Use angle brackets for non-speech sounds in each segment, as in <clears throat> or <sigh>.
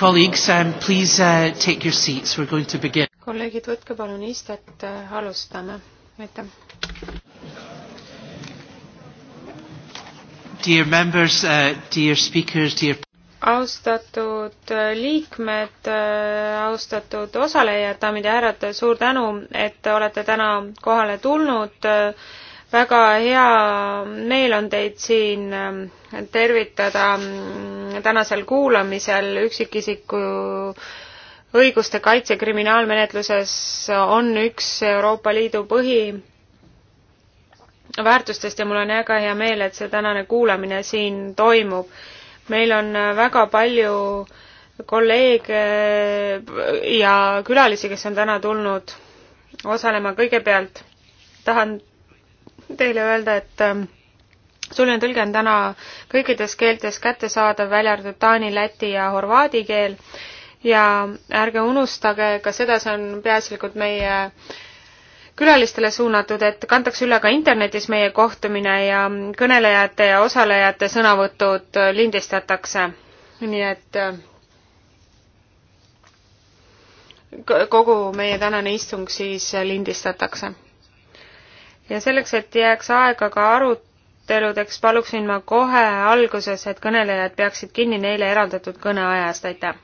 colleagues, um, please uh, take your seats. We're going to begin. kolleegid, võtke palun istet, äh, alustame. aitäh. Dear members uh,, dear speakers, dear austatud äh, liikmed, äh, austatud osalejad, daamid ja härrad, suur tänu, et olete täna kohale tulnud uh, väga hea meel on teid siin ähm, tervitada mm, tänasel kuulamisel üksikisiku õiguste kaitse kriminaalmenetluses on üks Euroopa Liidu põhi väärtustest ja mul on väga hea meel, et see tänane kuulamine siin toimub. meil on äh, väga palju kolleege äh, ja külalisi, kes on täna tulnud osalema. kõigepealt tahan teile öelda, et ähm, suline tõlge on täna kõikides keeltes kättesaadav, välja arvatud taani, läti ja horvaadi keel ja ärge unustage ka seda, see on peaasjalikult meie külalistele suunatud, et kantakse üle ka internetis meie kohtumine ja kõnelejate ja osalejate sõnavõtud lindistatakse. nii et äh, kogu meie tänane istung siis lindistatakse ja selleks, et jääks aega ka aruteludeks, paluksin ma kohe alguses, et kõnelejad peaksid kinni neile eraldatud kõneajast, aitäh!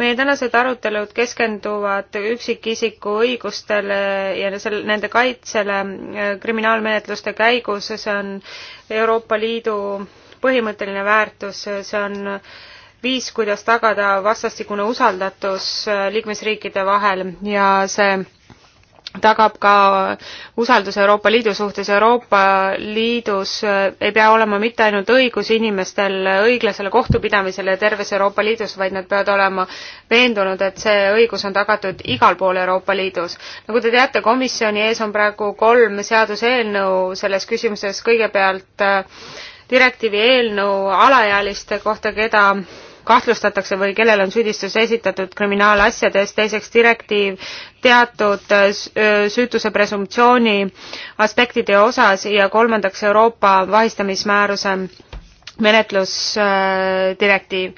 meie tänased arutelud keskenduvad üksikisiku õigustele ja sel-, nende kaitsele äh, kriminaalmenetluste käigus, see on Euroopa Liidu põhimõtteline väärtus, see on viis, kuidas tagada vastastikune usaldatus äh, liikmesriikide vahel ja see tagab ka usalduse Euroopa Liidu suhtes. Euroopa Liidus äh, ei pea olema mitte ainult õigus inimestel õiglasele kohtupidamisele terves Euroopa Liidus, vaid nad peavad olema veendunud, et see õigus on tagatud igal pool Euroopa Liidus. nagu te teate, komisjoni ees on praegu kolm seaduseelnõu selles küsimuses. kõigepealt äh, direktiivi eelnõu alaealiste kohta, keda kahtlustatakse või kellel on süüdistus esitatud kriminaalasjades, teiseks direktiiv teatud äh, äh, süütuse presumptsiooni aspektide osas ja kolmandaks Euroopa vahistamismääruse menetlusdirektiiv äh,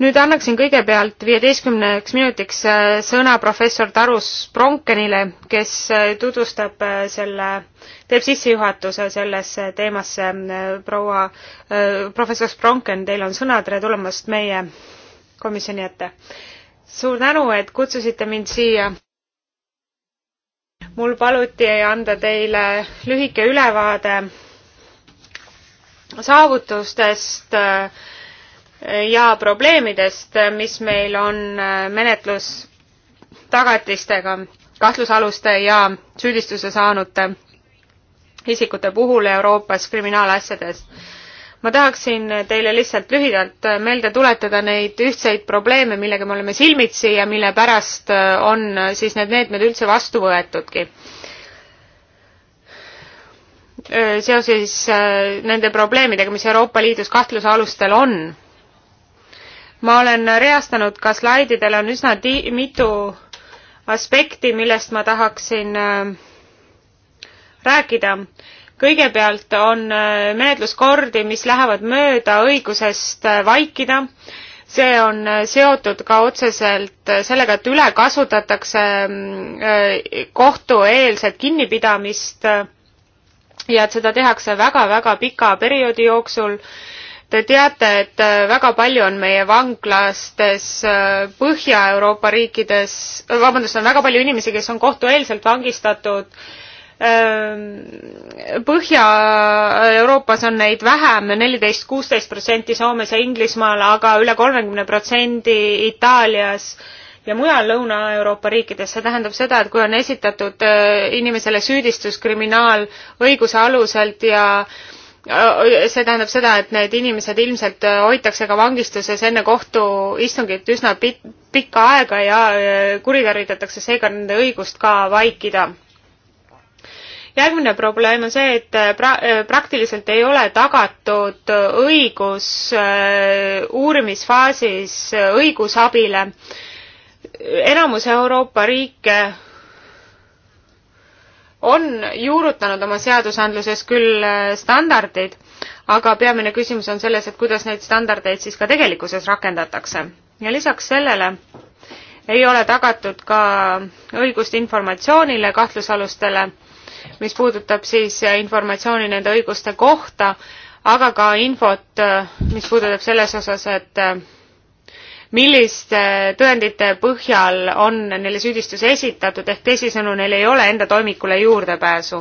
nüüd annaksin kõigepealt viieteistkümneks minutiks äh, sõna professor Tarus Pronkenile, kes äh, tutvustab äh, selle, teeb sissejuhatuse sellesse teemasse. proua, professor Spronken, teil on sõna, tere tulemast meie komisjoni ette. suur tänu, et kutsusite mind siia. mul paluti anda teile lühike ülevaade saavutustest äh, ja probleemidest, mis meil on äh, menetlustagatistega kahtlusaluste ja süüdistuse saanute isikute puhul Euroopas kriminaalasjades. ma tahaksin teile lihtsalt lühidalt meelde tuletada neid ühtseid probleeme, millega me oleme silmitsi ja mille pärast äh, on äh, siis need meetmed üldse vastu võetudki seoses nende probleemidega, mis Euroopa Liidus kahtlusalustel on ma olen reastanud ka slaididel on üsna ti- mitu aspekti millest ma tahaksin äh, rääkida kõigepealt on äh, menetluskordi mis lähevad mööda õigusest äh, vaikida see on äh, seotud ka otseselt äh, sellega et üle kasutatakse mm, äh, kohtueelset kinnipidamist ja et seda tehakse väga väga pika perioodi jooksul äh, Te teate, et äh, väga palju on meie vanglastes äh, Põhja-Euroopa riikides, äh, vabandust, on väga palju inimesi, kes on kohtueelselt vangistatud. Ähm, Põhja-Euroopas on neid vähem, neliteist, kuusteist protsenti Soomes ja Inglismaal, aga üle kolmekümne protsendi Itaalias ja mujal Lõuna-Euroopa riikides. see tähendab seda, et kui on esitatud inimesele süüdistus kriminaalõiguse aluselt ja äh, see tähendab seda, et need inimesed ilmselt hoitakse ka vangistuses enne kohtuistungit üsna pit, pikka aega ja äh, kuritarvitatakse seega nende õigust ka vaikida. järgmine probleem on see, et äh, pra-, äh, praktiliselt ei ole tagatud õigus uurimisfaasis õigusabile. enamus Euroopa riike on juurutanud oma seadusandluses küll äh, standardid, aga peamine küsimus on selles, et kuidas neid standardeid siis ka tegelikkuses rakendatakse. ja lisaks sellele ei ole tagatud ka õigust informatsioonile kahtlusalustele, mis puudutab siis informatsiooni nende õiguste kohta, aga ka infot, äh, mis puudutab selles osas, et äh, milliste tõendite põhjal on neile süüdistus esitatud, ehk teisisõnu, neil ei ole enda toimikule juurdepääsu.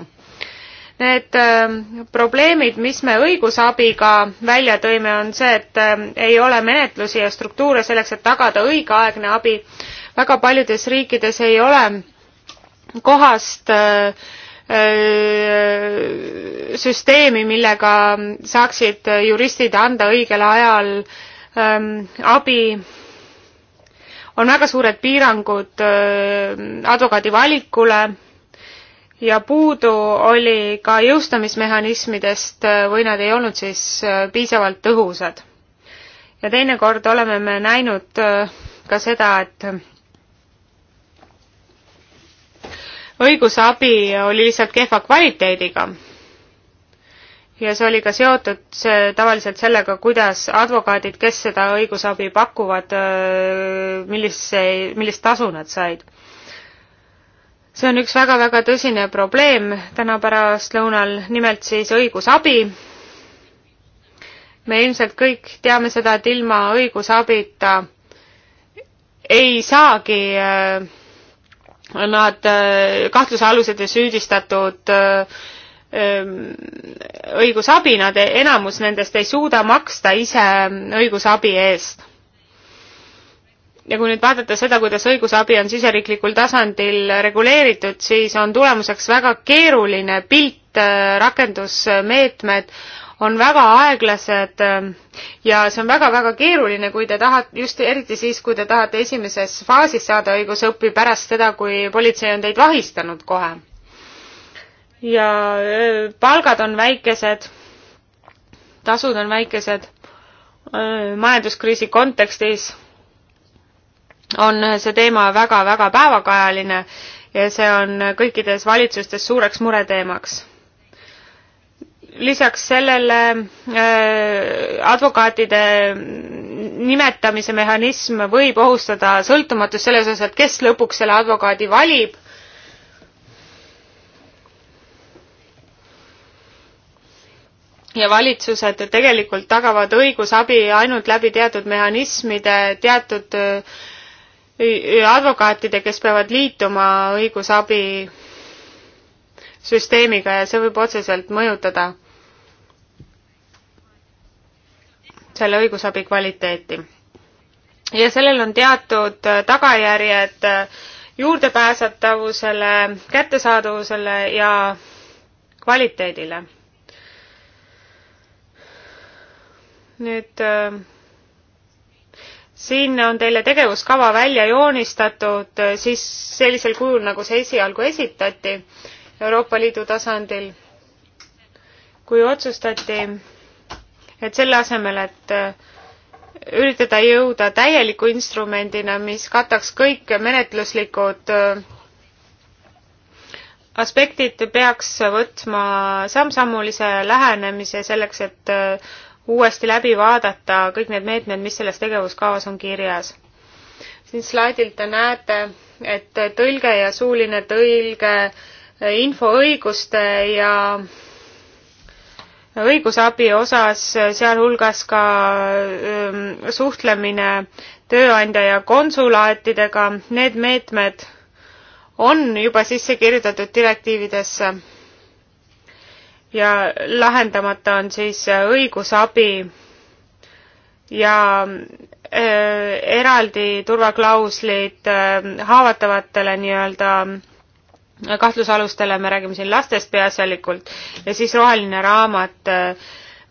Need äh, probleemid, mis me õigusabiga välja tõime, on see, et äh, ei ole menetlusi ja struktuure selleks, et tagada õigeaegne abi. väga paljudes riikides ei ole kohast äh, äh süsteemi, millega saaksid juristid anda õigel ajal ähm, abi on väga suured piirangud äh, advokaadi valikule ja puudu oli ka jõustamismehhanismidest äh, või nad ei olnud siis äh, piisavalt tõhusad. ja teinekord oleme me näinud ka seda, et õigusabi oli lihtsalt kehva kvaliteediga ja see oli ka seotud see, tavaliselt sellega, kuidas advokaadid, kes seda õigusabi pakuvad, millise, millist tasu nad said. see on üks väga-väga tõsine probleem täna pärastlõunal, nimelt siis õigusabi. me ilmselt kõik teame seda, et ilma õigusabita ei saagi nad kahtlusealused ja süüdistatud äh, õigusabi, nad, e-, enamus nendest ei suuda maksta ise õigusabi eest. ja kui nüüd vaadata seda, kuidas õigusabi on siseriiklikul tasandil reguleeritud, siis on tulemuseks väga keeruline pilt, äh, rakendusmeetmed on väga aeglased ähm, ja see on väga-väga keeruline, kui te tahate, just eriti siis, kui te tahate esimeses faasis saada õigusõppi pärast seda, kui politsei on teid vahistanud kohe ja äh, palgad on väikesed, tasud on väikesed. Äh, majanduskriisi kontekstis on see teema väga-väga päevakajaline ja see on kõikides valitsustes suureks mureteemaks lisaks sellele äh, advokaatide nimetamise mehhanism võib ohustada sõltumatust selles osas, et kes lõpuks selle advokaadi valib ja valitsused tegelikult tagavad õigusabi ainult läbi teatud mehhanismide, teatud äh, advokaatide, kes peavad liituma õigusabi süsteemiga ja see võib otseselt mõjutada selle õigusabi kvaliteeti. ja sellel on teatud tagajärjed juurdepääsetavusele, kättesaadavusele ja kvaliteedile nüüd äh, siin on teile tegevuskava välja joonistatud äh, siis sellisel kujul, nagu see esialgu esitati Euroopa Liidu tasandil, kui otsustati, et selle asemel, et äh, üritada jõuda täieliku instrumendina, mis kataks kõik menetluslikud äh, aspektid, peaks võtma samm-sammulise lähenemise selleks, et uuesti läbi vaadata kõik need meetmed, mis selles tegevuskavas on kirjas. siin slaidil te näete, et tõlge ja suuline tõlge, infoõiguste ja õigusabi osas, sealhulgas ka suhtlemine tööandja ja konsulaatidega, need meetmed on juba sisse kirjutatud direktiividesse ja lahendamata on siis äh, õigusabi ja äh, eraldi turvaklauslid äh, haavatavatele nii-öelda äh, kahtlusalustele, me räägime siin lastest peaasjalikult, ja siis roheline raamat äh,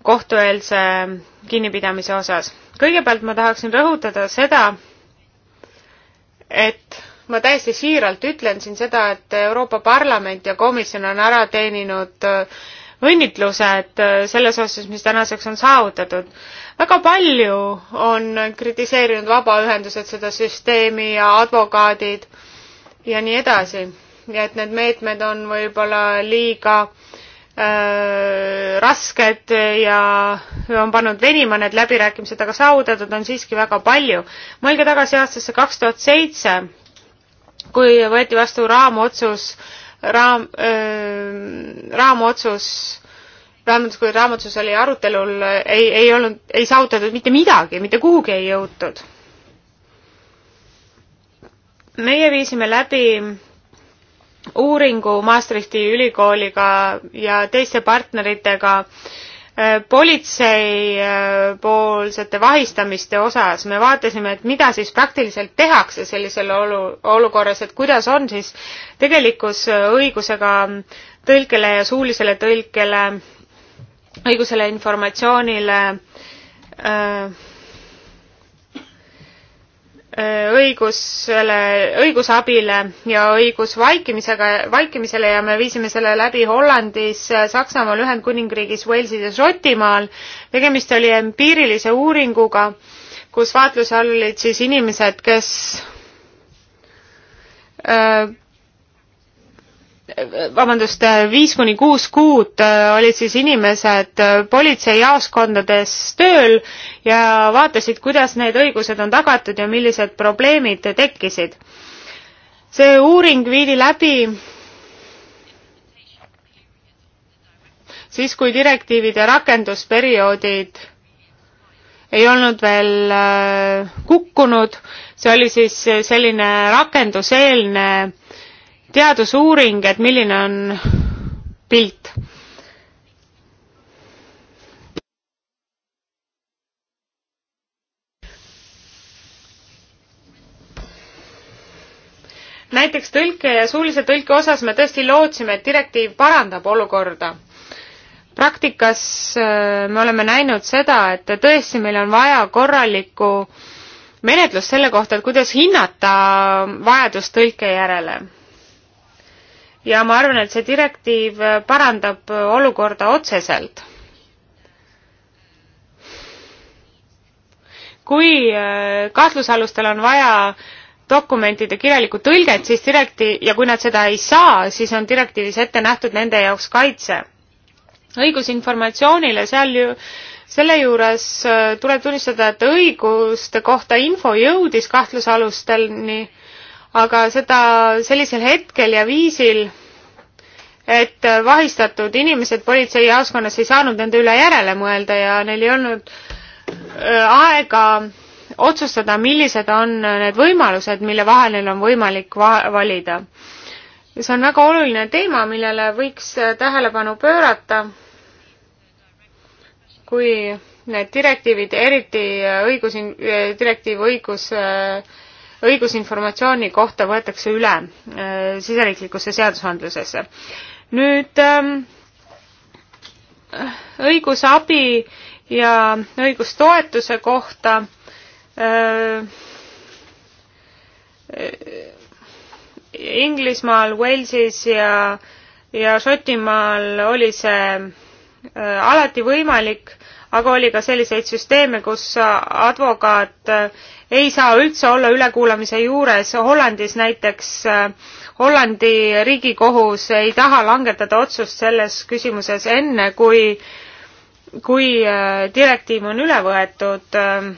kohtueelse kinnipidamise osas. kõigepealt ma tahaksin rõhutada seda, et ma täiesti siiralt ütlen siin seda, et Euroopa Parlament ja komisjon on ära teeninud äh, õnnitlused äh, selles osas, mis tänaseks on saavutatud. väga palju on kritiseerinud vabaühendused seda süsteemi ja advokaadid ja nii edasi. ja et need meetmed on võib-olla liiga äh, rasked ja on pannud venima need läbirääkimised, aga saavutatud on siiski väga palju. mõelge tagasi aastasse kaks tuhat seitse, kui võeti vastu raamotsus äh, raam, ähm, raamotsus, vähemalt kui raamotsus oli arutelul, ei, ei olnud, ei saavutatud mitte midagi, mitte kuhugi ei jõutud. meie viisime läbi uuringu Maastrichti ülikooliga ja teiste partneritega äh, Äh, politseipoolsete äh, vahistamiste osas me vaatasime, et mida siis praktiliselt tehakse sellisel olu, olukorras, et kuidas on siis tegelikus äh, õigusega tõlkele ja suulisele tõlkele, õigusele informatsioonile äh, Äh, õigusele, õigusabile ja õigusvaikimisega, vaikimisele ja me viisime selle läbi Hollandis, Saksamaal, Ühendkuningriigis, Walesis ja Šotimaal. tegemist oli empiirilise uuringuga, kus vaatluse all olid siis inimesed, kes öö, äh, vabandust, viis kuni kuus kuud äh, olid siis inimesed äh, politseijaoskondades tööl ja vaatasid, kuidas need õigused on tagatud ja millised probleemid tekkisid. see uuring viidi läbi siis, kui direktiivide rakendusperioodid ei olnud veel äh, kukkunud, see oli siis selline rakenduseelne teadusuuring, et milline on pilt. näiteks tõlke ja suulise tõlke osas me tõesti lootsime, et direktiiv parandab olukorda praktikas äh, me oleme näinud seda, et tõesti meil on vaja korralikku menetlust selle kohta, et kuidas hinnata vajadust tõlke järele ja ma arvan, et see direktiiv äh, parandab äh, olukorda otseselt. kui äh, kahtlusalustel on vaja dokumentide kirjalikku tõlget, siis direktiiv ja kui nad seda ei saa, siis on direktiivis ette nähtud nende jaoks kaitse. õigus informatsioonile seal ju selle juures tuleb tunnistada, et õiguste kohta info jõudis kahtlusalusteni äh, aga seda sellisel hetkel ja viisil, et vahistatud inimesed politseijaoskonnas ei saanud nende üle järele mõelda ja neil ei olnud äh, aega otsustada, millised on need võimalused, mille vahel neil on võimalik va valida. see on väga oluline teema, millele võiks äh, tähelepanu pöörata, kui need direktiivid, eriti äh, õigus, direktiiv õigus äh, õigus informatsiooni kohta võetakse üle äh, siseriiklikusse seadusandlusesse. nüüd ähm, õigusabi ja õigustoetuse kohta äh, Inglismaal, Walesis ja, ja Šotimaal oli see äh, alati võimalik, aga oli ka selliseid süsteeme, kus advokaat ei saa üldse olla ülekuulamise juures. Hollandis näiteks äh, Hollandi riigikohus ei taha langetada otsust selles küsimuses enne, kui, kui äh, direktiiv on üle võetud äh,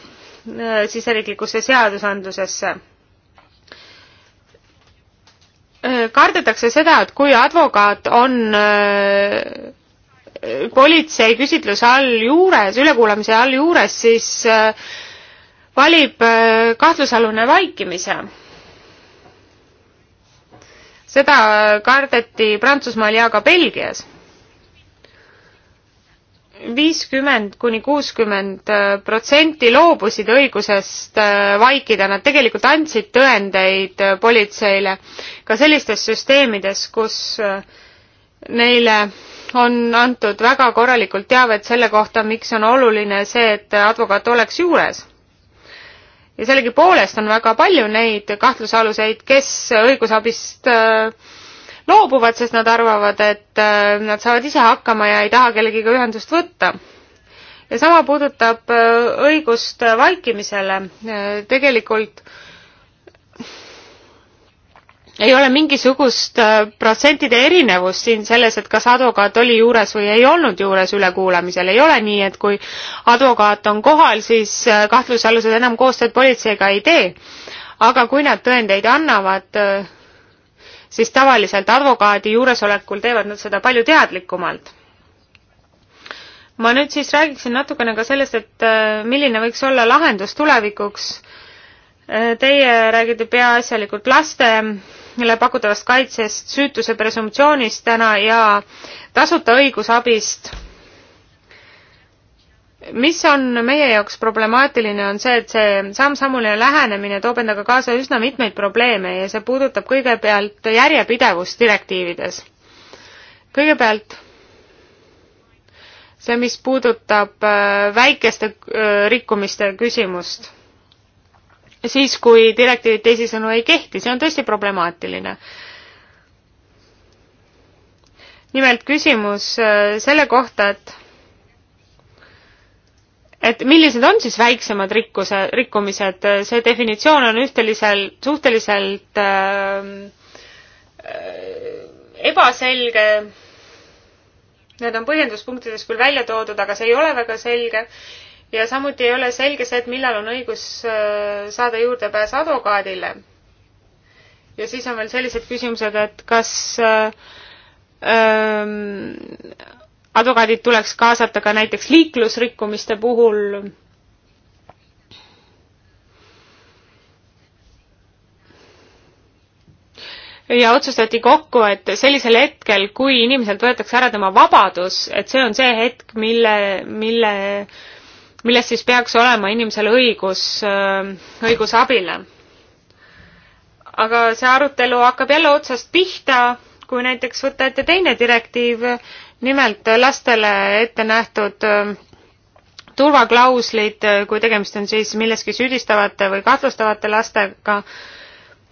siseriiklikusse seadusandlusesse kardetakse seda, et kui advokaat on politsei küsitluse all juures, ülekuulamise all juures, siis valib äh, kahtlusalune vaikimise. seda äh, kardeti Prantsusmaal ja ka Belgias. viiskümmend kuni kuuskümmend äh, protsenti loobusid õigusest vaikida, nad tegelikult andsid tõendeid politseile ka sellistes süsteemides, kus neile on antud väga korralikult teavet selle kohta, miks on oluline see, et advokaat oleks juures ja sellegipoolest on väga palju neid kahtlusaluseid, kes õigusabist äh, loobuvad, sest nad arvavad, et äh, nad saavad ise hakkama ja ei taha kellegiga ühendust võtta. ja sama puudutab äh, õigust vaikimisele. tegelikult äh, ei ole mingisugust äh, protsentide erinevust siin selles, et kas advokaat oli juures või ei olnud juures ülekuulamisel. ei ole nii, et kui advokaat on kohal, siis äh, kahtlusalused enam koostööd politseiga ei tee. aga kui nad tõendeid annavad, äh, siis tavaliselt advokaadi juuresolekul teevad nad seda palju teadlikumalt ma nüüd siis räägiksin natukene ka sellest, et milline võiks olla lahendus tulevikuks. Teie räägite peaasjalikult laste mehhanismile pakutavast kaitsest, süütuse presumptsioonist täna ja tasuta õigusabist. mis on meie jaoks problemaatiline, on see, et see samm-sammuline lähenemine toob endaga kaasa üsna mitmeid probleeme ja see puudutab kõigepealt järjepidevust direktiivides. kõigepealt see, mis puudutab äh, väikeste äh, rikkumiste küsimust siis, kui direktiivid teisisõnu ei kehti, see on tõesti problemaatiline. nimelt küsimus äh, selle kohta, et et millised on siis väiksemad rikkuse, rikkumised, see definitsioon on ühtelisel, suhteliselt äh, äh, ebaselge need on põhjenduspunktides küll välja toodud, aga see ei ole väga selge ja samuti ei ole selge see, et millal on õigus äh, saada juurdepääs advokaadile. ja siis on veel sellised küsimused, et kas äh, ähm, advokaadid tuleks kaasata ka näiteks liiklusrikkumiste puhul. ja otsustati kokku, et sellisel hetkel, kui inimeselt võetakse ära tema vabadus, et see on see hetk, mille, mille äh, millest siis peaks olema inimesel õigus, äh, õigus abile. aga see arutelu hakkab jälle otsast pihta, kui näiteks võtta ette teine direktiiv, nimelt lastele ette nähtud äh, turvaklauslid, äh, kui tegemist on siis milleski süüdistavate või kahtlustavate lastega,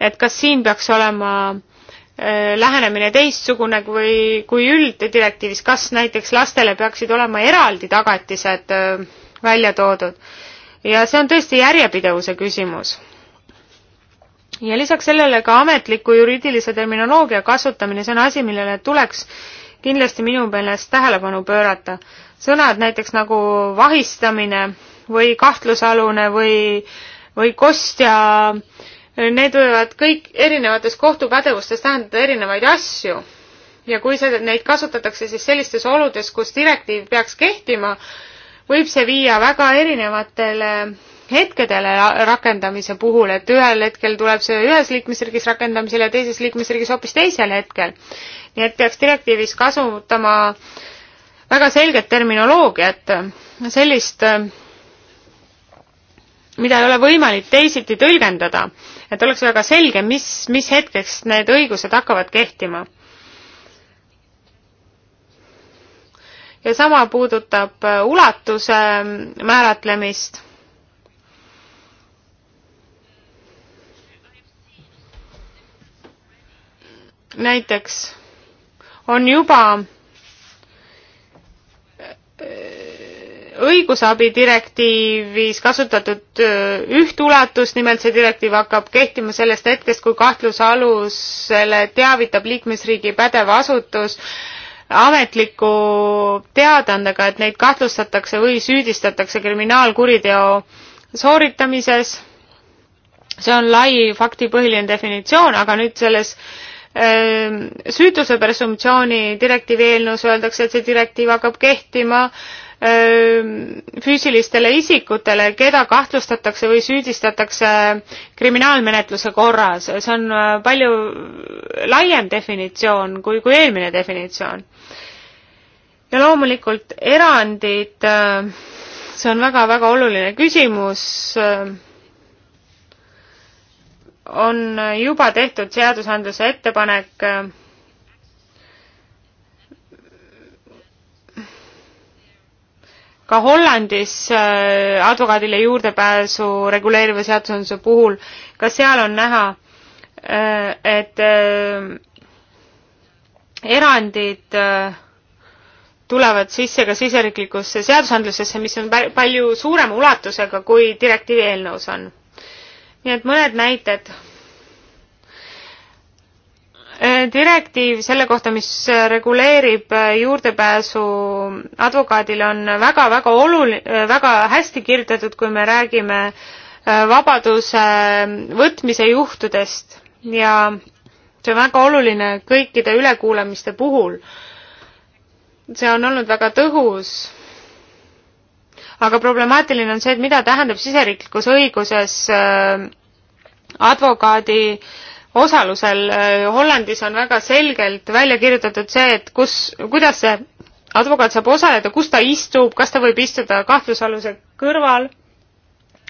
et kas siin peaks olema lähenemine teistsugune kui, kui ülddirektiivis, kas näiteks lastele peaksid olema eraldi tagatised äh, välja toodud. ja see on tõesti järjepidevuse küsimus. ja lisaks sellele ka ametliku juriidilise terminoloogia kasutamine, see on asi, millele tuleks kindlasti minu meelest tähelepanu pöörata. sõnad näiteks nagu vahistamine või kahtlusalune või, või kostja, need võivad kõik erinevates kohtupädevustes tähendada erinevaid asju. ja kui see, neid kasutatakse siis sellistes oludes, kus direktiiv peaks kehtima, võib see viia väga erinevatele hetkedele rakendamise puhul, et ühel hetkel tuleb see ühes liikmesriigis rakendamisele ja teises liikmesriigis hoopis teisel hetkel. nii et peaks direktiivis kasutama väga selget terminoloogiat, sellist, mida ei ole võimalik teisiti tõlgendada, et oleks väga selge, mis, mis hetkeks need õigused hakkavad kehtima ja sama puudutab äh, ulatuse ähm, määratlemist. näiteks on juba äh, õigusabi direktiivis kasutatud äh, üht ulatust, nimelt see direktiiv hakkab kehtima sellest hetkest, kui kahtlusalusele teavitab liikmesriigi pädev asutus äh, ametliku teadaandega, et neid kahtlustatakse või süüdistatakse kriminaalkuriteo sooritamises. see on lai faktipõhiline definitsioon, aga nüüd selles ähm, süütuse presumptsiooni direktiivi eelnõus öeldakse, et see direktiiv hakkab kehtima füüsilistele isikutele, keda kahtlustatakse või süüdistatakse kriminaalmenetluse korras. see on äh, palju laiem definitsioon kui, kui eelmine definitsioon. ja loomulikult erandid, äh, see on väga-väga oluline küsimus, äh, on juba tehtud seadusandluse ettepanek ka Hollandis äh, advokaadile juurdepääsu reguleeriva seadusandluse puhul, ka seal on näha, äh, et äh, erandid tulevad sisse ka siseriiklikusse seadusandlusesse, mis on palju suurema ulatusega, kui direktiivi eelnõus on. nii et mõned näited direktiiv selle kohta, mis reguleerib äh, juurdepääsu advokaadile, on väga-väga oluline, äh, väga hästi kirjutatud, kui me räägime äh, vabaduse võtmise juhtudest ja see on väga oluline kõikide ülekuulamiste puhul. see on olnud väga tõhus. aga problemaatiline on see, et mida tähendab siseriiklikus õiguses advokaadi äh, osalusel äh, Hollandis on väga selgelt välja kirjutatud see, et kus, kuidas see advokaat saab osaleda, kus ta istub, kas ta võib istuda kahtlusaluse kõrval,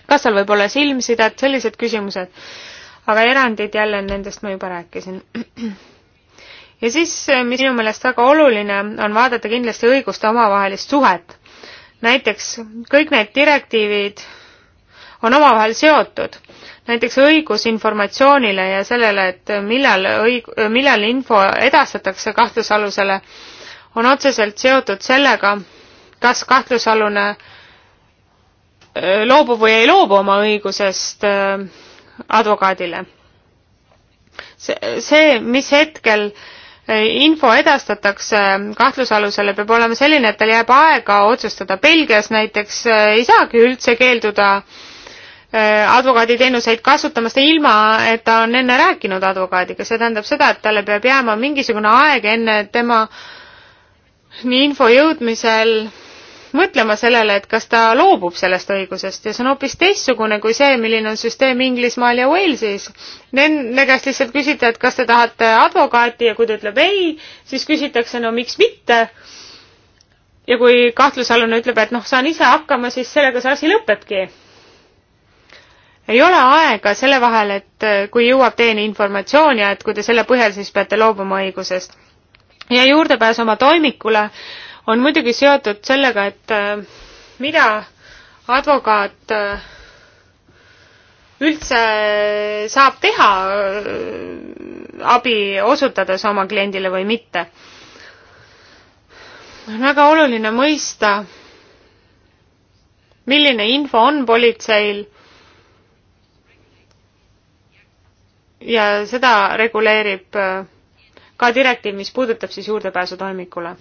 kas tal võib olla silmsidet, sellised küsimused. aga erandid jälle, nendest ma juba rääkisin. <clears throat> ja siis, äh, mis minu meelest väga oluline, on vaadata kindlasti õiguste omavahelist suhet. näiteks kõik need direktiivid, on omavahel seotud. näiteks õigus informatsioonile ja sellele, et millal õig-, millal info edastatakse kahtlusalusele, on otseselt seotud sellega, kas kahtlusalune äh, loobub või ei loobu oma õigusest äh, advokaadile. see, see, mis hetkel äh, info edastatakse kahtlusalusele, peab olema selline, et tal jääb aega otsustada. Belgias näiteks ei saagi üldse keelduda äh, Äh, advokaaditeenuseid kasutamast ilma, et ta on enne rääkinud advokaadiga, see tähendab seda, et talle peab jääma mingisugune aeg enne tema nii info jõudmisel mõtlema sellele, et kas ta loobub sellest õigusest ja see on hoopis teistsugune kui see, milline on süsteem Inglismaal ja Walesis. Nende käest lihtsalt küsida, et kas te tahate advokaati ja kui ta ütleb ei, siis küsitakse, no miks mitte. ja kui kahtlusalune ütleb, et noh, saan ise hakkama, siis sellega see asi lõpebki ei ole aega selle vahel, et äh, kui jõuab teieni informatsioon ja et kui te selle põhjal siis peate loobuma õigusest. ja juurdepääs oma toimikule on muidugi seotud sellega, et äh, mida advokaat äh, üldse saab teha abi osutades oma kliendile või mitte. on väga oluline mõista, milline info on politseil ja seda reguleerib äh, ka direktiiv, mis puudutab siis juurdepääsu toimikule.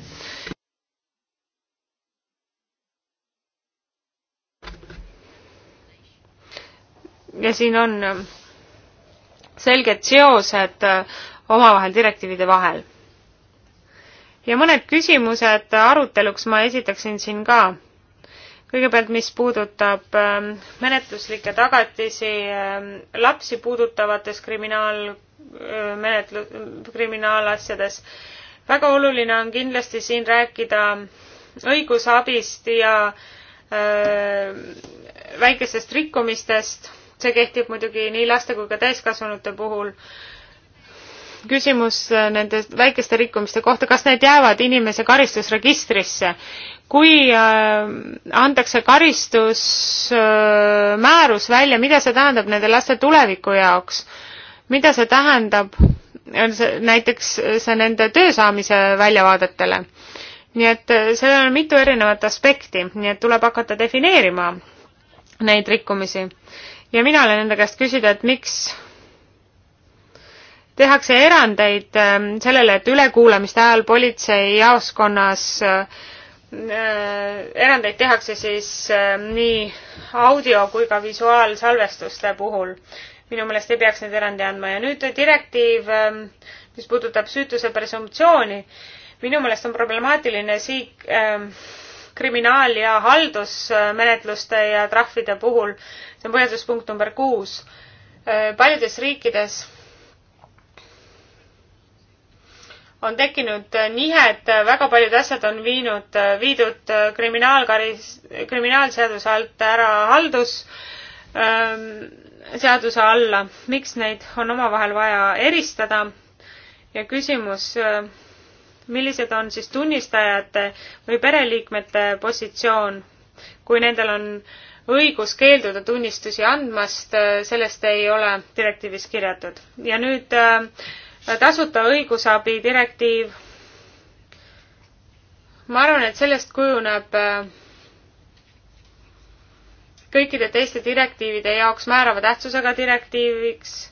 ja siin on äh, selged seosed äh, omavahel direktiivide vahel. ja mõned küsimused aruteluks ma esitaksin siin ka kõigepealt, mis puudutab ähm, menetluslikke tagatisi ähm, lapsi puudutavates kriminaalmenetlu-, äh, kriminaalasjades. väga oluline on kindlasti siin rääkida õigusabist ja öö, äh, väikestest rikkumistest, see kehtib muidugi nii laste kui ka täiskasvanute puhul küsimus äh, nende väikeste rikkumiste kohta, kas need jäävad inimese karistusregistrisse? kui äh, antakse karistusmäärus äh, välja, mida see tähendab nende laste tuleviku jaoks? mida see tähendab see, näiteks äh, see nende töö saamise väljavaadetele? nii et äh, sellel on mitu erinevat aspekti, nii et tuleb hakata defineerima neid rikkumisi. ja mina olen enda käest küsida, et miks tehakse erandeid ähm, sellele, et ülekuulamiste ajal politseijaoskonnas äh, erandeid tehakse siis ähm, nii audio kui ka visuaalsalvestuste puhul. minu meelest ei peaks neid erandi andma ja nüüd direktiiv, ähm, mis puudutab süütuse presumptsiooni, minu meelest on problemaatiline siik äh, kriminaal- ja haldusmenetluste ja trahvide puhul, see on põhjenduspunkt number kuus, äh, paljudes riikides on tekkinud nihed, väga paljud asjad on viinud, viidud kriminaalkaris, kriminaalseaduse alt ära haldusseaduse ähm, alla. miks neid on omavahel vaja eristada? ja küsimus, äh, millised on siis tunnistajate või pereliikmete positsioon, kui nendel on õigus keelduda tunnistusi andmast, äh, sellest ei ole direktiivis kirjatud. ja nüüd äh, tasuta õigusabi direktiiv. ma arvan, et sellest kujuneb äh, kõikide teiste direktiivide jaoks määrava tähtsusega direktiiviks.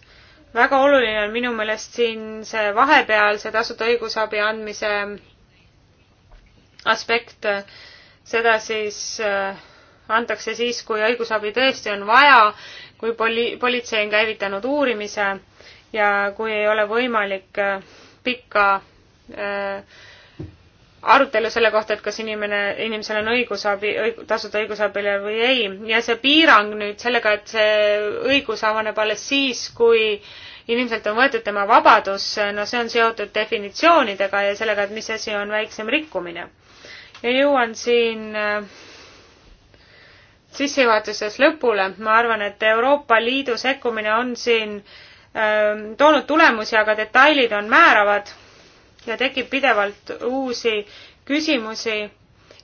väga oluline on minu meelest siin see vahepealse tasuta õigusabi andmise aspekt, seda siis äh, antakse siis, kui õigusabi tõesti on vaja, kui poli-, politsei on käivitanud uurimise ja kui ei ole võimalik äh, pikka äh, arutelu selle kohta, et kas inimene, inimesel on õigusabi õig,, tasuta õigusabile või ei. ja see piirang nüüd sellega, et see õigus avaneb alles siis, kui inimeselt on võetud tema vabadus, no see on seotud definitsioonidega ja sellega, et mis asi on väiksem rikkumine. ja jõuan siin äh, sissejuhatuses lõpule. ma arvan, et Euroopa Liidu sekkumine on siin äh, Ähm, toonud tulemusi, aga detailid on määravad ja tekib pidevalt uusi küsimusi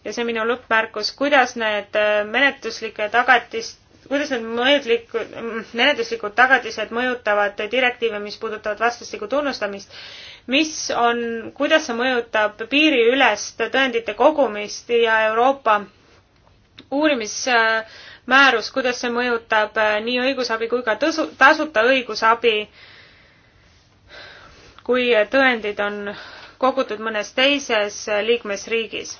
ja see minu lõppmärkus, kuidas need äh, menetluslike tagatist, kuidas need mõjutlikud, menetluslikud tagatised mõjutavad direktiive, mis puudutavad vastastikku tunnustamist, mis on, kuidas see mõjutab piiriülest tõendite kogumist ja Euroopa uurimis äh, määrus, kuidas see mõjutab äh, nii õigusabi kui ka tõsu, tasuta õigusabi, kui äh, tõendid on kogutud mõnes teises äh, liikmesriigis,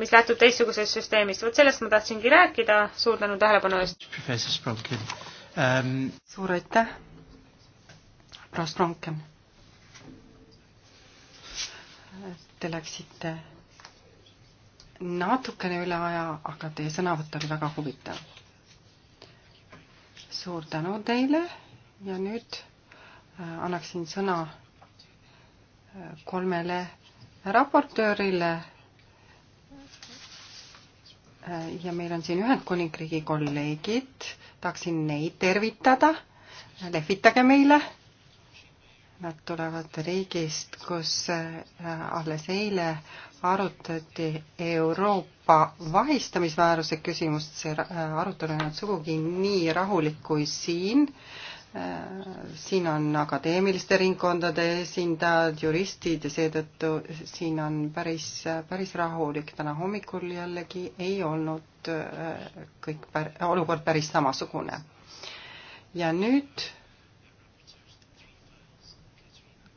mis lähtub teistsugusest süsteemist. vot sellest ma tahtsingi rääkida, suur tänu tähelepanu eest. Um... suur aitäh, proua Spronken. Te läksite natukene üle aja, aga teie sõnavõtt oli väga huvitav. suur tänu teile ja nüüd äh, annaksin sõna äh, kolmele raportöörile äh, ja meil on siin Ühendkuningriigi kolleegid, tahaksin neid tervitada, lehvitage meile. Nad tulevad riigist, kus alles eile arutati Euroopa vahistamismääruse küsimust, see äh, arutelu ei olnud sugugi nii rahulik kui siin. Äh, siin on akadeemiliste ringkondade esindajad, juristid ja seetõttu siin on päris, päris rahulik. täna hommikul jällegi ei olnud äh, kõik pär-, olukord päris samasugune. ja nüüd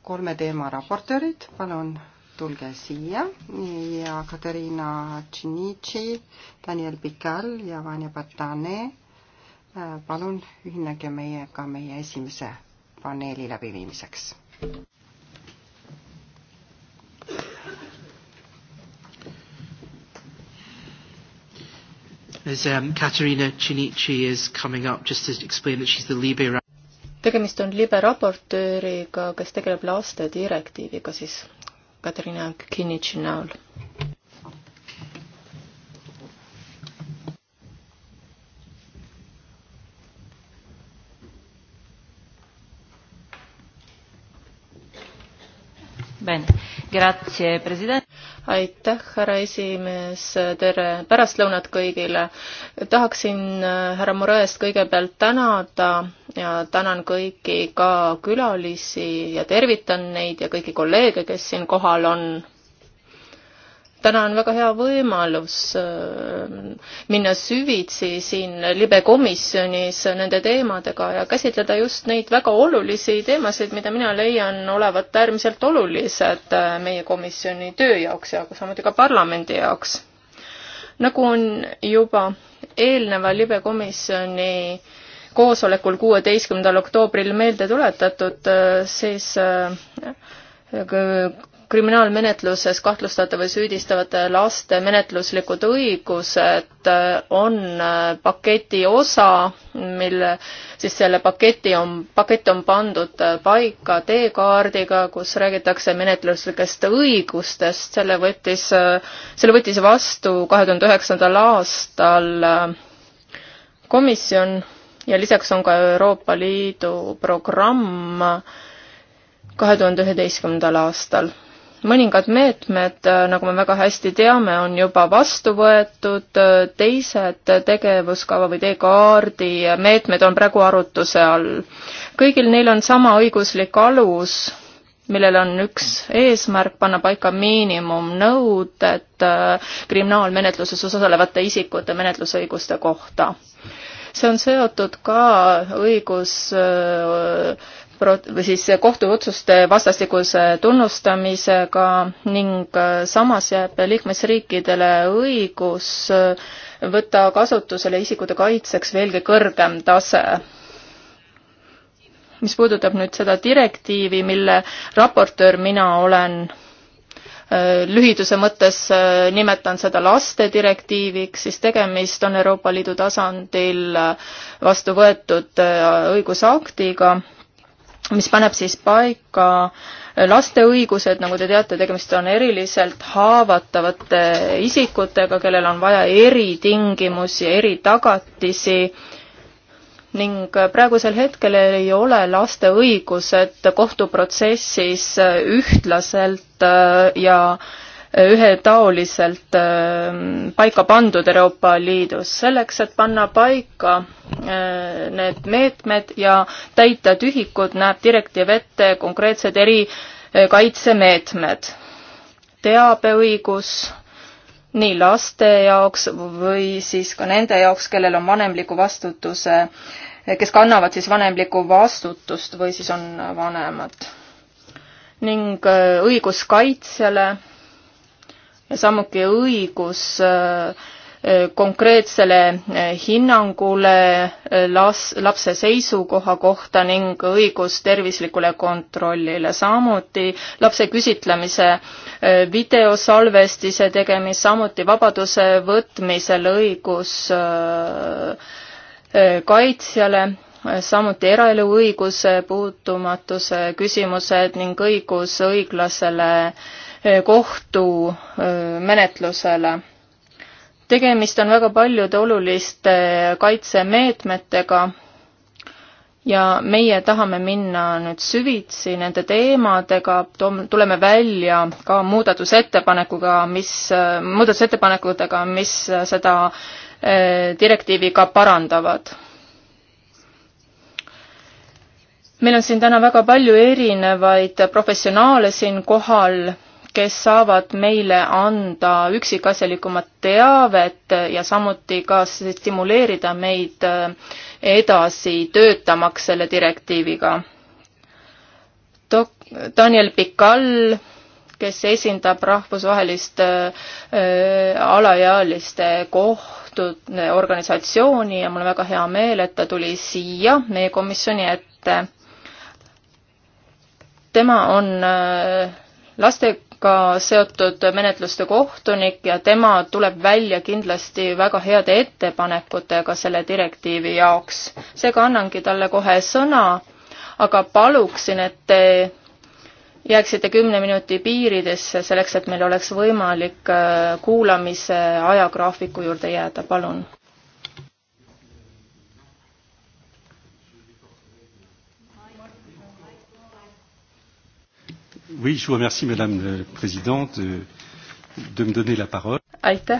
kolme teema raportöörid, palun tulge siia ja Katariina Tšinitši, Daniel Pikal ja Vanja Batane, äh, palun ühinege meiega meie esimese paneeli läbiviimiseks. As um, Katerina Chinichi is coming up, just to explain that she's the Libe tegemist on libe raportööriga, kes tegeleb laste direktiiviga siis Katarina Kinitši näol. Grazie, president. aitäh, härra esimees, tere pärastlõunat kõigile. tahaksin äh, härra Moraest kõigepealt tänada ja tänan kõiki ka külalisi ja tervitan neid ja kõiki kolleege, kes siin kohal on. täna on väga hea võimalus äh, minna süvitsi siin libe komisjonis nende teemadega ja käsitleda just neid väga olulisi teemasid, mida mina leian olevat äärmiselt olulised äh, meie komisjoni töö jaoks ja samuti ka parlamendi jaoks. nagu on juba eelneva libe komisjoni koosolekul kuueteistkümnendal oktoobril meelde tuletatud, äh, siis äh, kriminaalmenetluses kahtlustatava või süüdistavate laste menetluslikud õigused äh, on paketi osa, mille, siis selle paketi on, pakett on pandud paika teekaardiga, kus räägitakse menetluslikest õigustest, selle võttis, selle võttis vastu kahe tuhande üheksandal aastal komisjon ja lisaks on ka Euroopa Liidu programm kahe tuhande üheteistkümnendal aastal. mõningad meetmed, nagu me väga hästi teame, on juba vastu võetud, teised tegevuskava või teekaardi meetmed on praegu arutuse all. kõigil neil on sama õiguslik alus, millel on üks eesmärk panna paika miinimumnõuded äh, kriminaalmenetluses osalevate isikute menetlusõiguste kohta see on seotud ka õigus äh, või siis kohtuotsuste vastastikuse tunnustamisega ning äh, samas jääb liikmesriikidele õigus äh, võtta kasutusele isikute kaitseks veelgi kõrgem tase mis puudutab nüüd seda direktiivi, mille raportöör mina olen, Äh, lühiduse mõttes äh, nimetan seda lastedirektiiviks, siis tegemist on Euroopa Liidu tasandil äh, vastu võetud õigusaktiga, mis paneb siis paika laste õigused, nagu te teate, tegemist on eriliselt haavatavate isikutega, kellel on vaja eritingimusi, eritagatisi ning äh, praegusel hetkel ei ole laste õigused kohtuprotsessis äh, ühtlaselt äh, ja ühetaoliselt paika pandud Euroopa Liidus. selleks, et panna paika need meetmed ja täita tühikud, näeb direktiiv ette konkreetsed erikaitsemeetmed. teabeõigus nii laste jaoks või siis ka nende jaoks, kellel on vanemliku vastutuse, kes kannavad siis vanemlikku vastutust või siis on vanemad. ning äh, õiguskaitsjale ja samuti õigus äh, Eh, konkreetsele eh, hinnangule eh, las, lapse seisukoha kohta ning õigus tervislikule kontrollile. samuti lapse küsitlemise videosalvestise tegemist, samuti vabaduse võtmisel õigus kaitsjale, samuti eraelu õiguse puutumatuse küsimused ning õigus õiglasele kohtumenetlusele tegemist on väga paljude oluliste kaitsemeetmetega ja meie tahame minna nüüd süvitsi nende teemadega, tuleme välja ka muudatusettepanekuga, mis, muudatusettepanekutega, mis seda eh, direktiivi ka parandavad meil on siin täna väga palju erinevaid professionaale siin kohal kes saavad meile anda üksikasjalikumat teavet ja samuti ka stimuleerida meid äh, edasi töötamaks selle direktiiviga. Dok-, Daniel Pikal, kes esindab rahvusvahelist äh, äh alaealiste kohtud organisatsiooni ja mul on väga hea meel, et ta tuli siia meie komisjoni ette. tema on äh, laste ka seotud menetluste kohtunik ja tema tuleb välja kindlasti väga heade ettepanekutega selle direktiivi jaoks. seega annangi talle kohe sõna, aga paluksin, et te jääksite kümne minuti piiridesse, selleks et meil oleks võimalik äh, kuulamise ajagraafiku juurde jääda, palun. Oui, je vous remercie, Madame la Présidente, de me donner la parole. aitäh,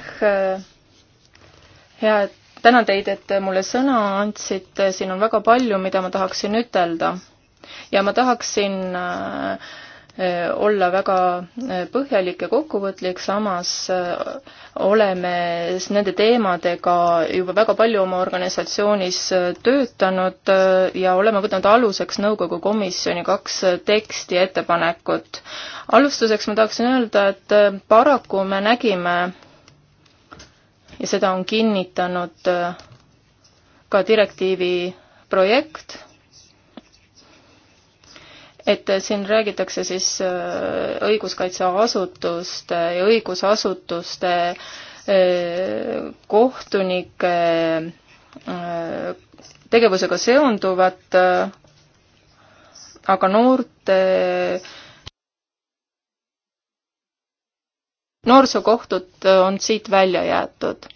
hea, tänan teid, et mulle sõna andsite, siin on väga palju, mida ma tahaksin ütelda. ja ma tahaksin äh, Äh, olla väga äh, põhjalik ja kokkuvõtlik, samas äh, oleme nende teemadega juba väga palju oma organisatsioonis töötanud ja oleme võtnud aluseks nõukogu komisjoni kaks teksti ettepanekut. alustuseks ma tahaksin öelda, et paraku me nägime ja seda on kinnitanud ka direktiivi projekt et siin räägitakse siis äh, õiguskaitseasutuste ja õigusasutuste äh, kohtunike äh, tegevusega seonduvat, aga noorte noorsookohtud on siit välja jäetud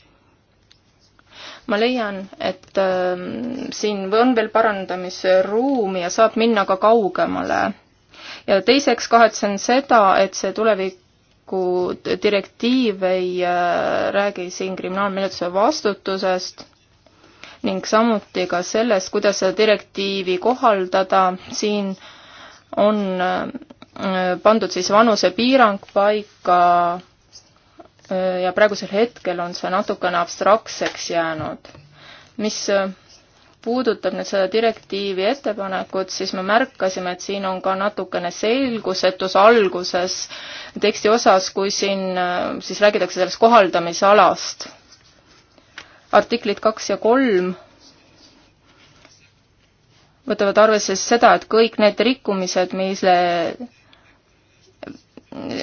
ma leian, et äh, siin on veel parandamisruumi ja saab minna ka kaugemale. ja teiseks kahetsen seda, et see tuleviku direktiiv ei äh, räägi siin kriminaalmenetluse vastutusest ning samuti ka sellest, kuidas seda direktiivi kohaldada, siin on äh, pandud siis vanusepiirang paika äh, ja praegusel hetkel on see natukene abstraktseks jäänud. mis äh, puudutab nüüd seda direktiivi ettepanekut, siis me märkasime, et siin on ka natukene selgusetus alguses teksti osas, kui siin äh, siis räägitakse sellest kohaldamisalast. artiklid kaks ja kolm võtavad arvesse seda, et kõik need rikkumised, mille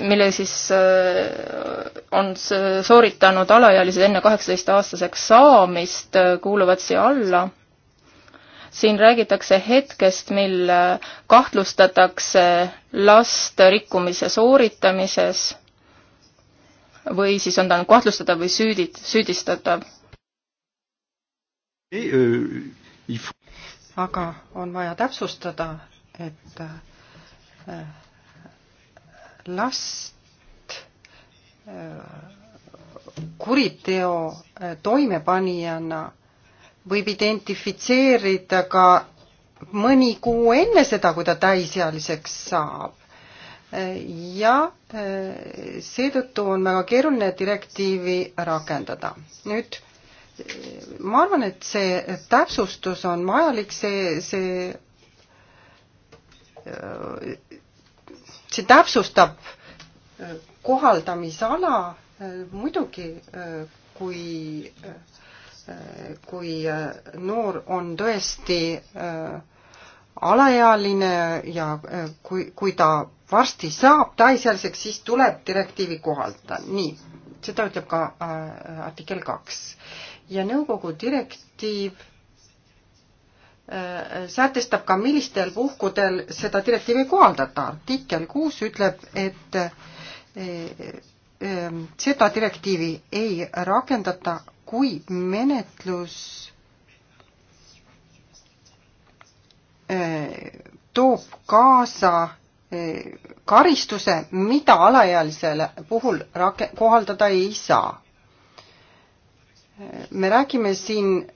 mille siis äh, on sooritanud alaealised enne kaheksateistaastaseks saamist, äh, kuuluvad siia alla. siin räägitakse hetkest, mil äh, kahtlustatakse last rikkumise sooritamises või siis on ta kahtlustatav või süüdi, süüdistatav. Euh, aga on vaja täpsustada, et last äh, kuriteo äh, toimepanijana võib identifitseerida ka mõni kuu enne seda, kui ta täisealiseks saab. ja äh, seetõttu on väga keeruline direktiivi rakendada. nüüd ma arvan, et see täpsustus on vajalik, see, see see täpsustab äh, kohaldamisala äh, muidugi, äh, kui, kui noor on tõesti alaealine ja kui, kui ta varsti saab täisealiseks, siis tuleb direktiivi kohaldada, nii. seda ütleb ka artikkel kaks. ja nõukogu direktiiv Äh, sätestab ka, millistel puhkudel seda direktiivi kohaldada. artikkel kuus ütleb, et äh, äh, seda direktiivi ei rakendata, kui menetlus toob kaasa karistuse, mida alaealisele puhul rake-, kohaldada ei saa. me räägime siin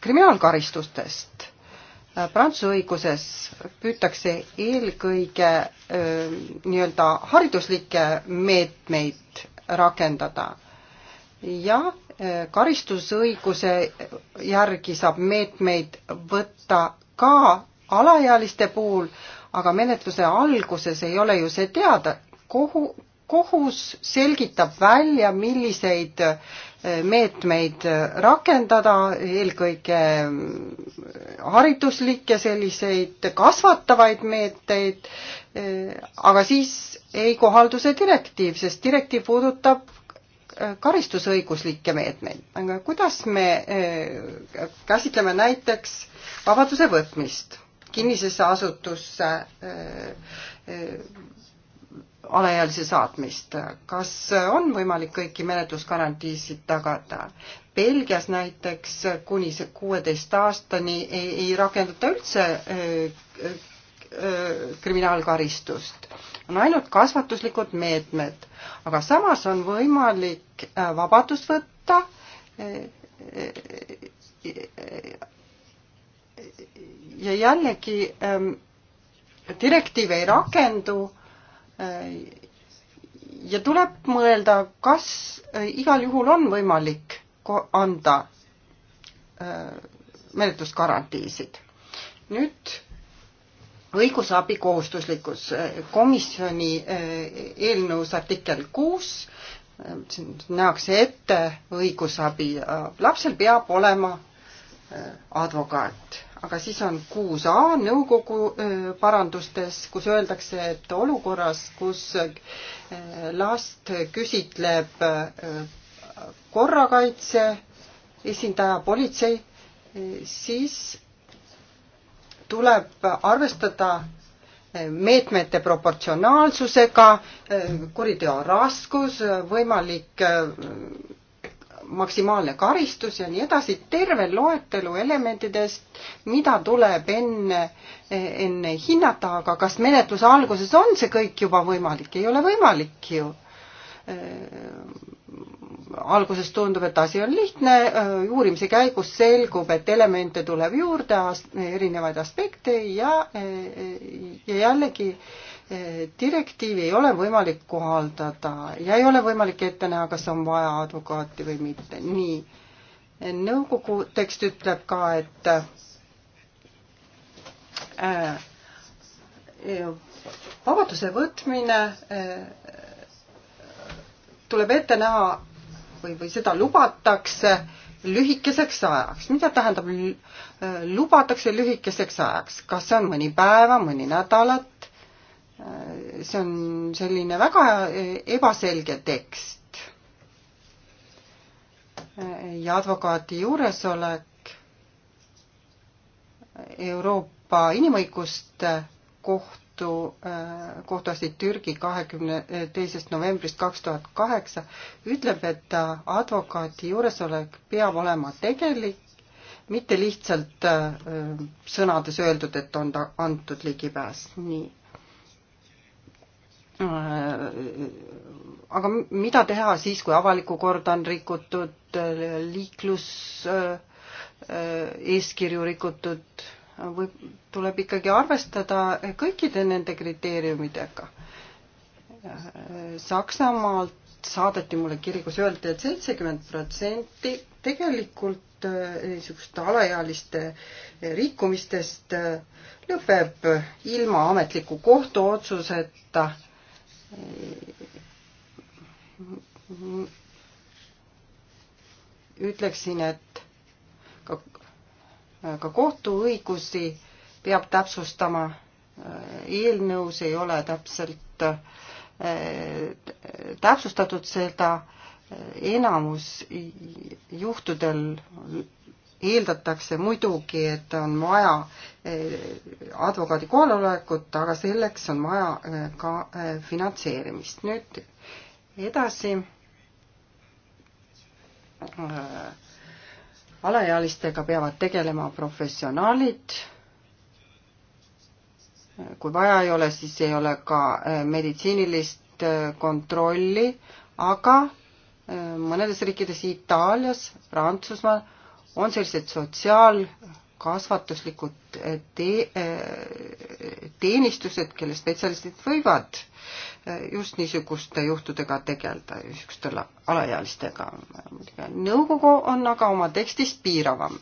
kriminaalkaristustest. Prantsuse õiguses püütakse eelkõige nii-öelda hariduslikke meetmeid rakendada jah, karistusõiguse järgi saab meetmeid võtta ka alaealiste puhul, aga menetluse alguses ei ole ju see teada. kohu, kohus selgitab välja, milliseid eh, meetmeid rakendada, eelkõige mm, hariduslikke selliseid kasvatavaid meetmeid, eh, aga siis ei kohaldu see direktiiv, sest direktiiv puudutab eh, karistusõiguslikke meetmeid. aga kuidas me käsitleme näiteks vabaduse võtmist kinnisesse asutusse alaealise saatmist. kas on võimalik kõiki menetlusgarantiisid tagada? Belgias näiteks kuni kuueteist aastani ei, ei rakendata üldse äh, äh, kriminaalkaristust. on ainult kasvatuslikud meetmed, aga samas on võimalik äh, vabadust võtta äh, äh, ja jällegi ähm, direktiiv ei rakendu ja tuleb mõelda, kas äh, igal juhul on võimalik anda äh, menetlusgarantiisid. nüüd õigusabi kohustuslikkus. Äh, komisjoni eelnõus artikkel kuus nähakse ette õigusabi, lapsel peab olema advokaat aga siis on kuus A nõukogu parandustes, kus öeldakse, et olukorras, kus last küsitleb korrakaitse esindaja, politsei, siis tuleb arvestada meetmete proportsionaalsusega, kuriteo raskus, võimalik maksimaalne karistus ja nii edasi, terve loetelu elementidest, mida tuleb enne, enne hinnata, aga kas menetluse alguses on see kõik juba võimalik, ei ole võimalik ju alguses tundub, et asi on lihtne, uurimise käigus selgub, et elemente tuleb juurde, erinevaid aspekte ja, ja jällegi äh, direktiivi ei ole võimalik kohaldada ja ei ole võimalik ette näha, kas on vaja advokaati või mitte, nii. nõukogu tekst ütleb ka, et äh, vabaduse võtmine äh, tuleb ette näha või, või seda lubatakse lühikeseks ajaks. mida tähendab äh, lubatakse lühikeseks ajaks, kas see on mõni päeva, mõni nädalat, see on selline väga ebaselge tekst. ja advokaadi juuresolek Euroopa Inimõiguste Kohtu, kohtuasi Türgi kahekümne teisest novembrist kaks tuhat kaheksa ütleb, et advokaadi juuresolek peab olema tegelik, mitte lihtsalt äh, sõnades öeldud, et on ta antud ligipääs, nii Äh, aga mida teha siis, kui avalikku korda on rikutud, liikluseeskirju äh, rikutud, võib, tuleb ikkagi arvestada kõikide nende kriteeriumidega. Saksamaalt saadeti mulle kiri, kus öeldi, et seitsekümmend protsenti tegelikult äh, niisuguste alaealiste rikkumistest lõpeb ilma ametliku kohtuotsuseta ütleksin, et ka, ka kohtuõigusi peab täpsustama. eelnõus ei ole täpselt eh, täpsustatud seda, enamus juhtudel eeldatakse muidugi, et on vaja eh, advokaadi kohalolekut, aga selleks on vaja eh, ka eh, finantseerimist. nüüd edasi alaealistega peavad tegelema professionaalid. kui vaja ei ole, siis ei ole ka meditsiinilist kontrolli, aga mõnedes riikides, Itaalias, Prantsusmaal on sellised sotsiaalkasvatuslikud eh, te-, eh, teenistused, kelle spetsialistid võivad eh, just niisuguste juhtudega tegeleda, niisuguste alaealistega. nõukogu on aga oma tekstis piiravam.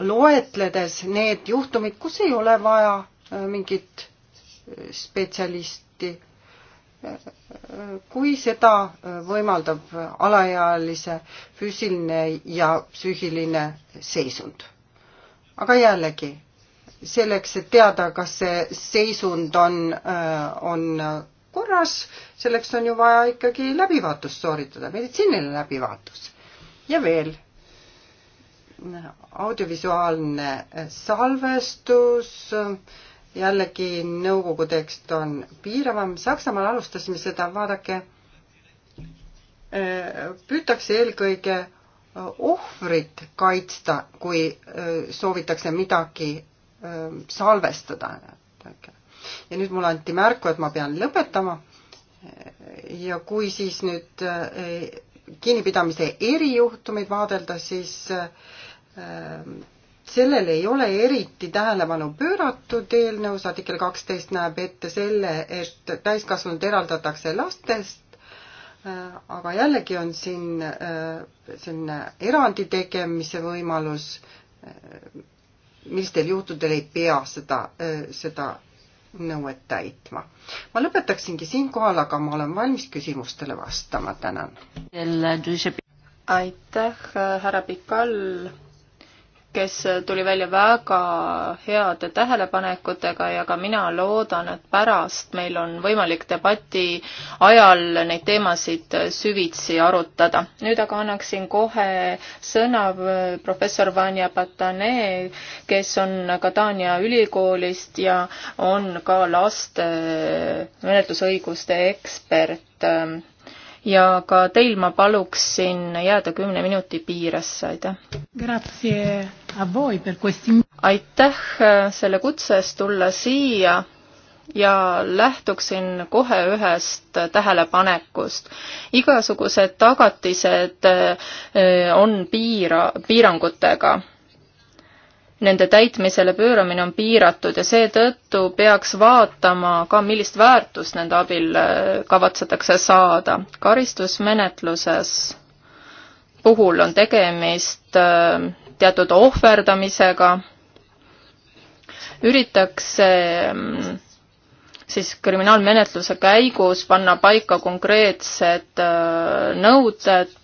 loetledes need juhtumid, kus ei ole vaja mingit spetsialisti kui seda võimaldab alaealise füüsiline ja psüühiline seisund. aga jällegi, selleks, et teada, kas see seisund on, äh, on korras, selleks on ju vaja ikkagi läbivaatust sooritada, meditsiiniline läbivaatus. ja veel, audiovisuaalne salvestus äh,, jällegi nõukogu tekst on piiravam, Saksamaal alustasime seda, vaadake, eh, püütakse eelkõige eh, ohvrit kaitsta, kui eh, soovitakse midagi salvestada. ja nüüd mulle anti märku, et ma pean lõpetama ja kui siis nüüd kinnipidamise erijuhtumeid vaadelda, siis sellele ei ole eriti tähelepanu pööratud eelnõus, artikkel kaksteist näeb ette selle, et täiskasvanud eraldatakse lastest, äh, aga jällegi on siin äh, selline erandi tegemise võimalus, äh, millistel juhtudel ei pea seda, seda nõuet täitma. ma lõpetaksingi siinkohal, aga ma olen valmis küsimustele vastama, tänan. aitäh, härra Pikal kes tuli välja väga heade tähelepanekutega ja ka mina loodan, et pärast meil on võimalik debati ajal neid teemasid süvitsi arutada. nüüd aga annaksin kohe sõna professor Vanja Patane, kes on Katania ülikoolist ja on ka laste menetlusõiguste ekspert ja ka teil ma paluksin jääda kümne minuti piiresse, aitäh. aitäh äh, selle kutse eest tulla siia ja lähtuksin kohe ühest tähelepanekust. igasugused tagatised äh, äh, on piira, piirangutega nende täitmisele pööramine on piiratud ja seetõttu peaks vaatama ka, millist väärtust nende abil äh, kavatsetakse saada. karistusmenetluses puhul on tegemist äh, teatud ohverdamisega, üritakse mm, siis kriminaalmenetluse käigus panna paika konkreetsed äh, nõuded,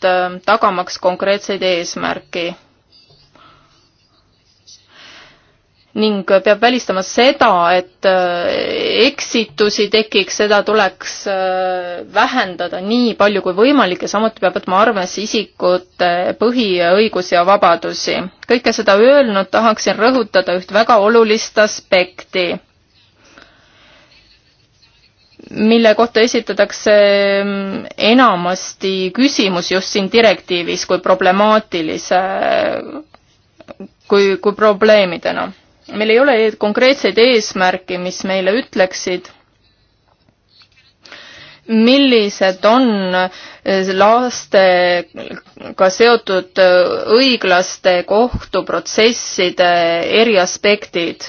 tagamaks konkreetseid eesmärki ning peab välistama seda, et äh, eksitusi tekiks, seda tuleks äh, vähendada nii palju kui võimalik ja samuti peab võtma arvesse isikute põhiõigusi ja vabadusi. kõike seda öelnud tahaksin rõhutada üht väga olulist aspekti, mille kohta esitatakse mm, enamasti küsimus just siin direktiivis kui problemaatilise kui, kui probleemidena no meil ei ole konkreetseid eesmärke, mis meile ütleksid, millised on lastega seotud õiglaste kohtuprotsesside eri aspektid.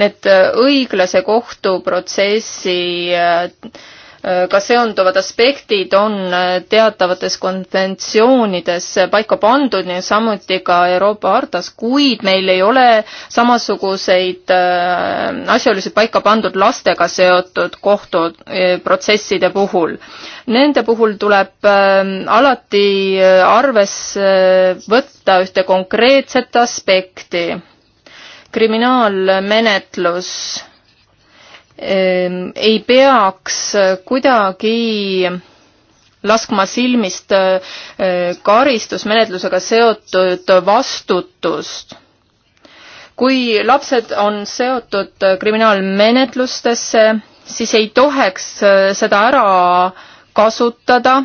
Need õiglase kohtuprotsessi ka seonduvad aspektid on äh, teatavates konventsioonides paika pandud ja samuti ka Euroopa hartas, kuid meil ei ole samasuguseid äh, asjaolusid paika pandud lastega seotud kohtuprotsesside äh, puhul. Nende puhul tuleb alati arvesse võtta ühte konkreetset aspekti. kriminaalmenetlus Ehm, ei peaks kuidagi laskma silmist eh, karistusmenetlusega seotud vastutust. kui lapsed on seotud eh, kriminaalmenetlustesse, siis ei tohiks eh, seda ära kasutada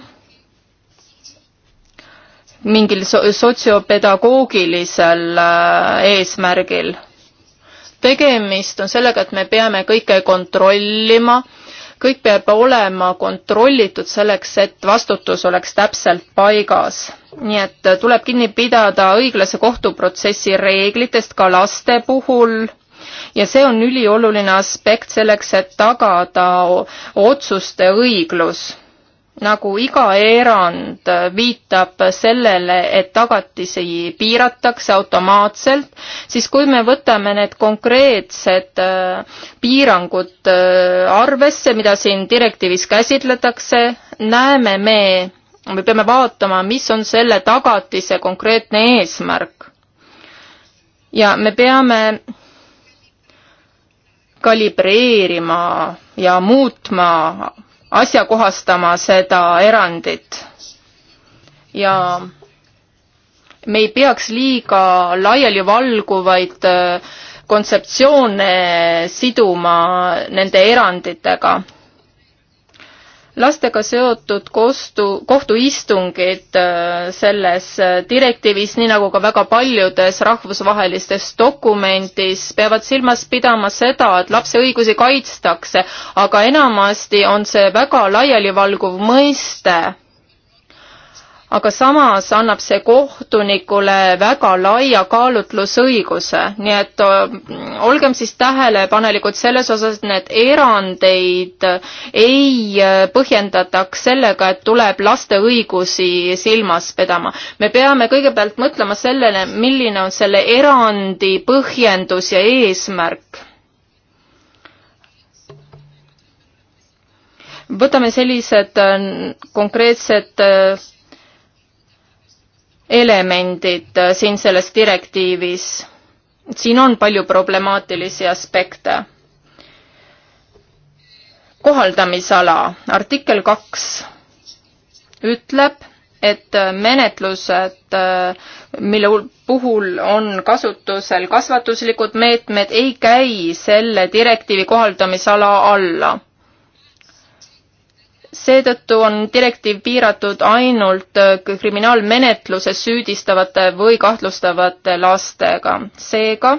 mingil sotsiopedagoogilisel eesmärgil tegemist on sellega, et me peame kõike kontrollima, kõik peab olema kontrollitud selleks, et vastutus oleks täpselt paigas. nii et tuleb kinni pidada õiglase kohtuprotsessi reeglitest ka laste puhul ja see on ülioluline aspekt selleks, et tagada otsuste õiglus nagu iga erand viitab sellele, et tagatisi piiratakse automaatselt, siis kui me võtame need konkreetsed äh, piirangud äh, arvesse, mida siin direktiivis käsitletakse, näeme me, me peame vaatama, mis on selle tagatise konkreetne eesmärk. ja me peame kalibreerima ja muutma asjakohastama seda erandit. ja me ei peaks liiga laialivalguvaid äh, kontseptsioone siduma nende eranditega lastega seotud kostu, kohtuistungid äh, selles äh, direktiivis, nii nagu ka väga paljudes rahvusvahelistes dokumendis, peavad silmas pidama seda, et lapse õigusi kaitstakse, aga enamasti on see väga laialivalguv mõiste aga samas annab see kohtunikule väga laia kaalutlusõiguse, nii et äh, olgem siis tähelepanelikud selles osas, et need erandeid ei äh, põhjendataks sellega, et tuleb laste õigusi silmas pidama. me peame kõigepealt mõtlema sellele, milline on selle erandi põhjendus ja eesmärk võtame sellised äh, konkreetsed elemendid äh, siin selles direktiivis. siin on palju problemaatilisi aspekte. kohaldamisala, artikkel kaks ütleb, et äh, menetlused, äh, mille puhul on kasutusel kasvatuslikud meetmed, ei käi selle direktiivi kohaldamisala alla seetõttu on direktiiv piiratud ainult äh, kriminaalmenetluses süüdistavate või kahtlustavate lastega. seega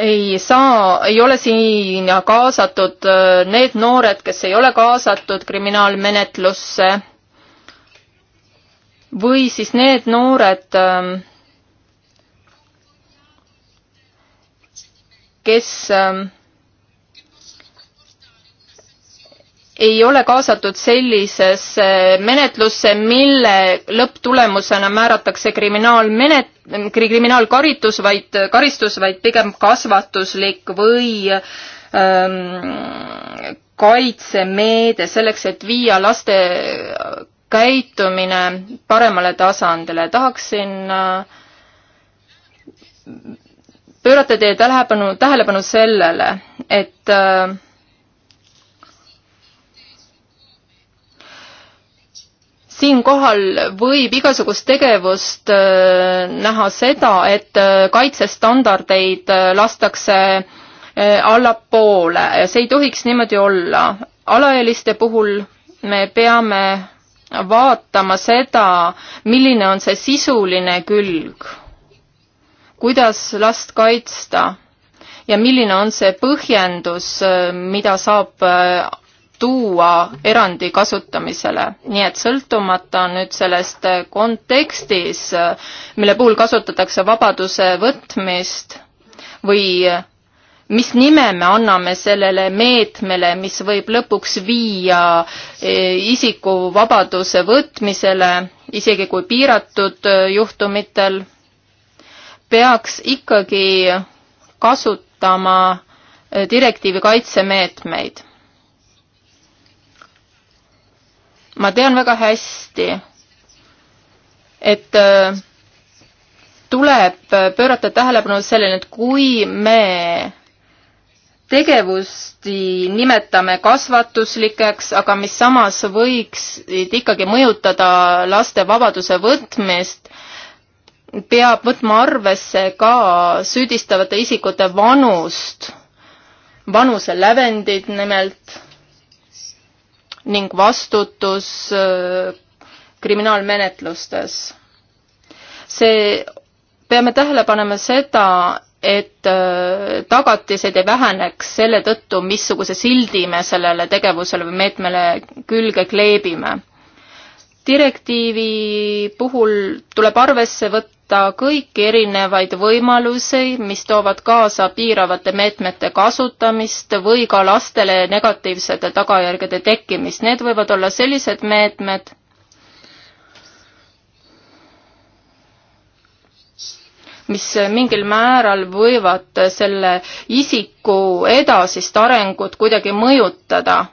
ei saa, ei ole siin kaasatud äh, need noored, kes ei ole kaasatud kriminaalmenetlusse või siis need noored, äh, kes ei ole kaasatud sellisesse menetlusse, mille lõpptulemusena määratakse kriminaalmenet-, kriminaalkaritus, vaid, karistus, vaid pigem kasvatuslik või ähm, kaitsemeede selleks, et viia laste käitumine paremale tasandile. tahaksin äh, pöörata teie tähelepanu, tähelepanu sellele, et äh, siinkohal võib igasugust tegevust äh, näha seda, et äh, kaitsestandardeid äh, lastakse allapoole ja see ei tohiks niimoodi olla. alaealiste puhul me peame vaatama seda, milline on see sisuline külg, kuidas last kaitsta ja milline on see põhjendus, mida saab tuua erandi kasutamisele. nii et sõltumata nüüd sellest kontekstis, mille puhul kasutatakse vabaduse võtmist või mis nime me anname sellele meetmele, mis võib lõpuks viia e, isiku vabaduse võtmisele, isegi kui piiratud e, juhtumitel, peaks ikkagi kasutama e, direktiivi kaitsemeetmeid ma tean väga hästi, et äh, tuleb äh, pöörata tähelepanu sellele, et kui me tegevusi nimetame kasvatuslikeks, aga mis samas võiksid ikkagi mõjutada laste vabaduse võtmist, peab võtma arvesse ka süüdistavate isikute vanust, vanuse lävendid nimelt ning vastutus äh, kriminaalmenetlustes. see, peame tähele panema seda, et äh, tagatised ei väheneks selle tõttu, missuguse sildi me sellele tegevusele või meetmele külge kleebime. direktiivi puhul tuleb arvesse võtta kaaluda kõiki erinevaid võimalusi, mis toovad kaasa piiravate meetmete kasutamist või ka lastele negatiivsete tagajärgede tekkimist. Need võivad olla sellised meetmed, mis mingil määral võivad selle isiku edasist arengut kuidagi mõjutada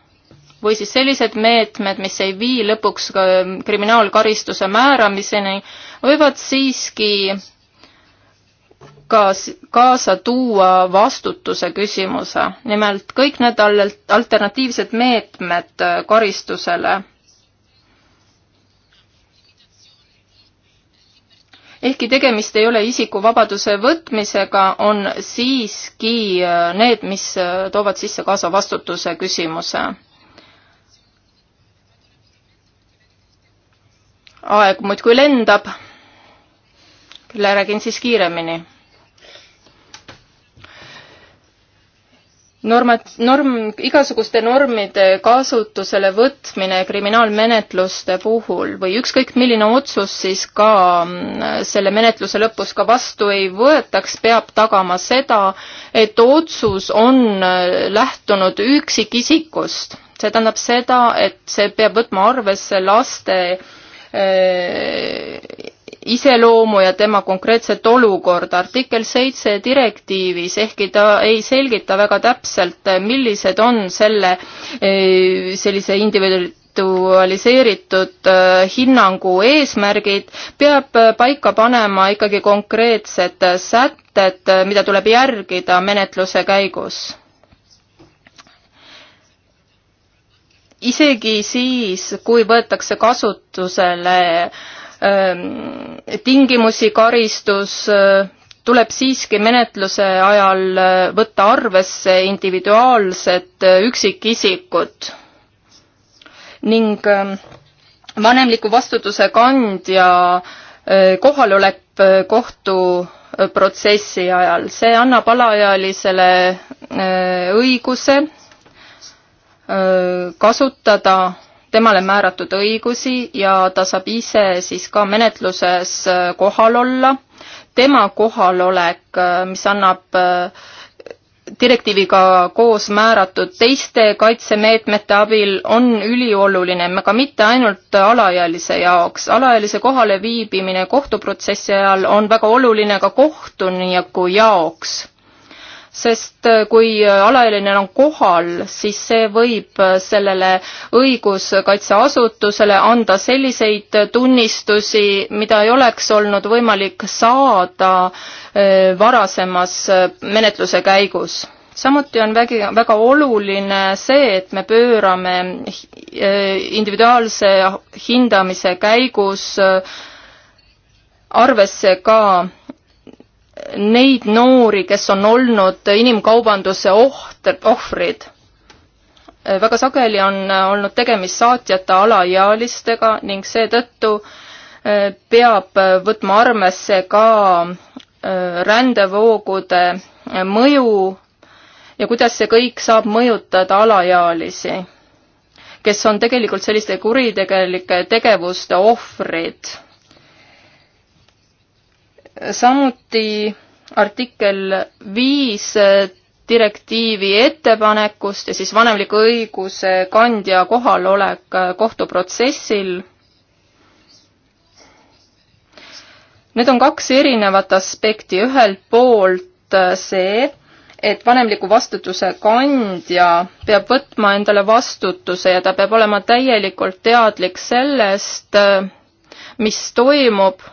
või siis sellised meetmed, mis ei vii lõpuks ähm, kriminaalkaristuse määramiseni, võivad siiski kaas-, kaasa tuua vastutuse küsimuse. nimelt kõik need alternatiivsed meetmed äh, karistusele. ehkki tegemist ei ole isiku vabaduse võtmisega, on siiski äh, need, mis äh, toovad sisse kaasa vastutuse küsimuse aeg muudkui lendab. küll räägin siis kiiremini. normad, norm, igasuguste normide kasutusele võtmine kriminaalmenetluste puhul või ükskõik milline otsus siis ka mm, selle menetluse lõpus ka vastu ei võetaks, peab tagama seda, et otsus on äh, lähtunud üksikisikust see tähendab seda, et see peab võtma arvesse laste Äh, iseloomu ja tema konkreetset olukorda. artikkel seitse direktiivis, ehkki ta ei selgita väga täpselt, millised on selle äh, sellise individu-, individualiseeritud äh, hinnangu eesmärgid, peab paika panema ikkagi konkreetsed sätted, mida tuleb järgida menetluse käigus isegi siis, kui võetakse kasutusele ähm, tingimusi, karistus, äh, tuleb siiski menetluse ajal äh, võtta arvesse individuaalset äh, üksikisikut ning ähm, vanemliku vastutuse kandja kohalolek kohtuprotsessi ajal, see annab alaealisele õiguse kasutada temale määratud õigusi ja ta saab ise siis ka menetluses kohal olla. tema kohalolek, mis annab direktiiviga koos määratud teiste kaitsemeetmete abil on ülioluline, aga mitte ainult alaealise jaoks. alaealise kohaleviibimine kohtuprotsessi ajal on väga oluline ka kohtuniku jaoks sest äh, kui äh, alaealine on kohal, siis see võib äh, sellele õiguskaitseasutusele anda selliseid tunnistusi, mida ei oleks olnud võimalik saada varasemas menetluse käigus samuti on vägi, väga oluline see, et me pöörame individuaalse hindamise käigus arvesse ka neid noori, kes on olnud inimkaubanduse oht, ohvrid. väga sageli on olnud tegemist saatjata alaealistega ning seetõttu eh, peab võtma armesse ka eh, rändevoogude mõju ja kuidas see kõik saab mõjutada alaealisi, kes on tegelikult selliste kuritegelike tegevuste ohvrid samuti artikkel viis direktiivi ettepanekust ja siis vanemliku õiguse kandja kohalolek kohtuprotsessil. Need on kaks erinevat aspekti, ühelt poolt see, et vanemliku vastutuse kandja peab võtma endale vastutuse ja ta peab olema täielikult teadlik sellest, mis toimub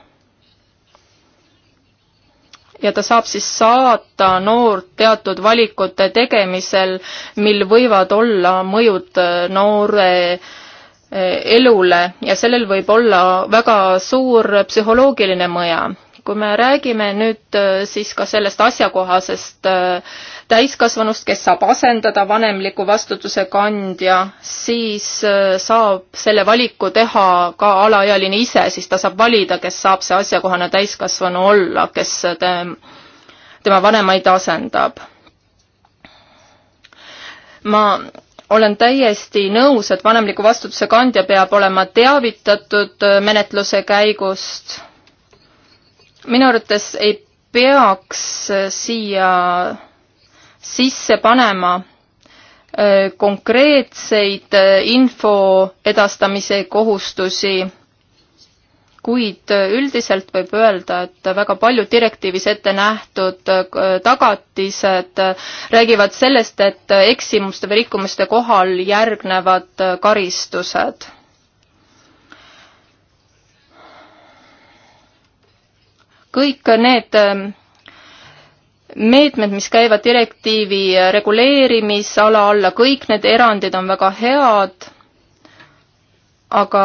ja ta saab siis saata noort teatud valikute tegemisel, mil võivad olla mõjud äh, noore äh, elule ja sellel võib olla väga suur psühholoogiline mõja. kui me räägime nüüd äh, siis ka sellest asjakohasest äh, täiskasvanust, kes saab asendada vanemliku vastutuse kandja, siis äh, saab selle valiku teha ka alaealine ise, siis ta saab valida, kes saab see asjakohane täiskasvanu olla, kes äh, te, tema vanemaid asendab. ma olen täiesti nõus, et vanemliku vastutuse kandja peab olema teavitatud äh, menetluse käigust. minu arvates ei peaks siia sisse panema konkreetseid info edastamise kohustusi, kuid üldiselt võib öelda, et väga paljud direktiivis ette nähtud tagatised räägivad sellest, et eksimuste või rikkumiste kohal järgnevad karistused. kõik need meetmed, mis käivad direktiivi reguleerimisala alla, kõik need erandid on väga head, aga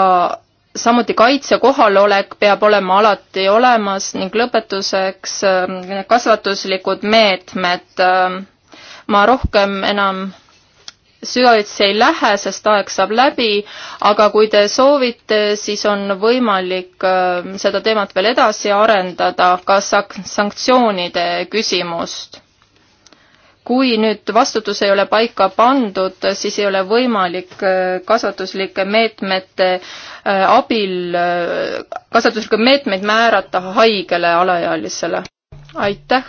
samuti kaitse kohalolek peab olema alati olemas ning lõpetuseks ähm, kasvatuslikud meetmed. Ähm, ma rohkem enam süvitsi ei lähe, sest aeg saab läbi, aga kui te soovite, siis on võimalik äh, seda teemat veel edasi arendada, ka sanktsioonide küsimust. kui nüüd vastutus ei ole paika pandud, siis ei ole võimalik äh, kasvatuslike meetmete äh, abil, kasvatuslikke meetmeid määrata haigele alaealisele. aitäh!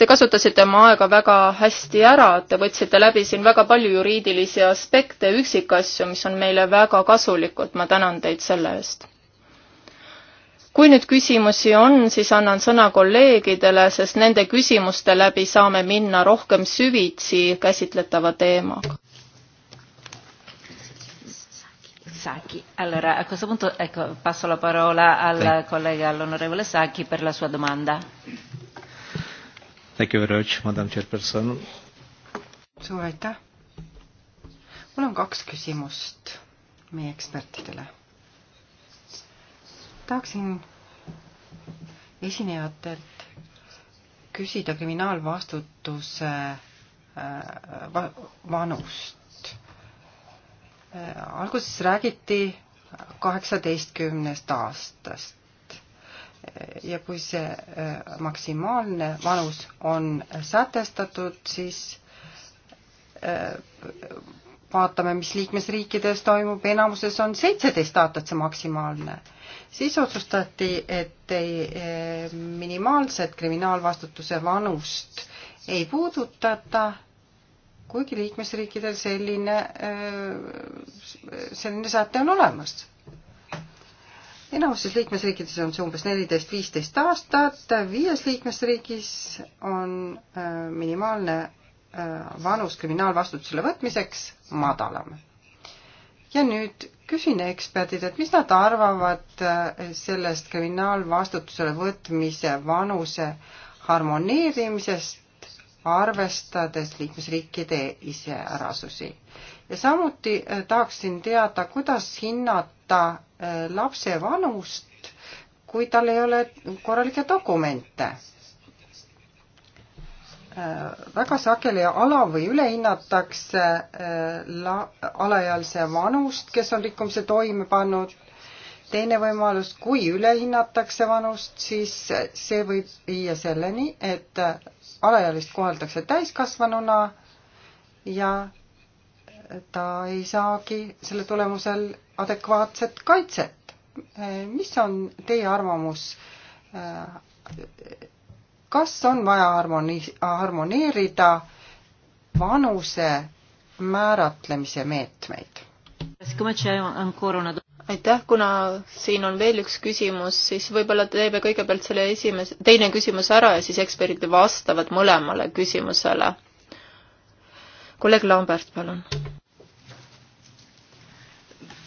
Te kasutasite oma aega väga hästi ära, te võtsite läbi siin väga palju juriidilisi aspekte, üksikasju, mis on meile väga kasulikud, ma tänan teid selle eest. kui nüüd küsimusi on, siis annan sõna kolleegidele, sest nende küsimuste läbi saame minna rohkem süvitsi käsitletava teemaga. Sacchi. Allora, a questo punto ecco, passo la parola al collega, all'onorevole Sacchi, per la sua domanda. Thank you very much, madam chairperson. suur aitäh. mul on kaks küsimust meie ekspertidele. tahaksin esinejatelt küsida kriminaalvastutuse äh, va vanust. Äh, alguses räägiti kaheksateistkümnest aastast ja kui see äh, maksimaalne vanus on sätestatud, siis äh, vaatame, mis liikmesriikides toimub, enamuses on seitseteist aastat see maksimaalne. siis otsustati, et ei, äh, minimaalset kriminaalvastutuse vanust ei puudutata, kuigi liikmesriikidel selline, selline säte on olemas enamuses liikmesriikides on see umbes neliteist, viisteist aastat, viies liikmesriigis on äh, minimaalne äh, vanus kriminaalvastutusele võtmiseks madalam. ja nüüd küsin eksperdid, et mis nad arvavad äh, sellest kriminaalvastutusele võtmise vanuse harmoneerimisest, arvestades liikmesriikide iseärasusi. ja samuti tahaksin teada, kuidas hinnata Äh, lapse vanust, kui tal ei ole korralikke dokumente. Äh, väga sageli ala- või ülehinnatakse äh, la-, alaealise vanust, kes on rikkumise toime pannud. teine võimalus, kui ülehinnatakse vanust, siis see võib viia selleni, et alaealist koheldakse täiskasvanuna ja ta ei saagi selle tulemusel adekvaatset kaitset. mis on teie arvamus? kas on vaja harmoni-, harmoneerida vanuse määratlemise meetmeid? aitäh, kuna siin on veel üks küsimus, siis võib-olla teeme kõigepealt selle esimese, teine küsimus ära ja siis eksperdid vastavad mõlemale küsimusele. kolleeg Lambert, palun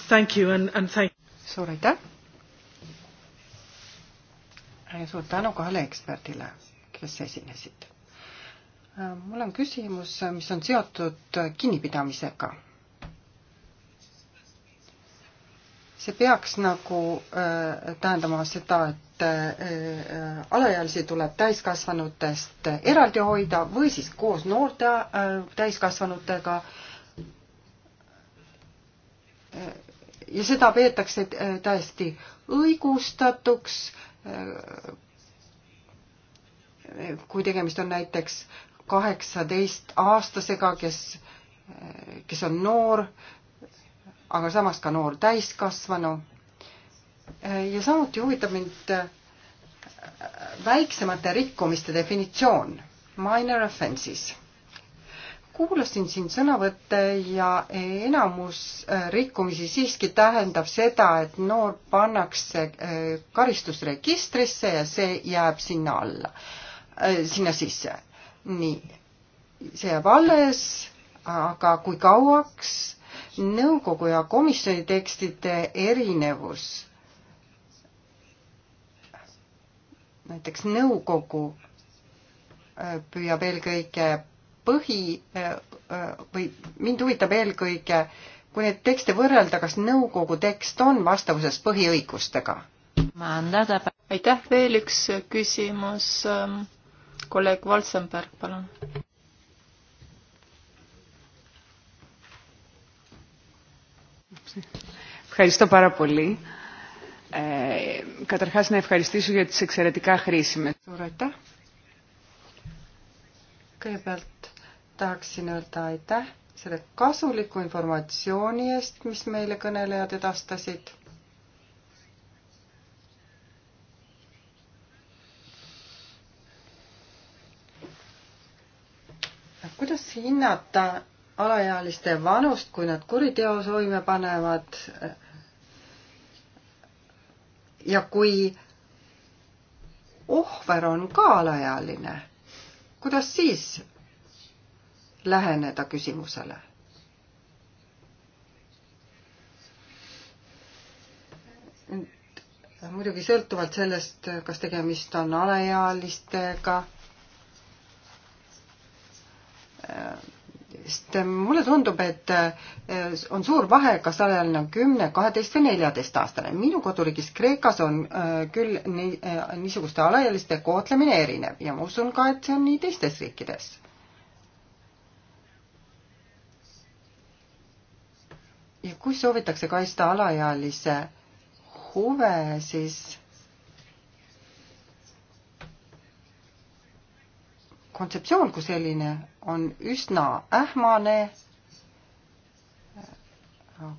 Thank you and, and thank suur aitäh! suur tänu kahele eksperdile, kes esinesid. mul on küsimus, mis on seotud kinnipidamisega. see peaks nagu äh, tähendama seda, et äh, alaealisi tuleb täiskasvanutest eraldi hoida või siis koos noorte äh, täiskasvanutega äh, ja seda peetakse äh, täiesti õigustatuks, äh, kui tegemist on näiteks kaheksateistaastasega, kes, äh, kes on noor, aga samas ka noor täiskasvanu. ja samuti huvitab mind väiksemate rikkumiste definitsioon, minor offenses kuulasin siin sõnavõtte ja enamus äh, rikkumisi siiski tähendab seda, et noor pannakse äh, karistusregistrisse ja see jääb sinna alla, äh, sinna sisse. nii, see jääb alles, aga kui kauaks nõukogu ja komisjoni tekstide erinevus näiteks nõukogu püüab eelkõige põhi äh, äh, või mind huvitab eelkõige, kui neid tekste võrrelda, kas nõukogu tekst on vastavuses põhiõigustega? aitäh, veel üks küsimus. Ähm, kolleeg Valsenberg, palun. Ευχαριστώ πάρα πολύ. Ε, καταρχάς να ευχαριστήσω για τις εξαιρετικά χρήσιμες. Ωραία. Kõigepealt tahaksin öelda aitäh selle kasuliku informatsiooni eest, mis meile kõnelejad edastasid. kuidas hinnata alaealiste vanust, kui nad kuriteo soime panevad? ja kui ohver on ka alaealine, kuidas siis läheneda küsimusele. muidugi sõltuvalt sellest, kas tegemist on alaealistega, sest mulle tundub, et on suur vahe, kas alaealine on kümne, kaheteist või neljateistaastane. minu koduriigis Kreekas on äh, küll nii, äh, niisuguste alaealiste kohtlemine erinev ja ma usun ka, et see on nii teistes riikides ja kui soovitakse kaitsta alaealise huve, siis kontseptsioon kui selline on üsna ähmane.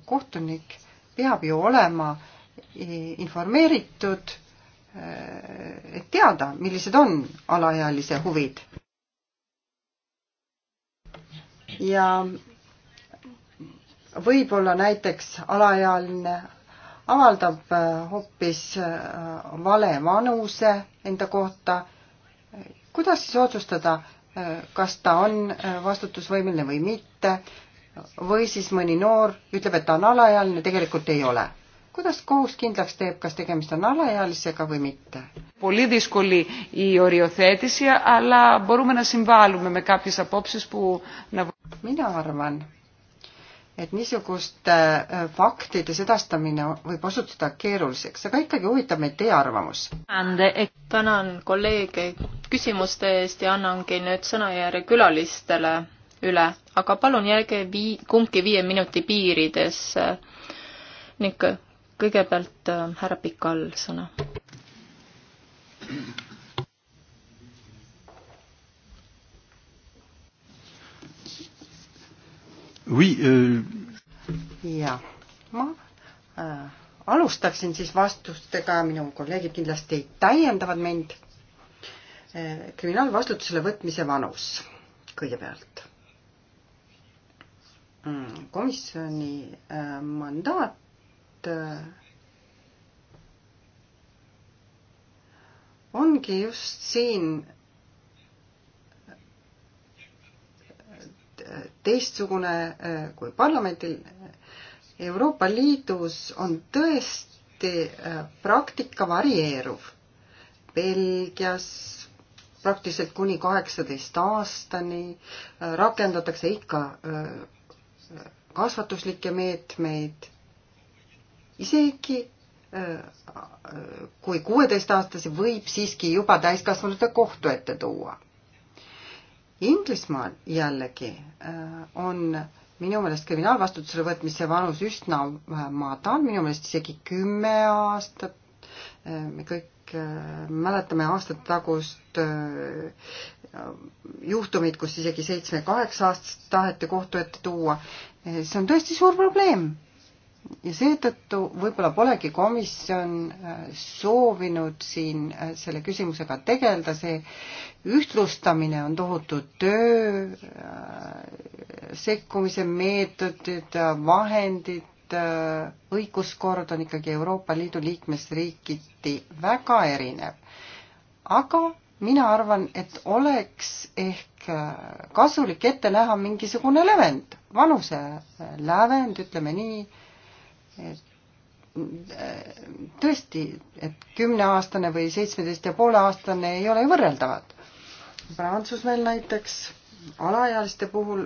kohtunik peab ju olema informeeritud, eh, et teada, millised on alaealise huvid. ja võib-olla näiteks alaealine avaldab äh, hoopis äh, vale vanuse enda kohta, kuidas siis otsustada, äh, kas ta on vastutusvõimeline või mitte, või siis mõni noor ütleb, et ta on alaealine, tegelikult ei ole. kuidas kohus kindlaks teeb, kas tegemist on alaealisega või mitte? Πολύ δύσκολη η οριοθέτηση, αλλά μπορούμε να συμβάλλουμε με κάποιες απόψεις που να... Mina arvan, et niisuguste äh, faktide sedastamine võib osutuda keeruliseks, aga ikkagi huvitab meid teie arvamus. tänan kolleege küsimuste eest ja annangi nüüd sõnajärje külalistele üle, aga palun jääge vii-, kumbki viie minuti piiridesse. Äh, ning kõigepealt äh, härra Pikal sõna. Oui, euh... ja ma äh, alustaksin siis vastustega, minu kolleegid kindlasti täiendavad mind äh,. kriminaalvastutusele võtmise vanus kõigepealt mm,. komisjoni äh, mandaat äh, ongi just siin teistsugune äh, kui parlamendil. Euroopa Liidus on tõesti äh, praktika varieeruv. Belgias praktiliselt kuni kaheksateist aastani äh, rakendatakse ikka kasvatuslikke meetmeid. isegi kui kuueteistaastase võib siiski juba täiskasvanute kohtu ette tuua Inglismaal jällegi äh, on minu meelest kriminaalvastutusele võtmise vanus üsna äh, madal, minu meelest isegi kümme aastat. Äh, me kõik mäletame aastate tagust juhtumit, kus isegi seitsme-kaheksa aastast taheti kohtu ette tuua. see on tõesti suur probleem ja seetõttu võib-olla polegi komisjon äh, soovinud siin äh, selle küsimusega tegeleda, see ühtlustamine on tohutu töö, äh, sekkumise meetodid, vahendid, õiguskord on ikkagi Euroopa Liidu liikmesriikiti väga erinev. aga mina arvan, et oleks ehk kasulik ette näha mingisugune lävend, vanuse lävend, ütleme nii tõesti, et kümneaastane või seitsmeteist ja poole aastane ei ole ju võrreldavad. Prantsusmaal näiteks alaealiste puhul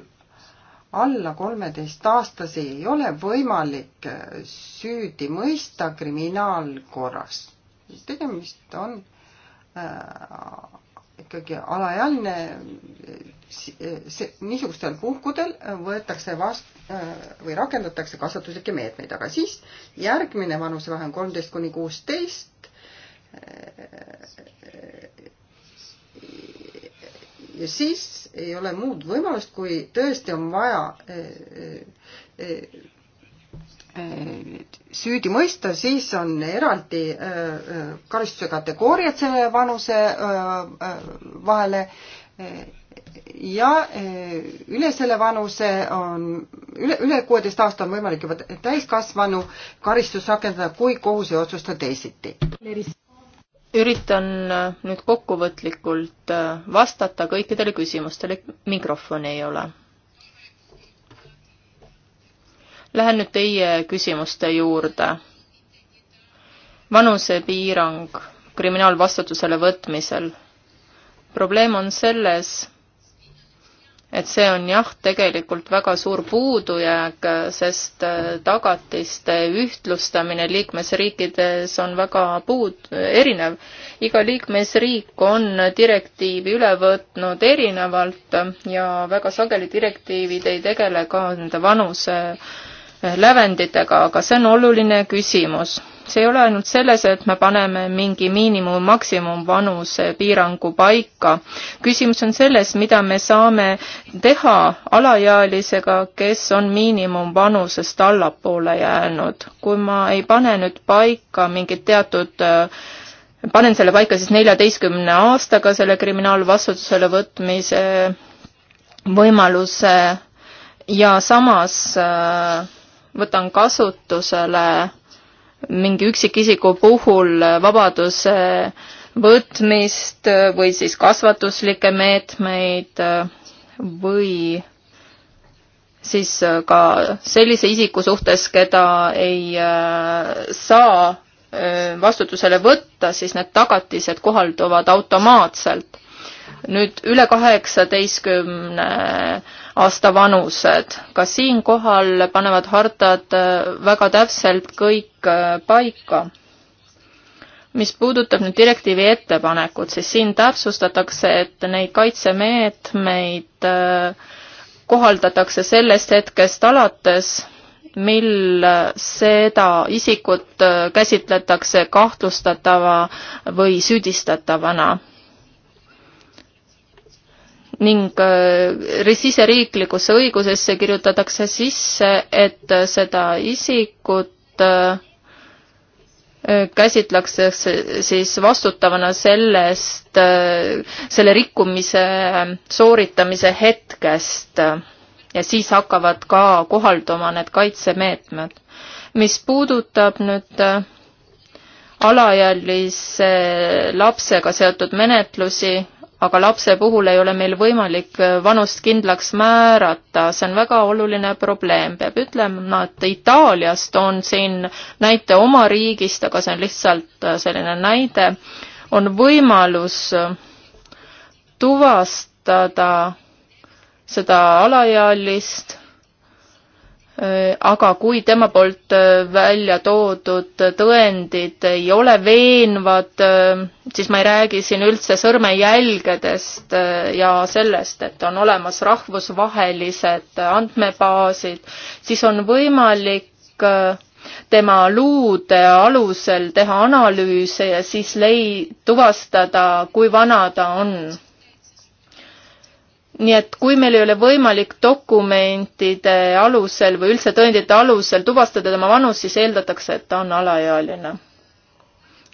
alla kolmeteistaastasi ei ole võimalik süüdi mõista kriminaalkorras. tegemist on äh, ikkagi alaealine Eh, see, niisugustel puhkudel eh, võetakse vast- eh, või rakendatakse kasvatuslikke meetmeid, aga siis järgmine vanusevahe on kolmteist kuni kuusteist. ja siis ei ole muud võimalust, kui tõesti on vaja süüdi mõista, siis on eraldi karistuse kategooriad selle vanuse vahele ja eh, üle selle vanuse on, üle, üle kuueteist aasta on võimalik juba täiskasvanu karistust rakendada, kui kohus ei otsusta teisiti. üritan eh, nüüd kokkuvõtlikult eh, vastata kõikidele küsimustele, mikrofoni ei ole. Lähen nüüd teie küsimuste juurde. vanusepiirang kriminaalvastutusele võtmisel. probleem on selles, et see on jah, tegelikult väga suur puudujääk, sest äh, tagatiste ühtlustamine liikmesriikides on väga puud-, erinev. iga liikmesriik on direktiivi üle võtnud erinevalt ja väga sageli direktiivid ei tegele ka nende vanuse äh, lävenditega, aga see on oluline küsimus see ei ole ainult selles, et me paneme mingi miinimum-maksimumvanuse piirangu paika. küsimus on selles, mida me saame teha alaealisega, kes on miinimumvanusest allapoole jäänud. kui ma ei pane nüüd paika mingit teatud äh, panen selle paika siis neljateistkümne aastaga selle kriminaalvastutusele võtmise võimaluse ja samas äh, võtan kasutusele mingi üksikisiku puhul vabaduse võtmist või siis kasvatuslikke meetmeid või siis ka sellise isiku suhtes, keda ei äh, saa äh, vastutusele võtta, siis need tagatised kohalduvad automaatselt. nüüd üle kaheksateistkümne 18 aasta vanused. ka siinkohal panevad hartad äh, väga täpselt kõik äh, paika. mis puudutab nüüd direktiivi ettepanekut, siis siin täpsustatakse, et neid kaitsemeetmeid äh, kohaldatakse sellest hetkest alates, mil seda isikut käsitletakse kahtlustatava või süüdistatavana ning äh, siseriiklikusse õigusesse kirjutatakse sisse, et seda isikut äh, äh, käsitlakse siis vastutavana sellest, selle rikkumise sooritamise hetkest ja siis hakkavad ka kohalduma need kaitsemeetmed. mis puudutab nüüd alaealise lapsega seotud menetlusi, aga lapse puhul ei ole meil võimalik äh, vanust kindlaks määrata, see on väga oluline probleem, peab ütlema, et Itaaliast on siin näite oma riigist, aga see on lihtsalt äh, selline näide, on võimalus äh, tuvastada seda alaealist aga kui tema poolt äh, välja toodud tõendid ei ole veenvad, äh, siis ma ei räägi siin üldse sõrmejälgedest äh, ja sellest, et on olemas rahvusvahelised andmebaasid, siis on võimalik tema luude alusel teha analüüse ja siis lei-, tuvastada, kui vana ta on nii et kui meil ei ole võimalik dokumentide alusel või üldse tõendite alusel tuvastada tema vanust, siis eeldatakse, et ta on alaealine.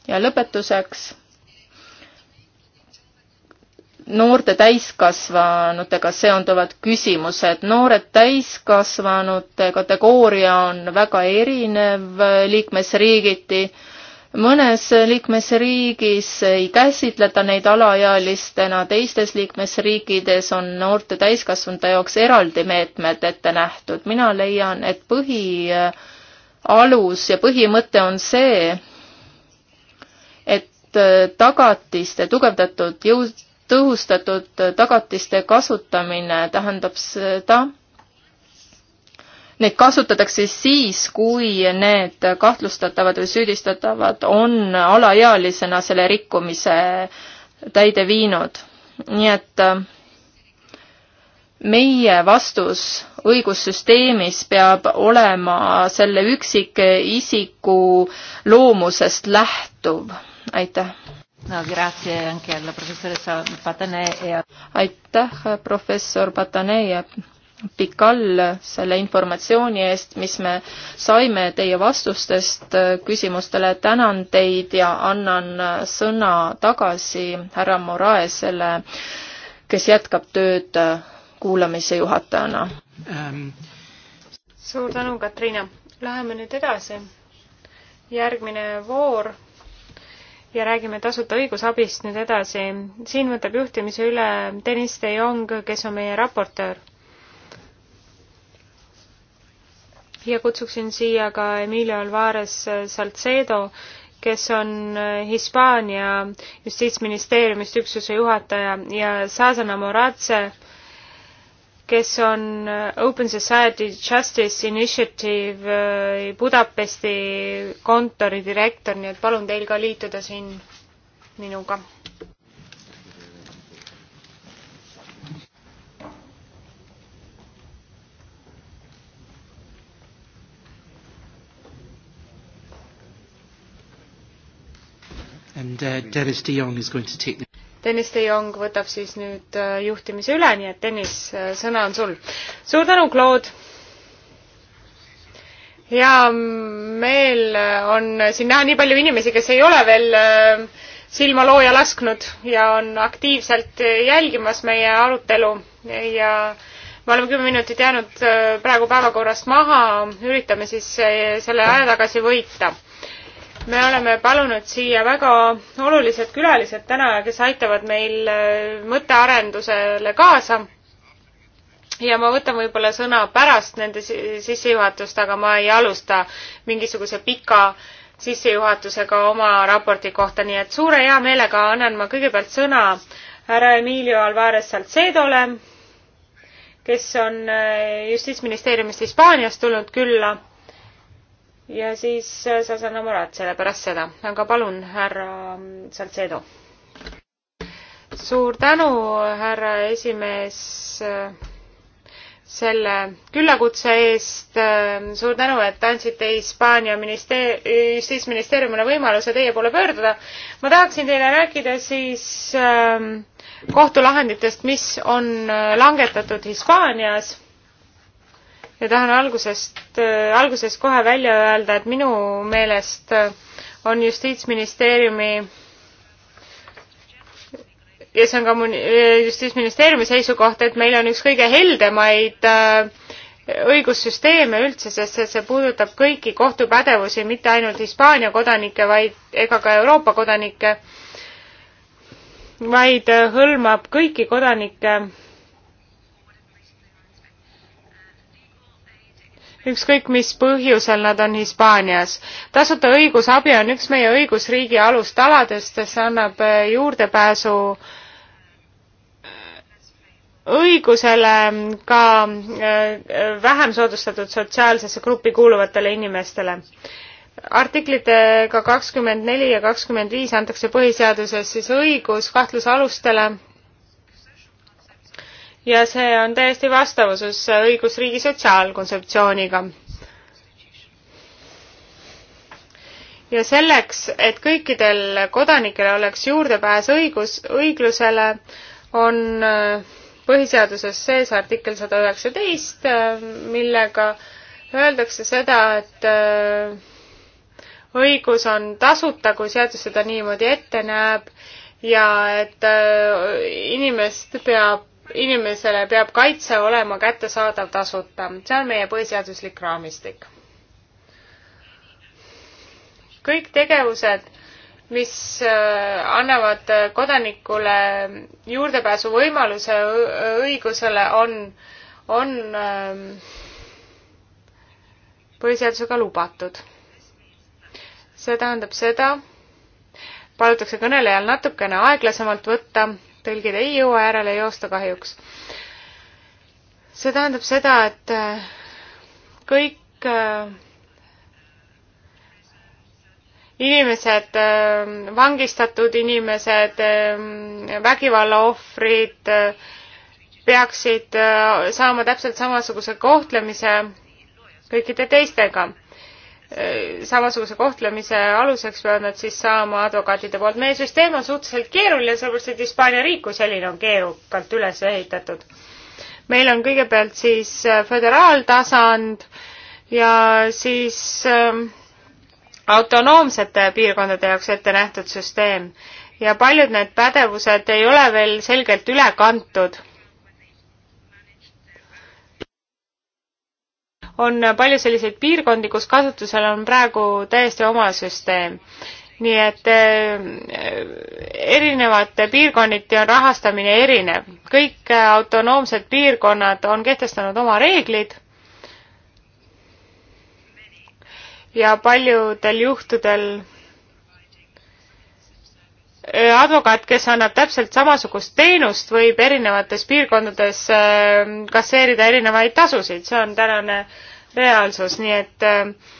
ja lõpetuseks. noorte täiskasvanutega seonduvad küsimused. noored täiskasvanute kategooria on väga erinev liikmesriigiti mõnes liikmesriigis ei käsitleta neid alaealistena, teistes liikmesriikides on noorte täiskasvanute jaoks eraldi meetmed ette nähtud. mina leian, et põhialus ja põhimõte on see, et tagatiste, tugevdatud jõu, tõhustatud tagatiste kasutamine tähendab seda, neid kasutatakse siis, kui need kahtlustatavad või süüdistatavad on alaealisena selle rikkumise täide viinud. nii et äh, meie vastus õigussüsteemis peab olema selle üksikisiku loomusest lähtuv. aitäh. No, grazie anche alla professoressa Patanei. Aitäh, professor Patanei ja Pikal selle informatsiooni eest, mis me saime teie vastustest äh, küsimustele. tänan teid ja annan äh, sõna tagasi härra Moraesele, kes jätkab tööd äh, kuulamise juhatajana ähm.. suur tänu, Katriina. Läheme nüüd edasi. järgmine voor ja räägime tasuta õigusabist nüüd edasi. siin võtab juhtimise üle Deniss de Jong, kes on meie raportöör ja kutsuksin siia ka Emilio Alvarez Salcedo, kes on eh, Hispaania justiitsministeeriumist üksuse juhataja ja Sazana Moratse, kes on eh, Open Society Justice Initiative eh, Budapesti kontori direktor, nii et palun teil ka liituda siin minuga and uh, Dennis de Jong is going to take the Dennis de Jong võtab siis nüüd äh, juhtimise üle, nii et Dennis, äh, sõna on sul. suur tänu, Claude! hea meel äh, on siin näha nii palju inimesi, kes ei ole veel silma looja lasknud ja on aktiivselt jälgimas meie arutelu ja me oleme kümme minutit jäänud praegu päevakorrast maha, üritame siis selle aja tagasi võita me oleme palunud siia väga olulised külalised täna, kes aitavad meil äh, mõttearendusele kaasa. ja ma võtan võib-olla sõna pärast nende sissejuhatust, aga ma ei alusta mingisuguse pika sissejuhatusega oma raporti kohta, nii et suure hea meelega annan ma kõigepealt sõna härra Emilio Alvarez Salcedole, kes on äh, Justiitsministeeriumist Hispaaniast tulnud külla ja siis äh, sa saad oma raad selle pärast seda, aga palun, härra ähm, Salcedo. suur tänu, härra esimees, äh, selle küllakutse eest. Ähm, suur tänu, et andsite Hispaania ministeer-, justiitsministeeriumile võimaluse teie poole pöörduda. ma tahaksin teile rääkida siis ähm, kohtulahenditest, mis on äh, langetatud Hispaanias ja tahan algusest, äh, alguses kohe välja öelda, et minu meelest äh, on Justiitsministeeriumi ja see on ka mu äh, Justiitsministeeriumi seisukoht, et meil on üks kõige heldemaid õigussüsteeme üldse, sest see puudutab kõiki kohtupädevusi, mitte ainult Hispaania kodanikke, vaid ega ka Euroopa kodanikke, vaid hõlmab kõiki kodanikke ükskõik mis põhjusel nad on Hispaanias. tasuta õigusabi on üks meie õigusriigi alustaladest, see annab eh, juurdepääsu eh, õigusele mm, ka eh, vähem soodustatud sotsiaalsesse gruppi kuuluvatele inimestele. artiklitega kakskümmend neli ja kakskümmend viis antakse põhiseaduses siis õigus kahtlusalustele ja see on täiesti vastavuses õigusriigi sotsiaalkontseptsiooniga. ja selleks, et kõikidel kodanikel oleks juurdepääs õigus, õiglusele, on äh, põhiseaduses sees artikkel sada üheksateist, äh, millega öeldakse seda, et äh, õigus on tasuta, kui seadus seda niimoodi ette näeb ja et inimest peab inimesele peab kaitse olema kättesaadav tasuta, see on meie põhiseaduslik raamistik. kõik tegevused, mis äh, annavad kodanikule juurdepääsu võimaluse õigusele, on, on ähm, põhiseadusega lubatud. see tähendab seda, palutakse kõnelejal natukene aeglasemalt võtta tõlgid ei jõua järele joosta kahjuks. see tähendab seda, et äh, kõik äh, inimesed, äh, vangistatud inimesed, vägivalla ohvrid peaksid saama täpselt samasuguse kohtlemise kõikide teistega samasuguse kohtlemise aluseks peavad nad siis saama advokaatide poolt. meie süsteem on suhteliselt keeruline, sellepärast et Hispaania riik kui selline on keerukalt üles ehitatud. meil on kõigepealt siis äh, föderaaltasand ja siis ähm, autonoomsete piirkondade jaoks ette nähtud süsteem ja paljud need pädevused ei ole veel selgelt üle kantud on palju selliseid piirkondi, kus kasutusel on praegu täiesti oma süsteem. nii et äh, erinevate piirkonniti on rahastamine erinev. kõik äh, autonoomsed piirkonnad on kehtestanud oma reeglid ja paljudel juhtudel Äh, advokaat, kes annab täpselt samasugust teenust, võib erinevates piirkondades äh, kasseerida erinevaid tasusid, see on tänane reaalsus, nii et äh,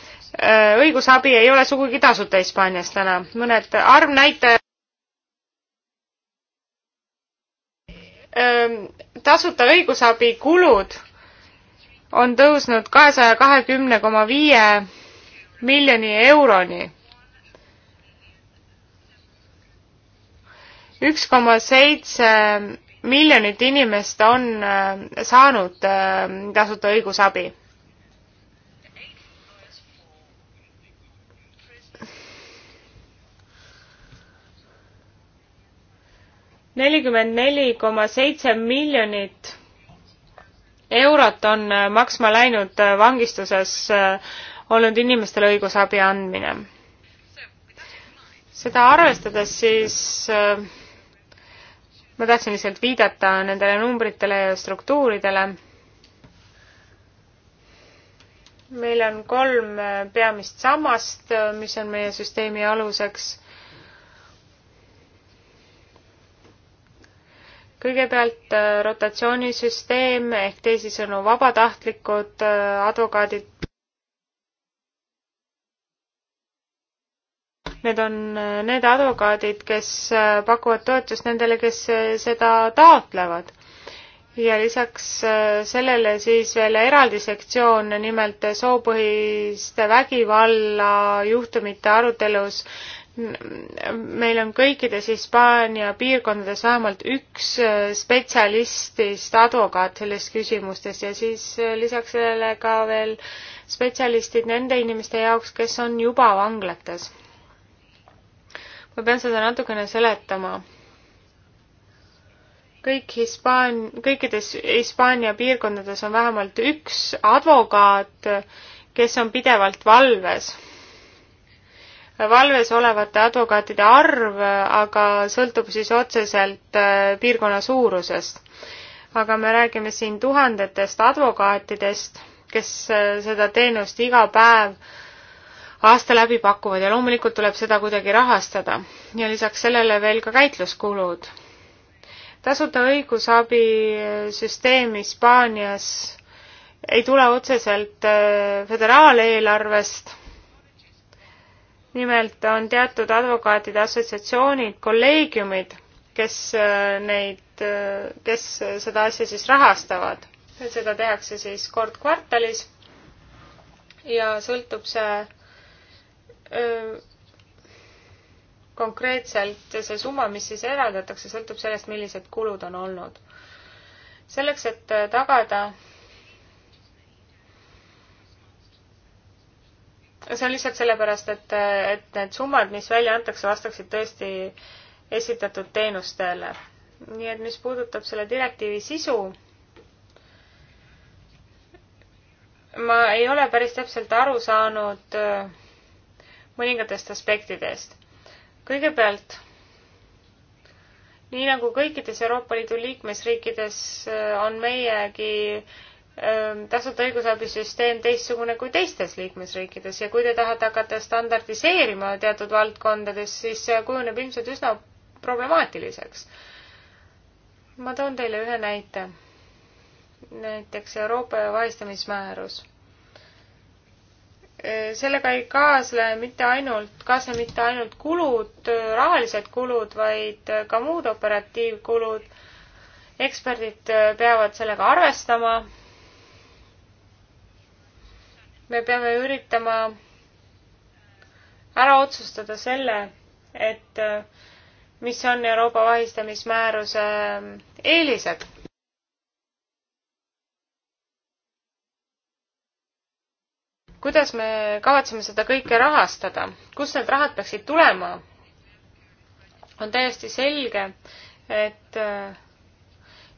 õigusabi ei ole sugugi tasuta Hispaanias täna, mõned arvnäitajad. Ähm, tasuta õigusabi kulud on tõusnud kahesaja kahekümne koma viie miljoni euroni üks koma seitse miljonit inimest on äh, saanud äh, tasuta õigusabi. nelikümmend neli koma seitse miljonit eurot on äh, maksma läinud vangistuses olnud inimestele õigusabi andmine. seda arvestades siis äh, ma tahtsin lihtsalt viidata nendele numbritele ja struktuuridele. meil on kolm peamist sammast, mis on meie süsteemi aluseks. kõigepealt eh, rotatsioonisüsteem ehk teisisõnu vabatahtlikud eh, advokaadid Need on need advokaadid, kes äh, pakuvad toetust nendele, kes äh, seda taotlevad. ja lisaks äh, sellele siis veel eraldi sektsioon, nimelt soopõhiste vägivallajuhtumite arutelus meil on kõikides Hispaania piirkondades vähemalt üks spetsialistist advokaat selles küsimustes ja siis lisaks sellele ka veel spetsialistid nende inimeste jaoks, kes on juba vanglates ma pean seda natukene seletama. kõik Hispaan-, kõikides Hispaania piirkondades on vähemalt üks advokaat, kes on pidevalt valves. valves olevate advokaatide arv aga sõltub siis otseselt äh, piirkonna suurusest. aga me räägime siin tuhandetest advokaatidest, kes äh, seda teenust iga päev äh, aasta läbi pakuvad ja loomulikult tuleb seda kuidagi rahastada ja lisaks sellele veel ka käitluskulud. tasuta õigusabisüsteem Hispaanias ei tule otseselt äh, föderaaleelarvest. nimelt on teatud advokaatide assotsiatsioonid, kolleegiumid, kes äh, neid, äh, kes seda asja siis rahastavad. seda tehakse siis kord kvartalis ja sõltub see konkreetselt see summa, mis siis eraldatakse, sõltub sellest, millised kulud on olnud. selleks, et äh, tagada see on lihtsalt sellepärast, et, äh, et need summad, mis välja antakse, vastaksid tõesti esitatud teenustele. nii et mis puudutab selle direktiivi sisu, ma ei ole päris täpselt aru saanud äh, mõningatest aspektidest. kõigepealt, nii nagu kõikides Euroopa Liidu liikmesriikides, äh, on meiegi ähm, tasuta õigusabisüsteem teistsugune kui teistes liikmesriikides ja kui te tahate hakata standardiseerima teatud valdkondades, siis see kujuneb ilmselt üsna problemaatiliseks. ma toon teile ühe näite. näiteks Euroopa vahistamismäärus Äh, sellega ei kaasle mitte ainult, kaasne mitte ainult kulud, äh, rahalised kulud, vaid äh, ka muud operatiivkulud. eksperdid peavad sellega arvestama. me peame üritama ära otsustada selle, et mis on Euroopa vahistamismääruse eelised kuidas me kavatseme seda kõike rahastada, kust need rahad peaksid tulema? on täiesti selge, et äh,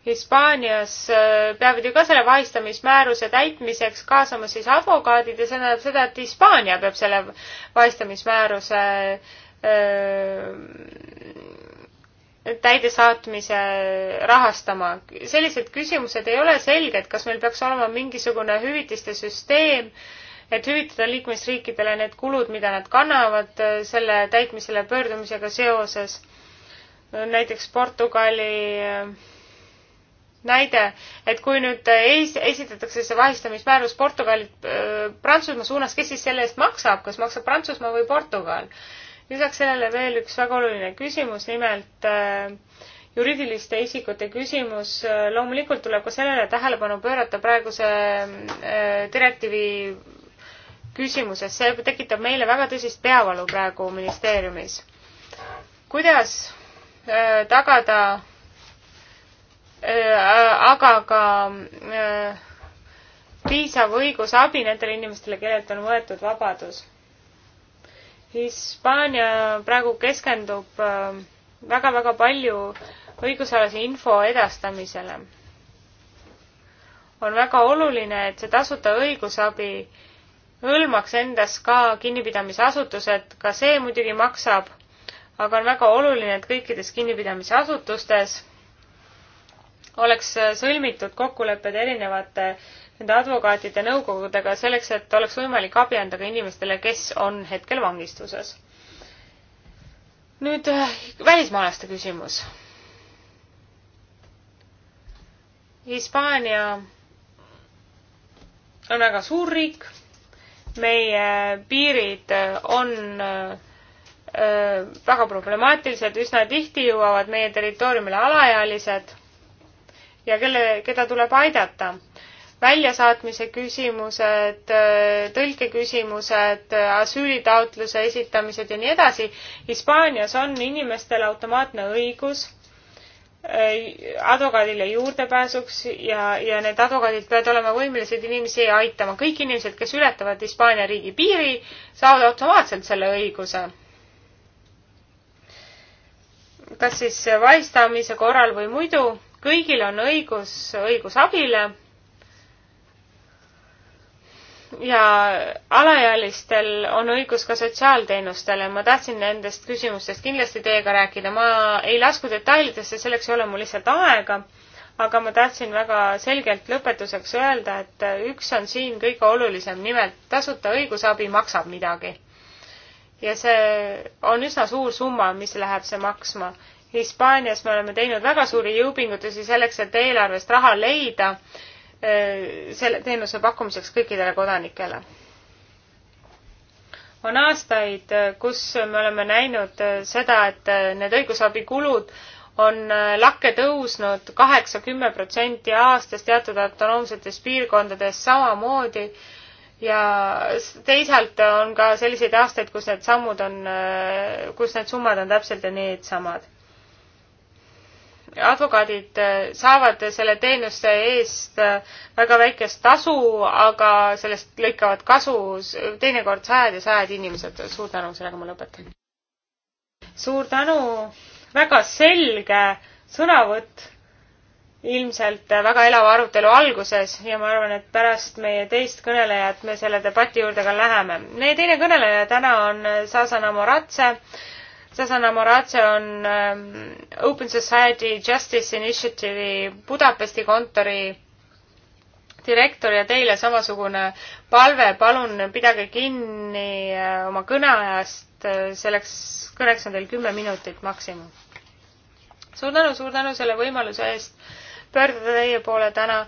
Hispaanias äh, peavad ju ka selle vahistamismääruse täitmiseks kaasama siis advokaadid ja see tähendab seda, et Hispaania peab selle vahistamismääruse äh, täidesaatmise rahastama. sellised küsimused ei ole selged, kas meil peaks olema mingisugune hüvitiste süsteem äh, et hüvitada liikmesriikidele need kulud, mida nad kannavad äh, selle täitmisele pöördumisega seoses. näiteks Portugali äh, näide, et kui nüüd äh, esitatakse see vahistamismäärus Portugalilt Prantsusmaa suunas, kes siis selle eest maksab, kas maksab Prantsusmaa või Portugal? lisaks sellele veel üks väga oluline küsimus, nimelt äh, juriidiliste isikute küsimus, loomulikult tuleb ka sellele tähelepanu pöörata praeguse direktiivi küsimuses, see tekitab meile väga tõsist peavalu praegu ministeeriumis. kuidas öö, äh, tagada öö, äh, aga ka öö, äh, piisav õigusabi nendele inimestele, kellelt on võetud vabadus? Hispaania praegu keskendub väga-väga palju õigusalase info edastamisele. on väga oluline, et see tasuta õigusabi äh, hõlmaks endas ka kinnipidamisasutused, ka see muidugi maksab, aga on väga oluline, et kõikides kinnipidamisasutustes oleks sõlmitud kokkulepped erinevate nende advokaatide nõukogudega selleks, et oleks võimalik abi anda ka inimestele, kes on hetkel vangistuses. nüüd äh, välismaalaste küsimus. Hispaania on väga suur riik meie piirid on äh, väga problemaatilised, üsna tihti jõuavad meie territooriumile alaealised ja kelle, keda tuleb aidata. väljasaatmise küsimused, äh, tõlkeküsimused, äh, asüülitaotluse esitamised ja nii edasi. Hispaanias on inimestel automaatne õigus advokaadile juurdepääsuks ja, ja need advokaadid peavad olema võimelised inimesi aitama. kõik inimesed, kes ületavad Hispaania riigi piiri, saavad automaatselt selle õiguse. kas siis vaistamise korral või muidu, kõigil on õigus õigusabile ja alaealistel on õigus ka sotsiaalteenustele. ma tahtsin nendest küsimustest kindlasti teiega rääkida, ma ei lasku detailidesse, selleks ei ole mul lihtsalt aega, aga ma tahtsin väga selgelt lõpetuseks öelda, et üks on siin kõige olulisem, nimelt tasuta õigusabi maksab midagi. ja see on üsna suur summa, mis läheb see maksma. Hispaanias me oleme teinud väga suuri jõupingutusi selleks, et eelarvest raha leida Eh, selle teenuse pakkumiseks kõikidele kodanikele. on aastaid, eh, kus me oleme näinud eh, seda, et need õigusabikulud on lakke tõusnud kaheksa, kümme protsenti aastas teatud autonoomsetes piirkondades samamoodi ja teisalt on ka selliseid aastaid, kus need sammud on, kus need summad on täpselt ja needsamad advokaadid äh, saavad selle teenuse eest äh, väga väikest tasu, aga sellest lõikavad kasu teinekord sajad ja sajad inimesed. suur tänu, sellega ma lõpetan. suur tänu, väga selge sõnavõtt ilmselt väga elava arutelu alguses ja ma arvan, et pärast meie teist kõnelejat me selle debati juurde ka läheme. meie teine kõneleja täna on Sasana Moratse Zazana Moratse on ähm, Open Society Justice Initiative'i Budapesti kontori direktor ja teile samasugune palve, palun pidage kinni äh, oma kõneajast, äh, selleks kõneks on teil kümme minutit maksimum. suur tänu, suur tänu selle võimaluse eest pöörduda teie poole täna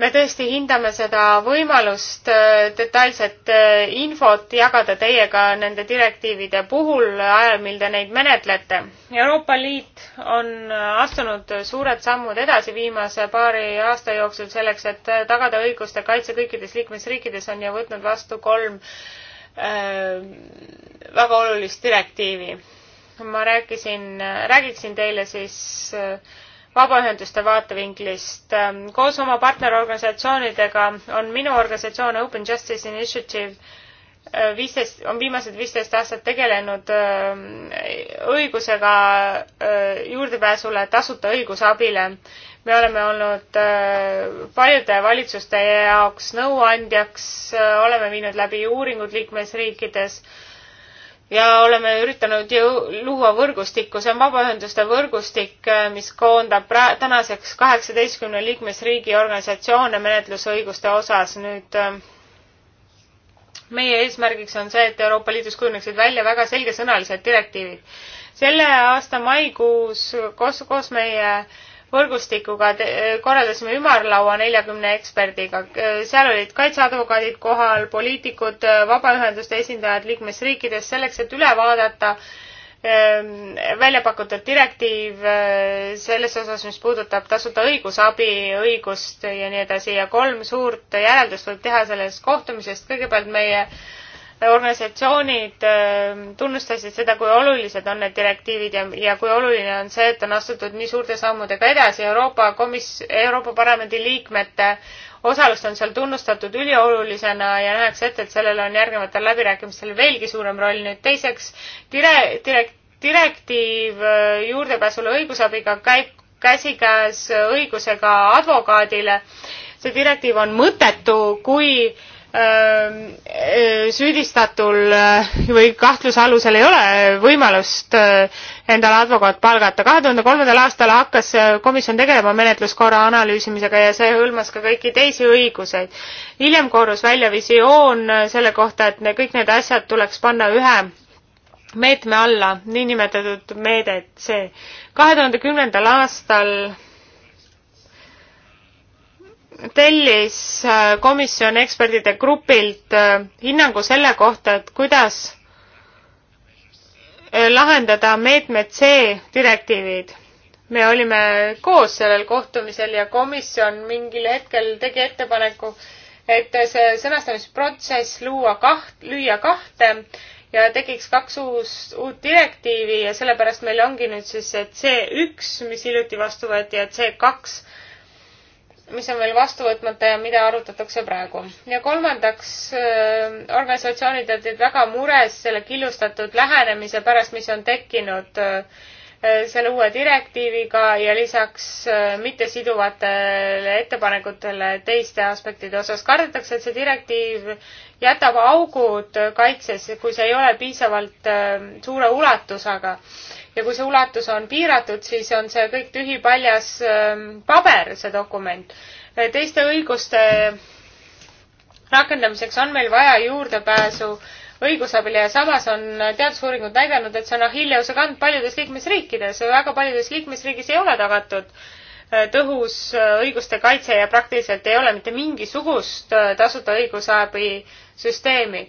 me tõesti hindame seda võimalust äh, detailset äh, infot jagada teiega nende direktiivide puhul ajal, mil te neid menetlete. Euroopa Liit on äh, astunud suured sammud edasi viimase paari aasta jooksul selleks, et tagada õiguste kaitse kõikides liikmesriikides on ja võtnud vastu kolm äh, väga olulist direktiivi. ma rääkisin, räägiksin teile siis äh, vabaühenduste vaatevinklist. Ähm, koos oma partnerorganisatsioonidega on minu organisatsioon Open Justice Initiative äh, viisteist, on viimased viisteist aastat tegelenud ähm, õigusega äh, juurdepääsule tasuta õigusabile. me oleme olnud äh, paljude valitsuste jaoks nõuandjaks, oleme viinud läbi uuringud liikmesriikides ja oleme üritanud ju luua võrgustikku, see on vabaühenduste võrgustik, äh, mis koondab pra-, tänaseks kaheksateistkümne liikmesriigi organisatsioone menetlusõiguste osas nüüd äh, meie eesmärgiks on see, et Euroopa Liidus kujuneksid välja väga selgesõnalised direktiivid. selle aasta maikuus koos, koos meie äh, võrgustikuga korraldasime ümarlaua neljakümne eksperdiga. seal olid kaitseadvokaadid kohal, poliitikud, vabaühenduste esindajad liikmesriikidest selleks, et üle vaadata ehm, välja pakutud direktiiv eh, selles osas, mis puudutab tasuta õigusabi, õigust ja nii edasi ja kolm suurt järeldust võib teha sellest kohtumisest. kõigepealt meie äh, organisatsioonid ähm, tunnustasid seda, kui olulised on need direktiivid ja, ja kui oluline on see, et on astutud nii suurte sammudega edasi. Euroopa Komis-, Euroopa Parlamendi liikmete osalust on seal tunnustatud üliolulisena ja nähakse ette, et sellel on järgnevatel läbirääkimistel veelgi suurem roll. nüüd teiseks, dire-, direkt-, direktiiv äh, juurdepääsule õigusabiga käib käsikäes õigusega advokaadile. see direktiiv on mõttetu, kui äh, Ehm, eh, süüdistatul eh, või kahtluse alusel ei ole võimalust eh, endale advokaat palgata. kahe tuhande kolmandal aastal hakkas komisjon tegelema menetluskorra analüüsimisega ja see hõlmas ka kõiki teisi õiguseid. hiljem koorus välja visioon selle kohta, et ne, kõik need asjad tuleks panna ühe meetme alla, niinimetatud meedet see. kahe tuhande kümnendal aastal tellis äh, komisjon ekspertide grupilt äh, hinnangu selle kohta, et kuidas äh, lahendada meetmed C direktiivid. me olime koos sellel kohtumisel ja komisjon mingil hetkel tegi ettepaneku, et see sõnastamisprotsess luua kaht, lüüa kahte ja tekiks kaks uus, uut direktiivi ja sellepärast meil ongi nüüd siis see C1, mis hiljuti vastu võeti ja C2 mis on veel vastu võtmata ja mida arutatakse praegu. ja kolmandaks äh,, organisatsioonid olid väga mures selle killustatud lähenemise pärast, mis on tekkinud äh, selle uue direktiiviga ja lisaks äh, mittesiduvatele ettepanekutele teiste aspektide osas. kardetakse, et see direktiiv jätab augud kaitses, kui see ei ole piisavalt äh, suure ulatusega ja kui see ulatus on piiratud, siis on see kõik tühipaljas ähm, paber, see dokument. Äh, teiste õiguste rakendamiseks on meil vaja juurdepääsu õigusabile ja samas on teadusuuringud näidanud, et see on Achilleuse kand paljudes liikmesriikides, väga paljudes liikmesriigis ei ole tagatud äh, tõhus äh, õiguste kaitse ja praktiliselt ei ole mitte mingisugust tasuta õigusabi süsteemi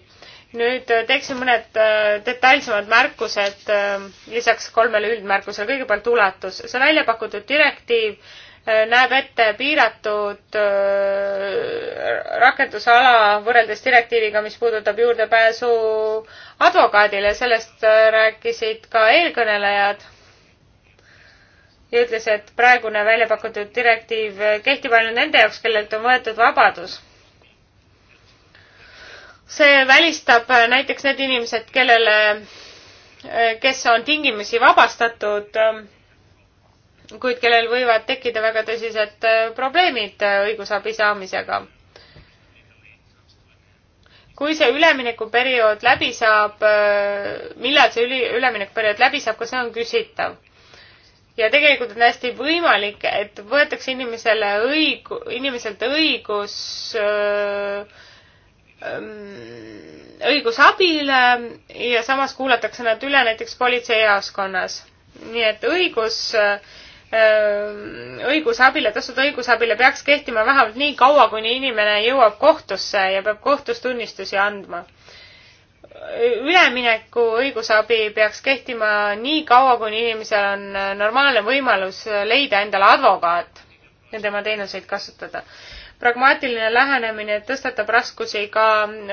nüüd äh, teeksin mõned äh, detailsemad märkused äh, lisaks kolmele üldmärkusele. kõigepealt ulatus. see välja pakutud direktiiv näeb ette piiratud rakendusala võrreldes direktiiviga, mis puudutab juurdepääsu advokaadile. sellest rääkisid ka eelkõnelejad ja ütles, et praegune välja pakutud direktiiv kehtib ainult nende jaoks, kellelt on võetud vabadus see välistab äh, näiteks need inimesed, kellele, äh, kes on tingimisi vabastatud, äh, kuid kellel võivad tekkida väga tõsised probleemid õigusabi saamisega. kui see üleminekuperiood läbi saab, millal see üli, üleminekuperiood läbi saab, ka see on küsitav ja tegelikult on hästi võimalik, et võetakse inimesele õig-, inimeselt õigus öö, Ähm, õigus abile ja samas kuulatakse nad üle näiteks politseijaoskonnas. nii et õigus, äh, õigusabile, tasuta õigusabile peaks kehtima vähemalt nii kaua, kuni inimene jõuab kohtusse ja peab kohtus tunnistusi andma. ülemineku õigusabi peaks kehtima nii kaua, kuni inimesel on normaalne võimalus leida endale advokaat ja tema teenuseid kasutada pragmaatiline lähenemine tõstatab raskusi ka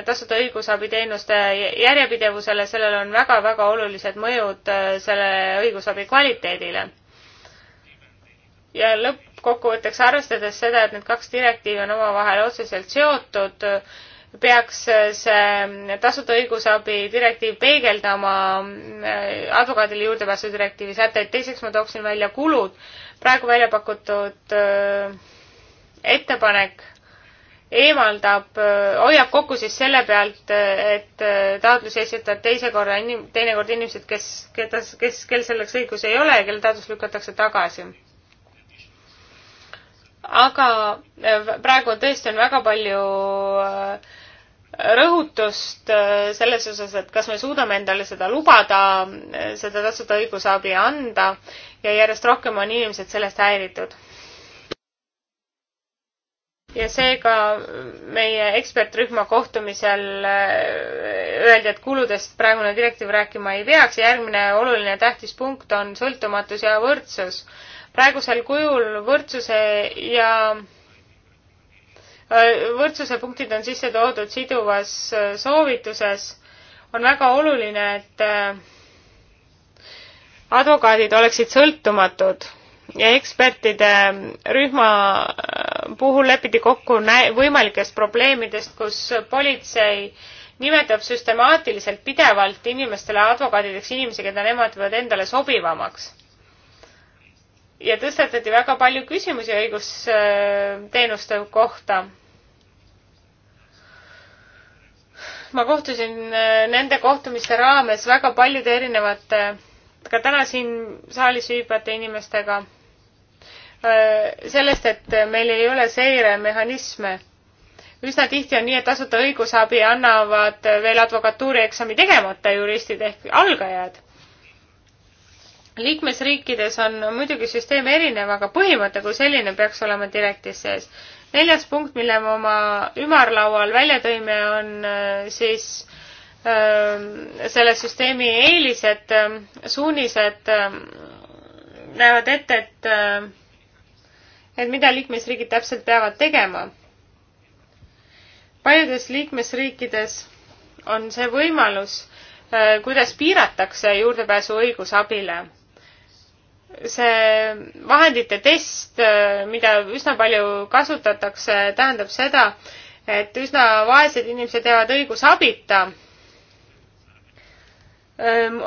tasuta õigusabiteenuste järjepidevusele, sellel on väga-väga olulised mõjud äh, selle õigusabi kvaliteedile. ja lõppkokkuvõtteks, arvestades seda, et need kaks direktiivi on omavahel otseselt seotud, peaks see tasuta õigusabi direktiiv peegeldama äh, advokaadile juurdepääsu direktiivi sätteid. teiseks ma tooksin välja kulud. praegu välja pakutud öö, äh, ettepanek eemaldab, hoiab kokku siis selle pealt, et taotlusi esitavad teise korra inim-, teinekord inimesed, kes, keda, kes, kel selleks õigus ei ole ja kelle taotlus lükatakse tagasi. aga praegu tõesti on väga palju rõhutust selles osas, et kas me suudame endale seda lubada, seda tasuta õigusabi anda ja järjest rohkem on inimesed sellest häiritud ja seega meie ekspertrühma kohtumisel äh, öeldi, et kuludest praegune direktiiv rääkima ei peaks ja järgmine oluline tähtis punkt on sõltumatus ja võrdsus. praegusel kujul võrdsuse ja äh, võrdsuse punktid on sisse toodud siduvas äh, soovituses. on väga oluline, et advokaadid oleksid sõltumatud ja ekspertide rühma äh, puhul lepiti kokku võimalikest probleemidest, kus politsei nimetab süstemaatiliselt pidevalt inimestele advokaadideks inimesi, keda nemad peavad endale sobivamaks. ja tõstatati väga palju küsimusi õigusteenuste kohta ma kohtusin äh, nende kohtumiste raames väga paljude erinevate, ka täna siin saalis viibivate inimestega. Äh, sellest, et meil ei ole seiremehhanisme. üsna tihti on nii, et tasuta õigusabi annavad veel advokatuurieksami tegemata juristid ehk algajad. liikmesriikides on muidugi süsteem erinev, aga põhimõte kui selline peaks olema direktiiv sees. neljas punkt, mille me oma ümarlaual välja tõime, on äh, siis äh, selle süsteemi eelised, suunised näevad ette, et et mida liikmesriigid täpselt peavad tegema. paljudes liikmesriikides on see võimalus, äh, kuidas piiratakse juurdepääsu õigusabile. see vahendite test, äh, mida üsna palju kasutatakse, tähendab seda, et üsna vaesed inimesed jäävad õigusabita.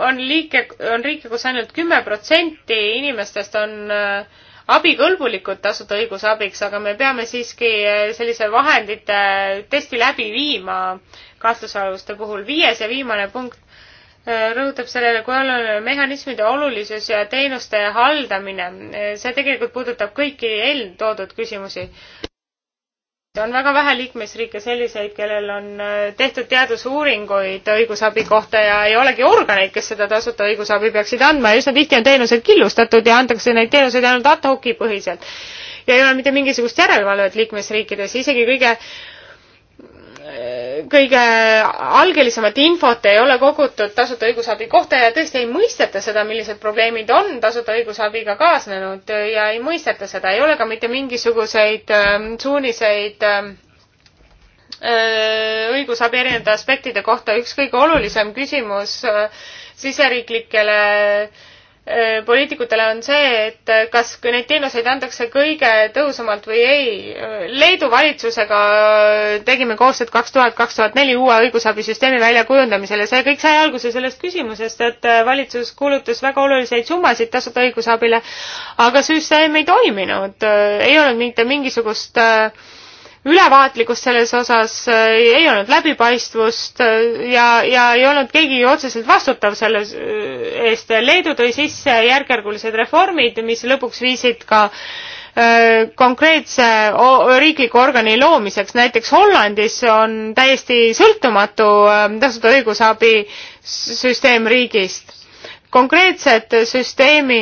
on liike, on riike, kus ainult kümme protsenti inimestest on äh, abikõlbulikud tasuda õigusabiks, aga me peame siiski eh, sellise vahendite testi läbi viima kahtlusaluste puhul. viies ja viimane punkt eh, rõhutab sellele, kui oluline on mehhanismide olulisus ja teenuste haldamine. Eh, see tegelikult puudutab kõiki eeltoodud küsimusi on väga vähe liikmesriike selliseid, kellel on äh, tehtud teadusuuringuid õigusabi kohta ja ei olegi organeid, kes seda tasuta õigusabi peaksid andma ja üsna tihti on teenused killustatud ja antakse neid teenuseid ainult ad hoc'i põhiselt. ja ei ole mitte mingisugust järelevalvet liikmesriikides, isegi kõige kõige algelisemat infot ei ole kogutud tasuta õigusabi kohta ja tõesti ei mõisteta seda, millised probleemid on tasuta õigusabiga kaasnenud ja ei mõisteta seda, ei ole ka mitte mingisuguseid äh, suuniseid ähm, äh, õigusabi erinevate aspektide kohta, üks kõige olulisem küsimus äh, siseriiklikele äh, Äh, poliitikutele on see, et äh, kas neid teenuseid antakse kõige tõhusamalt või ei. Äh, Leedu valitsusega tegime koostööd kaks tuhat, kaks tuhat neli uue õigusabisüsteemi väljakujundamisel ja see kõik sai alguse sellest küsimusest, et valitsus kuulutas väga oluliseid summasid tasuta õigusabile, aga süsteem ei toiminud, ei olnud mitte mingisugust äh, ülevaatlikkust selles osas, äh, ei olnud läbipaistvust äh, ja, ja ei olnud keegi otseselt vastutav selle äh, eest. Leedu tõi sisse järkjärgulised reformid, mis lõpuks viisid ka öö, konkreetse riikliku organi loomiseks. näiteks Hollandis on täiesti sõltumatu tasuta õigusabi süsteem riigist. konkreetsed süsteemi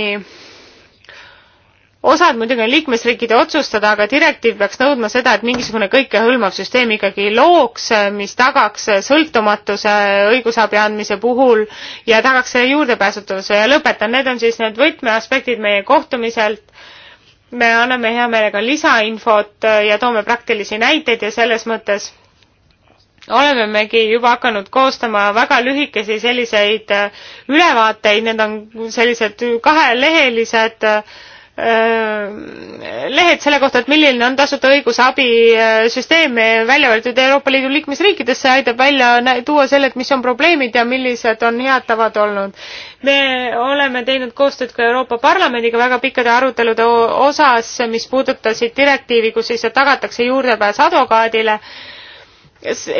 osad muidugi on liikmesriikide otsustada, aga direktiiv peaks nõudma seda, et mingisugune kõikehõlmav süsteem ikkagi looks, mis tagaks sõltumatuse õigusabi andmise puhul ja tagaks selle juurdepääsutavuse ja lõpetan, need on siis need võtmeaspektid meie kohtumiselt. me anname hea meelega lisainfot ja toome praktilisi näiteid ja selles mõttes olemegi juba hakanud koostama väga lühikesi selliseid ülevaateid, need on sellised kahelehelised äh, Äh, lehed selle kohta, et milline on tasuta õigusabi äh, süsteem äh, välja võetud Euroopa Liidu liikmesriikides, see aitab välja tuua selle, et mis on probleemid ja millised on head tavad olnud. me oleme teinud koostööd ka Euroopa Parlamendiga väga pikkade arutelude osas, mis puudutasid direktiivi, kus siis tagatakse juurdepääs advokaadile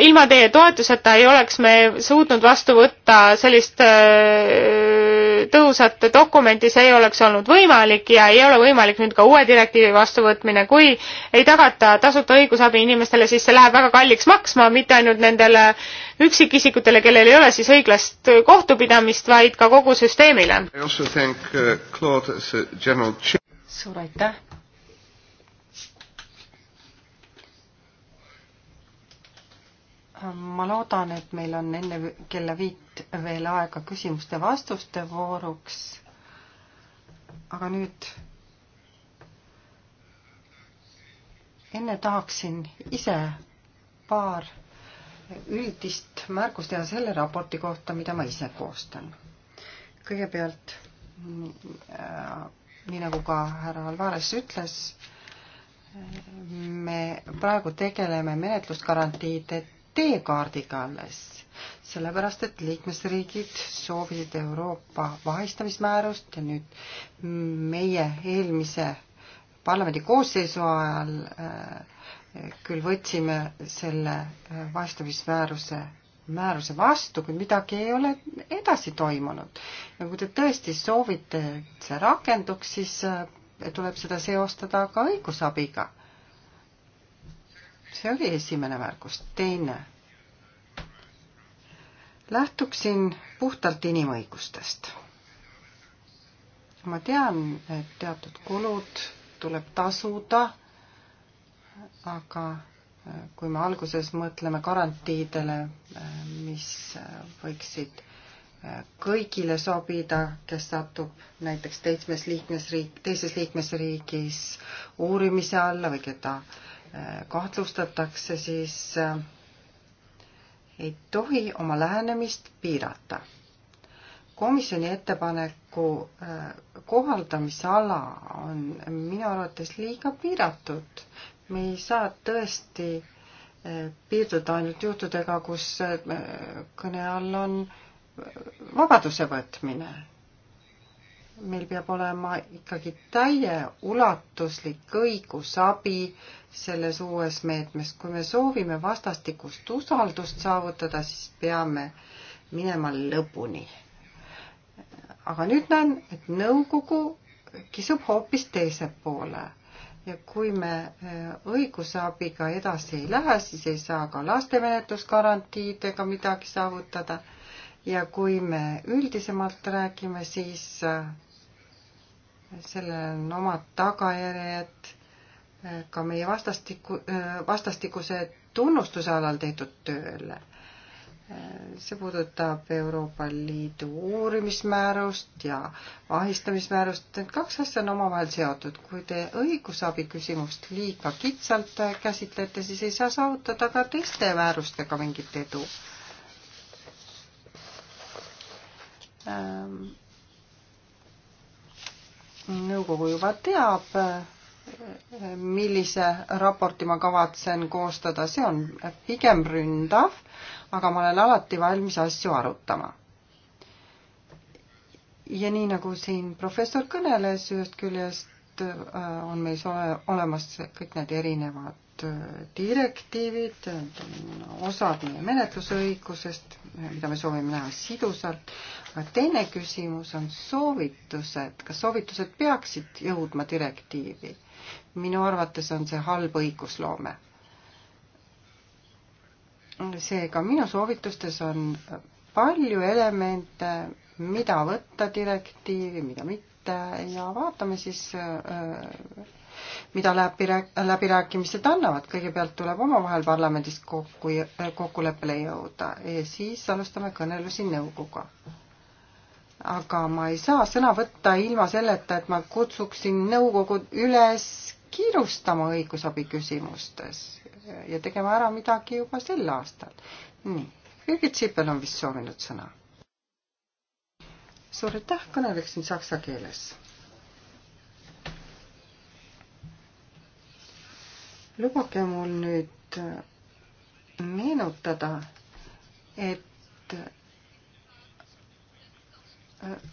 ilma teie toetuseta ei oleks me suutnud vastu võtta sellist äh, tõhusat dokumenti, see ei oleks olnud võimalik ja ei ole võimalik nüüd ka uue direktiivi vastuvõtmine. kui ei tagata tasuta õigusabi inimestele, siis see läheb väga kalliks maksma, mitte ainult nendele üksikisikutele, kellel ei ole siis õiglast kohtupidamist, vaid ka kogu süsteemile. Uh, suur aitäh ma loodan, et meil on enne kella viit veel aega küsimuste-vastuste vooruks. aga nüüd enne tahaksin ise paar üldist märkust teha selle raporti kohta, mida ma ise koostan. kõigepealt, äh, nii nagu ka härra Alvares ütles, me praegu tegeleme menetlusgarantiide teekaardiga alles, sellepärast et liikmesriigid soovisid Euroopa vahistamismäärust ja nüüd meie eelmise parlamendi koosseisu ajal äh, küll võtsime selle äh, vahistamismääruse määruse vastu, kuid midagi ei ole edasi toimunud. ja kui te tõesti soovite, et see rakenduks, siis äh, tuleb seda seostada ka õigusabiga see oli esimene märkus. teine. lähtuksin puhtalt inimõigustest. ma tean, et teatud kulud tuleb tasuda, aga äh, kui me alguses mõtleme garantiidele, äh, mis äh, võiksid kõigile sobida, kes satub näiteks teismes liikmesriik, teises liikmesriigis uurimise alla või keda äh, kahtlustatakse, siis äh, ei tohi oma lähenemist piirata. komisjoni ettepaneku äh, kohaldamisala on minu arvates liiga piiratud. me ei saa tõesti äh, piirduda ainult juhtudega, kus kõne all on vabaduse võtmine meil peab olema ikkagi täieulatuslik õigusabi selles uues meetmes. kui me soovime vastastikust usaldust saavutada, siis peame minema lõpuni. aga nüüd näen, et nõukogu kisub hoopis teise poole ja kui me e, õigusabiga edasi ei lähe, siis ei saa ka lastemenetlusgarantiidega midagi saavutada. ja kui me üldisemalt räägime, siis e, sellel on omad tagajärjed ka meie vastastiku, vastastikuse tunnustuse alal tehtud tööle. see puudutab Euroopa Liidu uurimismäärust ja vahistamismäärust, need kaks asja on omavahel seotud. kui te õigusabi küsimust liiga kitsalt käsitlete, siis ei saa saavutada ka teiste määrustega mingit edu ähm nõukogu juba teab, millise raporti ma kavatsen koostada, see on pigem ründav, aga ma olen alati valmis asju arutama. ja nii, nagu siin professor kõneles, ühest küljest äh, on meil ole, olemas kõik need erinevad Äh, direktiivid, osad meie menetlusõigusest, mida me soovime näha sidusalt, aga teine küsimus on soovitused, kas soovitused peaksid jõudma direktiivi? minu arvates on see halb õigusloome. seega minu soovitustes on palju elemente, mida võtta direktiivi, mida mitte ja vaatame siis äh, mida läbi, läbirääkimised annavad. kõigepealt tuleb omavahel parlamendis kokku, äh, kokkuleppele jõuda ja siis alustame kõnelusi nõukoguga. aga ma ei saa sõna võtta ilma selleta, et ma kutsuksin nõukogu üles kiirustama õigusabi küsimustes ja tegema ära midagi juba sel aastal. nii, Birgit Sipel on vist soovinud sõna. suur aitäh, kõneleksin saksa keeles lubage mul nüüd äh, meenutada, et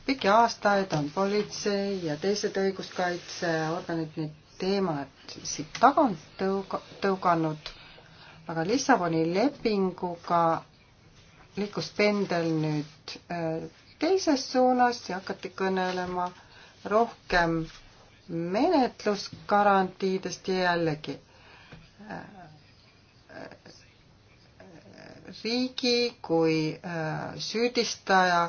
pikki äh, aastaid on politsei ja teised õiguskaitseorganid neid teemasid tagant tõuga, tõuganud, aga Lissaboni lepinguga liikus pendel nüüd äh, teises suunas ja hakati kõnelema rohkem menetlusgarantiidest ja jällegi riigi kui äh, süüdistaja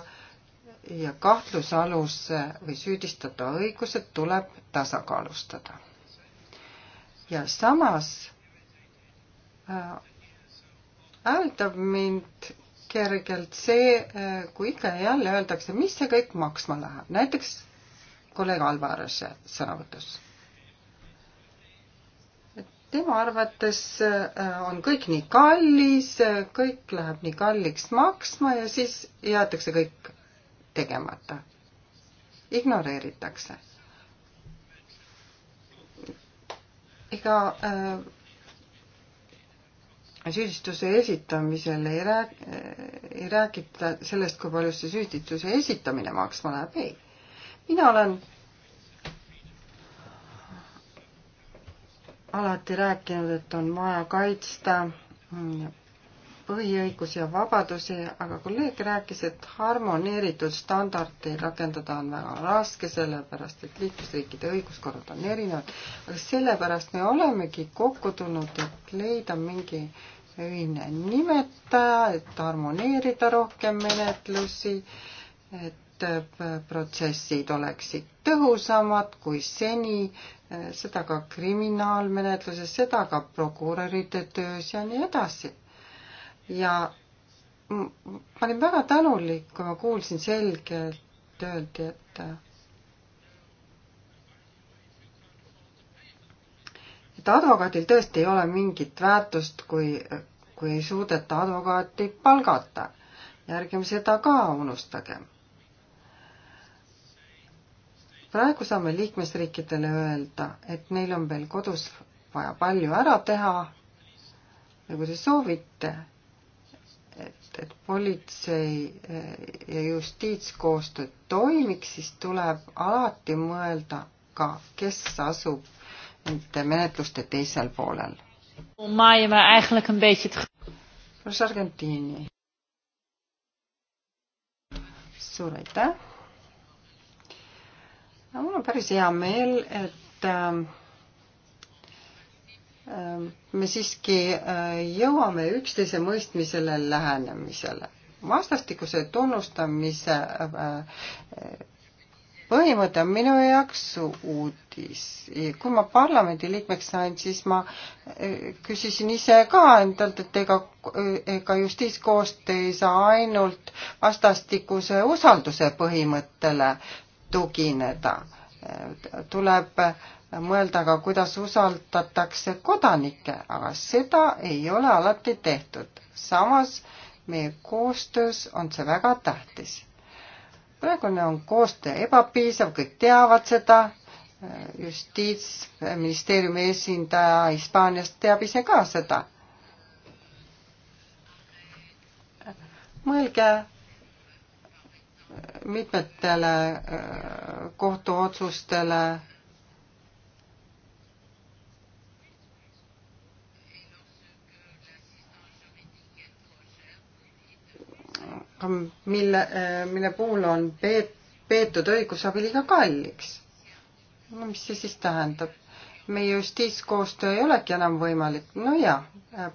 ja kahtlusaluse või süüdistatava õigused tuleb tasakaalustada. ja samas hääldab äh, mind kergelt see, äh, kui ikka ja jälle öeldakse, mis see kõik maksma läheb, näiteks kolleeg Alvarese sõnavõtus tema arvates äh, on kõik nii kallis, kõik läheb nii kalliks maksma ja siis jäetakse kõik tegemata. ignoreeritakse. ega äh, süüdistuse esitamisel ei rääg- äh,, ei räägita sellest, kui palju see süüdistuse esitamine maksma läheb, ei. mina olen alati rääkinud, et on vaja kaitsta põhiõigusi ja vabadusi, aga kolleeg rääkis, et harmoneeritud standardi rakendada on väga raske, sellepärast et liikmesriikide õiguskorrad on erinevad. aga sellepärast me olemegi kokku tulnud, et leida mingi ühine nimetaja, et harmoneerida rohkem menetlusi, et protsessid oleksid tõhusamad kui seni, Äh, seda ka kriminaalmenetluses, seda ka prokuröride töös ja nii edasi. ja ma olin väga tänulik, kui ma kuulsin selgelt, öeldi, et et advokaadil tõesti ei ole mingit väärtust, kui, kui ei suudeta advokaati palgata. ja ärgem seda ka unustagem praegu saame liikmesriikidele öelda, et neil on veel kodus vaja palju ära teha ja nagu kui te soovite, et, et politsei eh, ja justiits koostöö toimiks, siis tuleb alati mõelda ka, kes asub nende menetluste teisel poolel. Argentiini. suur aitäh! mul on päris hea meel, et ähm, ähm, me siiski äh, jõuame üksteise mõistmisele lähenemisele. vastastikuse tunnustamise äh, põhimõte on minu jaoks uudis. kui ma parlamendi liikmeks sain, siis ma äh, küsisin ise ka endalt, et ega, ega justiitskoostöö ei saa ainult vastastikuse usalduse põhimõttele tugineda. tuleb mõelda ka, kuidas usaldatakse kodanikke, aga seda ei ole alati tehtud. samas meie koostöös on see väga tähtis. praegune on koostöö ebapiisav, kõik teavad seda, justiitsministeeriumi esindaja Hispaaniast teab ise ka seda. mõelge mitmetele äh, kohtuotsustele. mille, äh, mille puhul on peetud õigusabi liiga kalliks. no mis see siis tähendab? meie justiitskoostöö ei olegi enam võimalik. no jaa,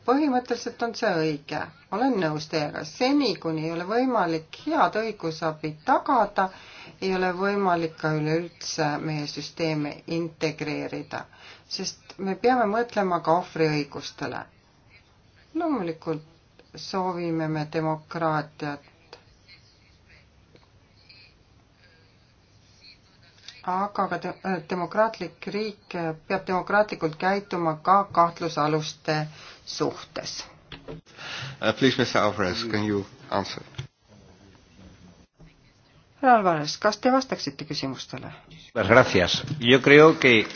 põhimõtteliselt on see õige, olen nõus teiega. seni, kuni ei ole võimalik head õigusabi tagada, ei ole võimalik ka üleüldse meie süsteemi integreerida, sest me peame mõtlema ka ohvriõigustele. loomulikult soovime me demokraatiat aga ka demokraatlik riik peab demokraatlikult käituma ka kahtlusaluste suhtes uh,. Please, Mr Alvarez, can you answer? härra Alvarez, kas te vastaksite küsimustele? Gracias, yo creo que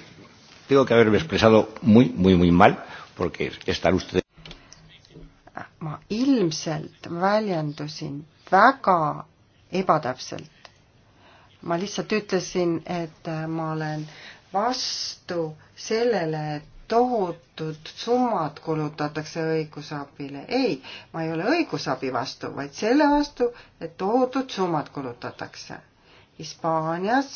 tengo que haberme expresado muy, muy, muy mal porque estar usted ma ilmselt väljendusin väga ebatäpselt ma lihtsalt ütlesin, et äh, ma olen vastu sellele, et tohutud summad kulutatakse õigusabile. ei, ma ei ole õigusabi vastu, vaid selle vastu, et tohutud summad kulutatakse. Hispaanias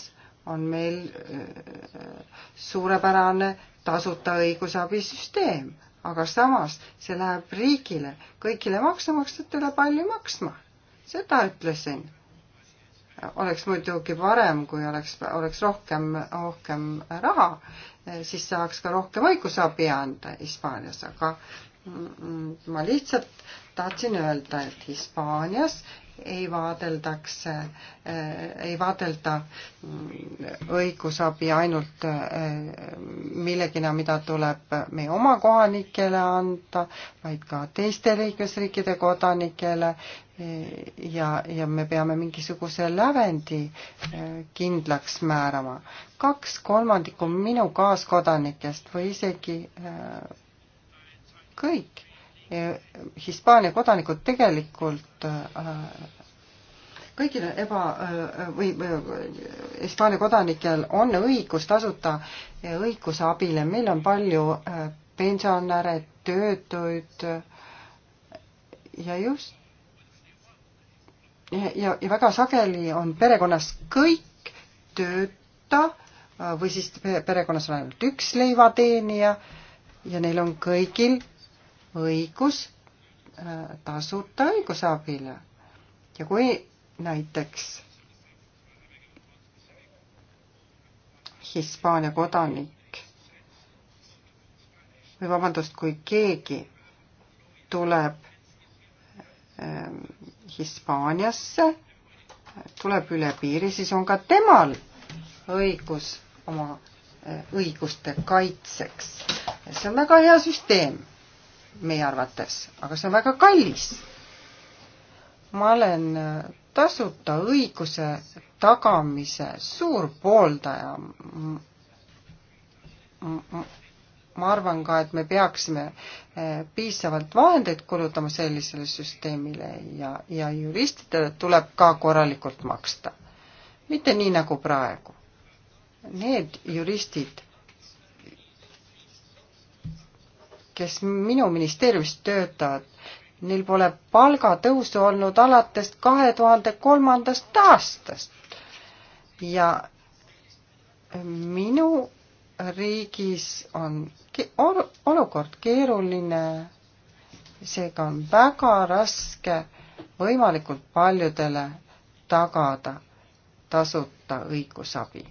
on meil äh, suurepärane tasuta õigusabisüsteem, aga samas see läheb riigile, kõigile maksumaksjatele palju maksma. seda ütlesin oleks muidugi parem, kui oleks, oleks rohkem, rohkem raha, siis saaks ka rohkem õigusabi anda Hispaanias, aga mm, ma lihtsalt tahtsin öelda, et Hispaanias ei vaadeldakse, ei vaadelda õigusabi ainult millegina, mida tuleb meie oma kohanikele anda, vaid ka teiste liikmesriikide kodanikele, ja, ja me peame mingisuguse lävendi äh, kindlaks määrama. kaks kolmandikku minu kaaskodanikest või isegi äh, kõik äh, Hispaania kodanikud tegelikult kõigil eba või Hispaania kodanikel on õigus tasuta õigusabile, meil on palju pensionäre, töötuid ja just ja, ja väga sageli on perekonnas kõik tööta äh, või siis perekonnas on ainult üks leivateenija ja neil on kõigil õigus äh, tasuta õigusabile. ja kui näiteks Hispaania kodanik või vabandust, kui keegi tuleb ähm, Hispaaniasse, tuleb üle piiri, siis on ka temal õigus oma eh, õiguste kaitseks. see on väga hea süsteem meie arvates, aga see on väga kallis. ma olen eh, tasuta õiguse tagamise suur pooldaja ma arvan ka, et me peaksime eh, piisavalt vahendeid kulutama sellisele süsteemile ja, ja juristidele tuleb ka korralikult maksta. mitte nii nagu praegu. Need juristid, kes minu ministeeriumis töötavad, neil pole palgatõusu olnud alates kahe tuhande kolmandast aastast. ja minu riigis on olukord keeruline, seega on väga raske võimalikult paljudele tagada tasuta õigusabi.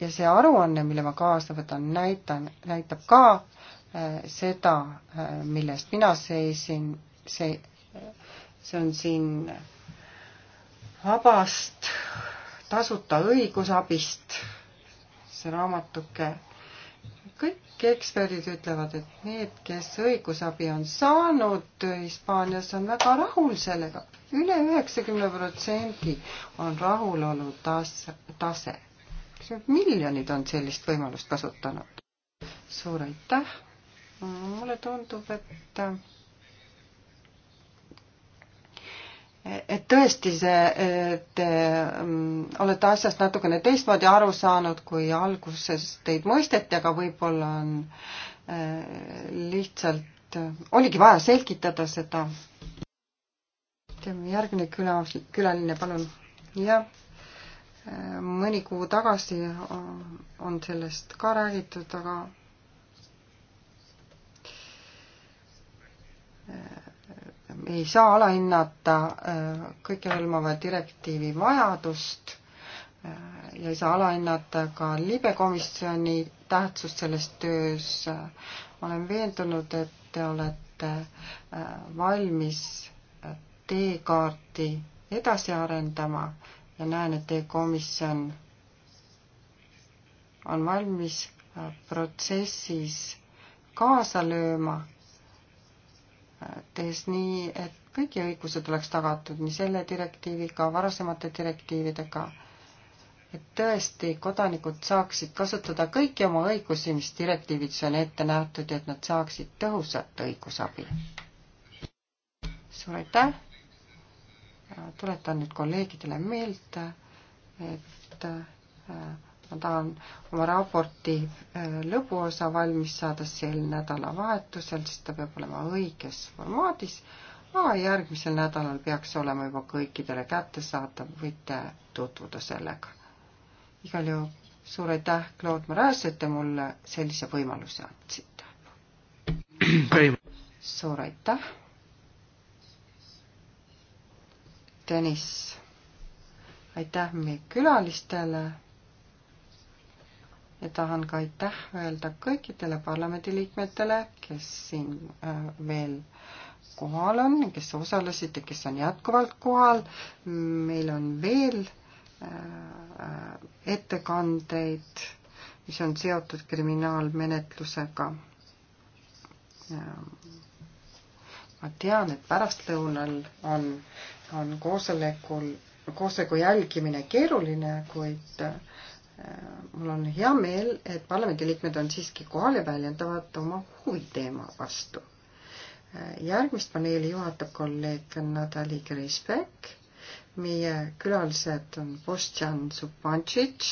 ja see aruanne, mille ma kaasa võtan, näitan, näitab ka äh, seda äh,, mille eest mina seisin, see, see on siin vabast tasuta õigusabist raamatuke. kõik eksperdid ütlevad, et need, kes õigusabi on saanud Hispaanias, on väga rahul sellega üle. üle üheksakümne protsendi on rahulolu tas-, tase. miljonid on sellist võimalust kasutanud. suur aitäh. mulle tundub, et tõesti see, te mm, olete asjast natukene teistmoodi aru saanud, kui alguses teid mõisteti, aga võib-olla on äh, lihtsalt, oligi vaja selgitada seda. järgmine küla, külaline, palun. jah, äh, mõni kuu tagasi on sellest ka räägitud, aga ei saa alahinnata äh, kõikehõlmava direktiivi vajadust äh, ja ei saa alahinnata ka libekomisjoni tähtsust selles töös. ma olen veendunud, et te olete äh, valmis teekaarti edasi arendama ja näen, et teie komisjon on valmis protsessis kaasa lööma tehes nii, et kõigi õigused oleks tagatud nii selle direktiiviga, varasemate direktiividega, et tõesti kodanikud saaksid kasutada kõiki oma õigusi, mis direktiivides on ette nähtud ja et nad saaksid tõhusat õigusabi. suur aitäh ja tuletan nüüd kolleegidele meelde, et äh, ma tahan oma raporti äh, lõbuosa valmis saada sel nädalavahetusel, sest ta peab olema õiges formaadis, aga järgmisel nädalal peaks olema juba kõikidele kättesaadav, võite tutvuda sellega. igal juhul suur aitäh, Claude Moraes, et te mulle sellise võimaluse andsite. suur aitäh. Tõnis, aitäh meie külalistele ja tahan ka aitäh öelda kõikidele parlamendiliikmetele, kes siin äh, veel kohal on, kes osalesid ja kes on jätkuvalt kohal. meil on veel äh, ettekandeid, mis on seotud kriminaalmenetlusega. Äh, ma tean, et pärastlõunal on, on koosolekul, koosoleku jälgimine keeruline, kuid äh, mul on hea meel, et parlamendiliikmed on siiski kohal ja väljendavad oma huvi teema vastu. järgmist paneeli juhatab kolleeg Natali Grisbeck. meie külalised on Bostjan Subantšitš,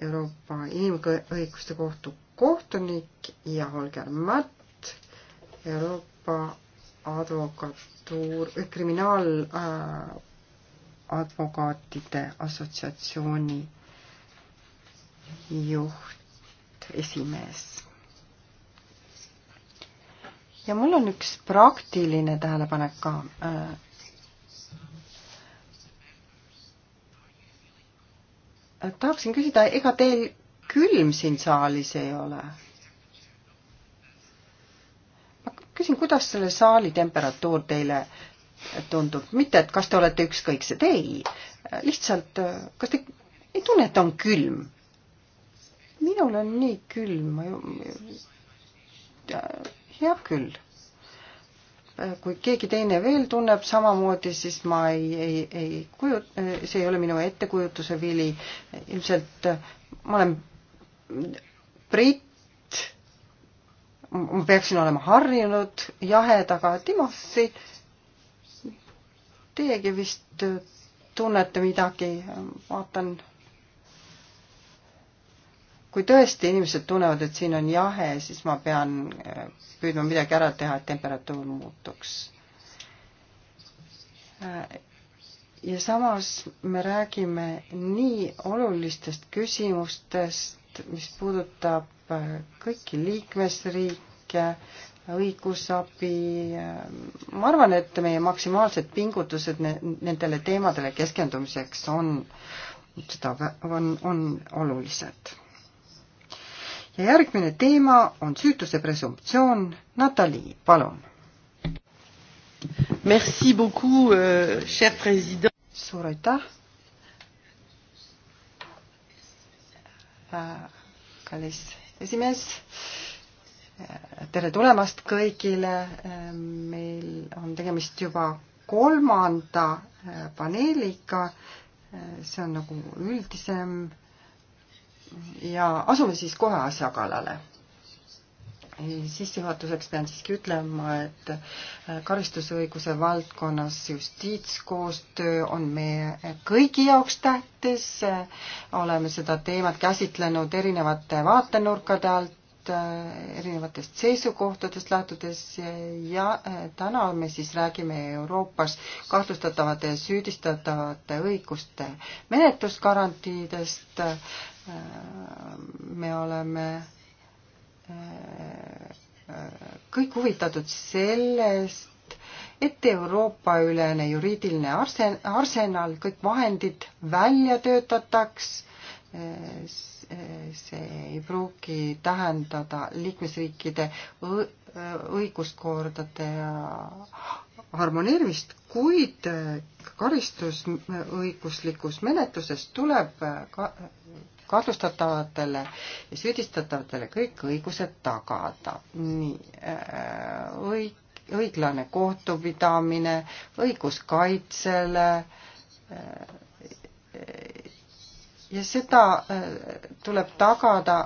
Euroopa Inimõiguste Kohtu kohtunik ja Holger Matt, Euroopa advokatuur, kriminaaladvokaatide assotsiatsiooni juht, esimees. ja mul on üks praktiline tähelepanek ka. Äh, tahaksin küsida, ega teil külm siin saalis ei ole? ma küsin, kuidas selle saali temperatuur teile tundub, mitte et kas te olete ükskõiksed, ei, lihtsalt äh, kas te ei tunne, et on külm? minul on nii külm, ma ju, hea küll. kui keegi teine veel tunneb samamoodi, siis ma ei, ei, ei kuju-, see ei ole minu ettekujutuse vili. ilmselt äh, ma olen britt, ma peaksin olema harjunud jahedaga, Timothy, teiegi vist äh, tunnete midagi, vaatan kui tõesti inimesed tunnevad, et siin on jahe, siis ma pean äh, püüdma midagi ära teha, et temperatuur muutuks. Äh, ja samas me räägime nii olulistest küsimustest, mis puudutab äh, kõiki liikmesriike, õigusabi, ma arvan, et meie maksimaalsed pingutused ne-, nendele teemadele keskendumiseks on, seda, on, on olulised ja järgmine teema on süütuse presumptsioon. Natalii, palun. Merci beaucoup euh,, cher president. suur aitäh äh,. kallis esimees äh, tere tulemast kõigile. Äh, meil on tegemist juba kolmanda äh, paneeliga. see on nagu üldisem ja asume siis kohe asja kallale. sissejuhatuseks pean siiski ütlema, et äh, karistusõiguse valdkonnas justiitskoostöö on meie kõigi jaoks tähtis. oleme seda teemat käsitlenud erinevate vaatenurkade alt äh, erinevatest seisukohtadest lähtudes ja äh, täna me siis räägime Euroopas kahtlustatavate ja süüdistatavate õiguste menetlusgarantiidest. Äh, me oleme äh, äh, kõik huvitatud sellest, et Euroopa-ülene juriidiline arsen-, arsenal, kõik vahendid välja töötataks, see ei pruugi tähendada liikmesriikide õiguskordade harmoneerimist, kuid karistusõiguslikus menetluses tuleb ka kahtlustatavatele ja süüdistatavatele kõik õigused tagada. nii äh, õig-, õiglane kohtupidamine, õigus kaitsele äh, ja seda äh, tuleb tagada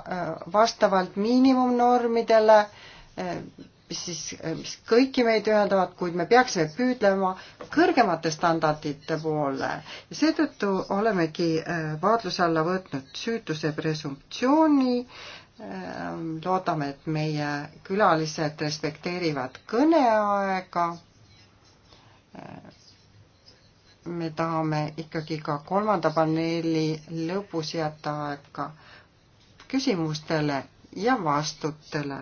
vastavalt miinimumnormidele mis siis, eh, mis kõiki meid ühendavad, kuid me peaksime püüdlema kõrgemate standardite poole ja seetõttu olemegi eh, vaatluse alla võtnud süütuse presumptsiooni. Eh, loodame, et meie külalised respekteerivad kõneaega. me tahame ikkagi ka kolmanda paneeli lõpus jätta aega küsimustele ja vastutele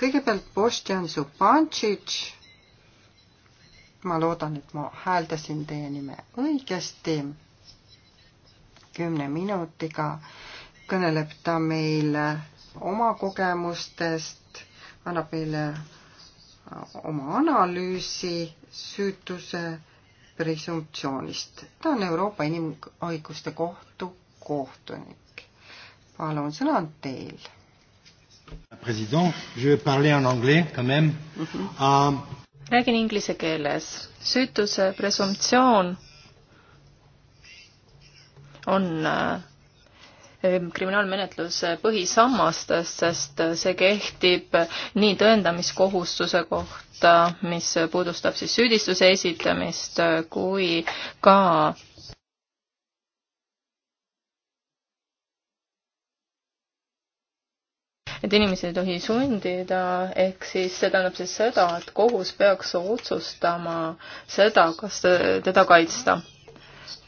kõigepealt Bostjan Subantšitš. ma loodan, et ma hääldasin teie nime õigesti. kümne minutiga kõneleb ta meile oma kogemustest, annab meile äh, oma analüüsi süütuse presumptsioonist. ta on Euroopa Inimõiguste Kohtu kohtunik. palun, sõna on teil president, je vais parler en anglais quand même mm. -hmm. Um... räägin inglise keeles. süütuse presumptsioon on äh, kriminaalmenetluse põhisammastest, sest äh, see kehtib nii tõendamiskohustuse kohta, mis puudustab siis süüdistuse esitamist, äh, kui ka et inimesi ei tohi sundida, ehk siis see tähendab siis seda, et kohus peaks otsustama seda, kas teda kaitsta.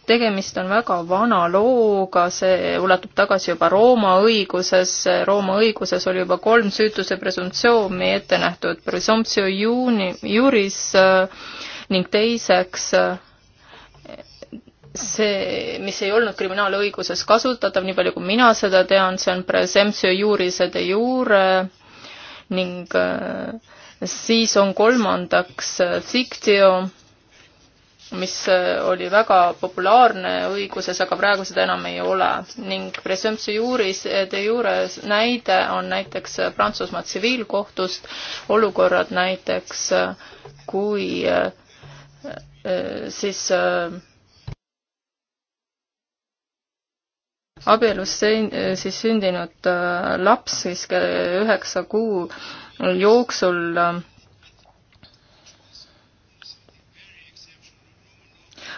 tegemist on väga vana looga, see ulatub tagasi juba Rooma õigusesse, Rooma õiguses oli juba kolm süütuse presumptsiooni ette nähtud, presumptio juuni, juris äh, ning teiseks äh, see, mis ei olnud kriminaalõiguses kasutatav, nii palju kui mina seda tean, see on presumptio juris de jure ning äh, siis on kolmandaks äh, fictio, mis äh, oli väga populaarne õiguses, aga praegu seda enam ei ole ning presumptio juris de jure näide on näiteks Prantsusmaa tsiviilkohtust olukorrad näiteks, kui siis äh, abielus siis sündinud äh, laps siis üheksa kuu jooksul äh,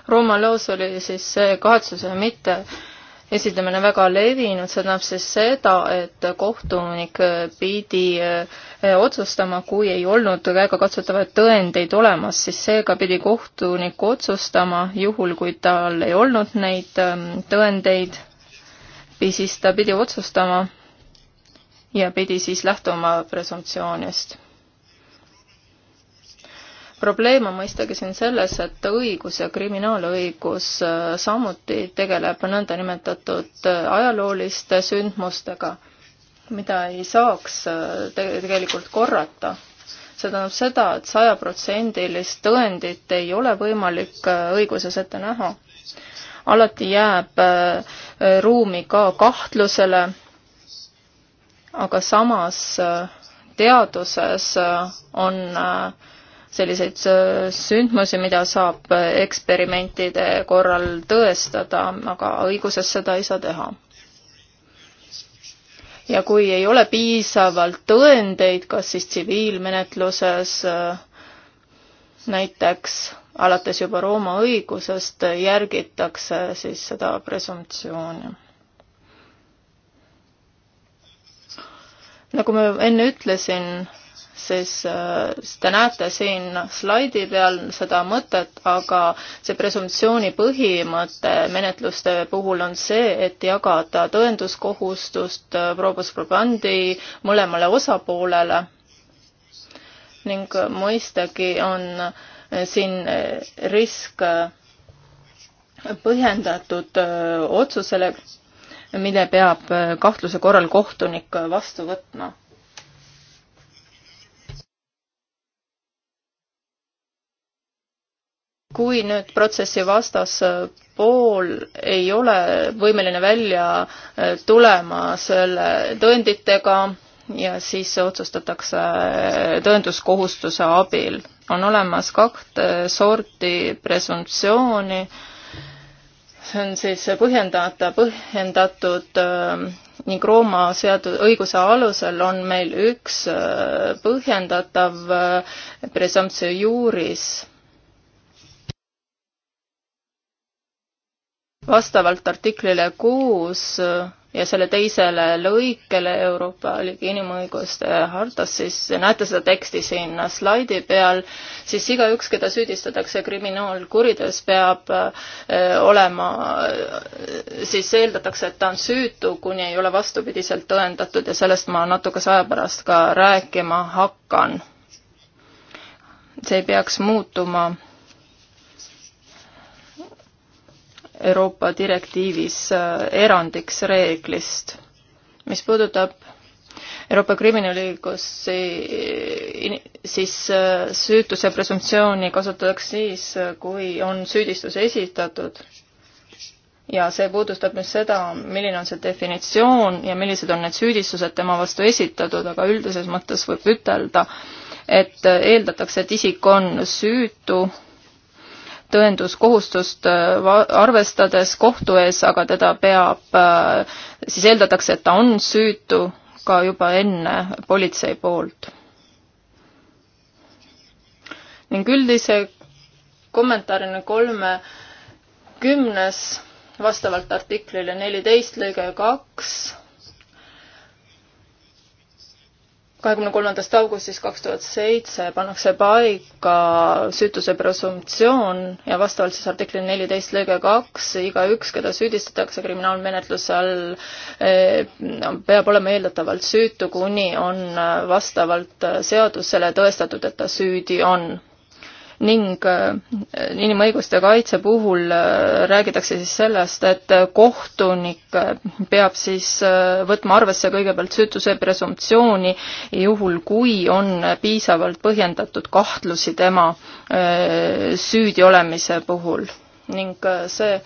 Rooma loos oli siis see kahetsuse mitte esitamine väga levinud, see tähendab siis seda, et kohtunik äh, pidi otsustama, kui ei olnud käegakatsutavaid tõendeid olemas, siis seega pidi kohtunik otsustama, juhul kui tal ei olnud neid ähm, tõendeid appi, siis ta pidi otsustama ja pidi siis lähtuma presumptsioonist. probleem on mõistagi siin selles, et õigus ja kriminaalõigus äh, samuti tegeleb nõndanimetatud äh, ajalooliste sündmustega, mida ei saaks äh, tegelikult korrata see tähendab seda et, et sajaprotsendilist tõendit ei ole võimalik õiguses ette näha alati jääb äh, ruumi ka kahtlusele, aga samas äh, teaduses äh, on selliseid sündmusi, mida saab eksperimentide korral tõestada, aga õiguses seda ei saa teha. ja kui ei ole piisavalt tõendeid, kas siis tsiviilmenetluses näiteks alates juba Rooma õigusest järgitakse siis seda presumptsiooni. nagu ma enne ütlesin, siis äh, te näete siin slaidi peal seda mõtet, aga see presumptsiooni põhimõte menetluste puhul on see, et jagada tõenduskohustust äh, probus probandi mõlemale osapoolele ning mõistagi on äh, siin eh, risk eh, põhjendatud eh, otsusele, mille peab kahtluse korral kohtunik vastu võtma. kui nüüd protsessi vastaspool ei ole võimeline välja tulema selle tõenditega, ja siis otsustatakse äh, tõenduskohustuse abil. on olemas kakt äh, sorti presumptsiooni, see on siis põhjendata, põhjendatud äh, ning Rooma seadu-, õiguse alusel on meil üks põhjendatav presumptio juuris. vastavalt artiklile kuus 6 ja selle teisele lõikele Euroopa Liidu inimõiguste hartas, siis näete seda teksti siin slaidi peal, siis igaüks, keda süüdistatakse kriminaalkuriteos, peab eh, olema, eh, siis eeldatakse, et ta on süütu, kuni ei ole vastupidiselt tõendatud ja sellest ma natukese aja pärast ka rääkima hakkan. see ei peaks muutuma Euroopa direktiivis äh, erandiks reeglist, mis puudutab Euroopa kriminaalõigusi, äh, siis äh, süütuse presumptsiooni kasutatakse siis, kui on süüdistus esitatud. ja see puudustab nüüd seda, milline on see definitsioon ja millised on need süüdistused tema vastu esitatud, aga üldises mõttes võib ütelda, et eeldatakse, et isik on süütu tõenduskohustust äh, arvestades kohtu ees, aga teda peab, äh, siis eeldatakse, et ta on süütu ka juba enne politsei poolt. ning üldise kommentaarina kolme kümnes vastavalt artiklile neliteist lõige kaks kahekümne kolmandast augustist kaks tuhat seitse pannakse paika süütuse presumptsioon ja vastavalt siis artikli neliteist lõige kaks igaüks, keda süüdistatakse kriminaalmenetluse all, eh, peab olema eeldatavalt süütu, kuni on eh, vastavalt eh, seadusele tõestatud, et ta süüdi on ning äh, inimõiguste kaitse puhul äh, räägitakse siis sellest, et kohtunik äh, peab siis võtma arvesse kõigepealt süütuse presumptsiooni, juhul kui on piisavalt põhjendatud kahtlusi tema süüdi olemise puhul ning see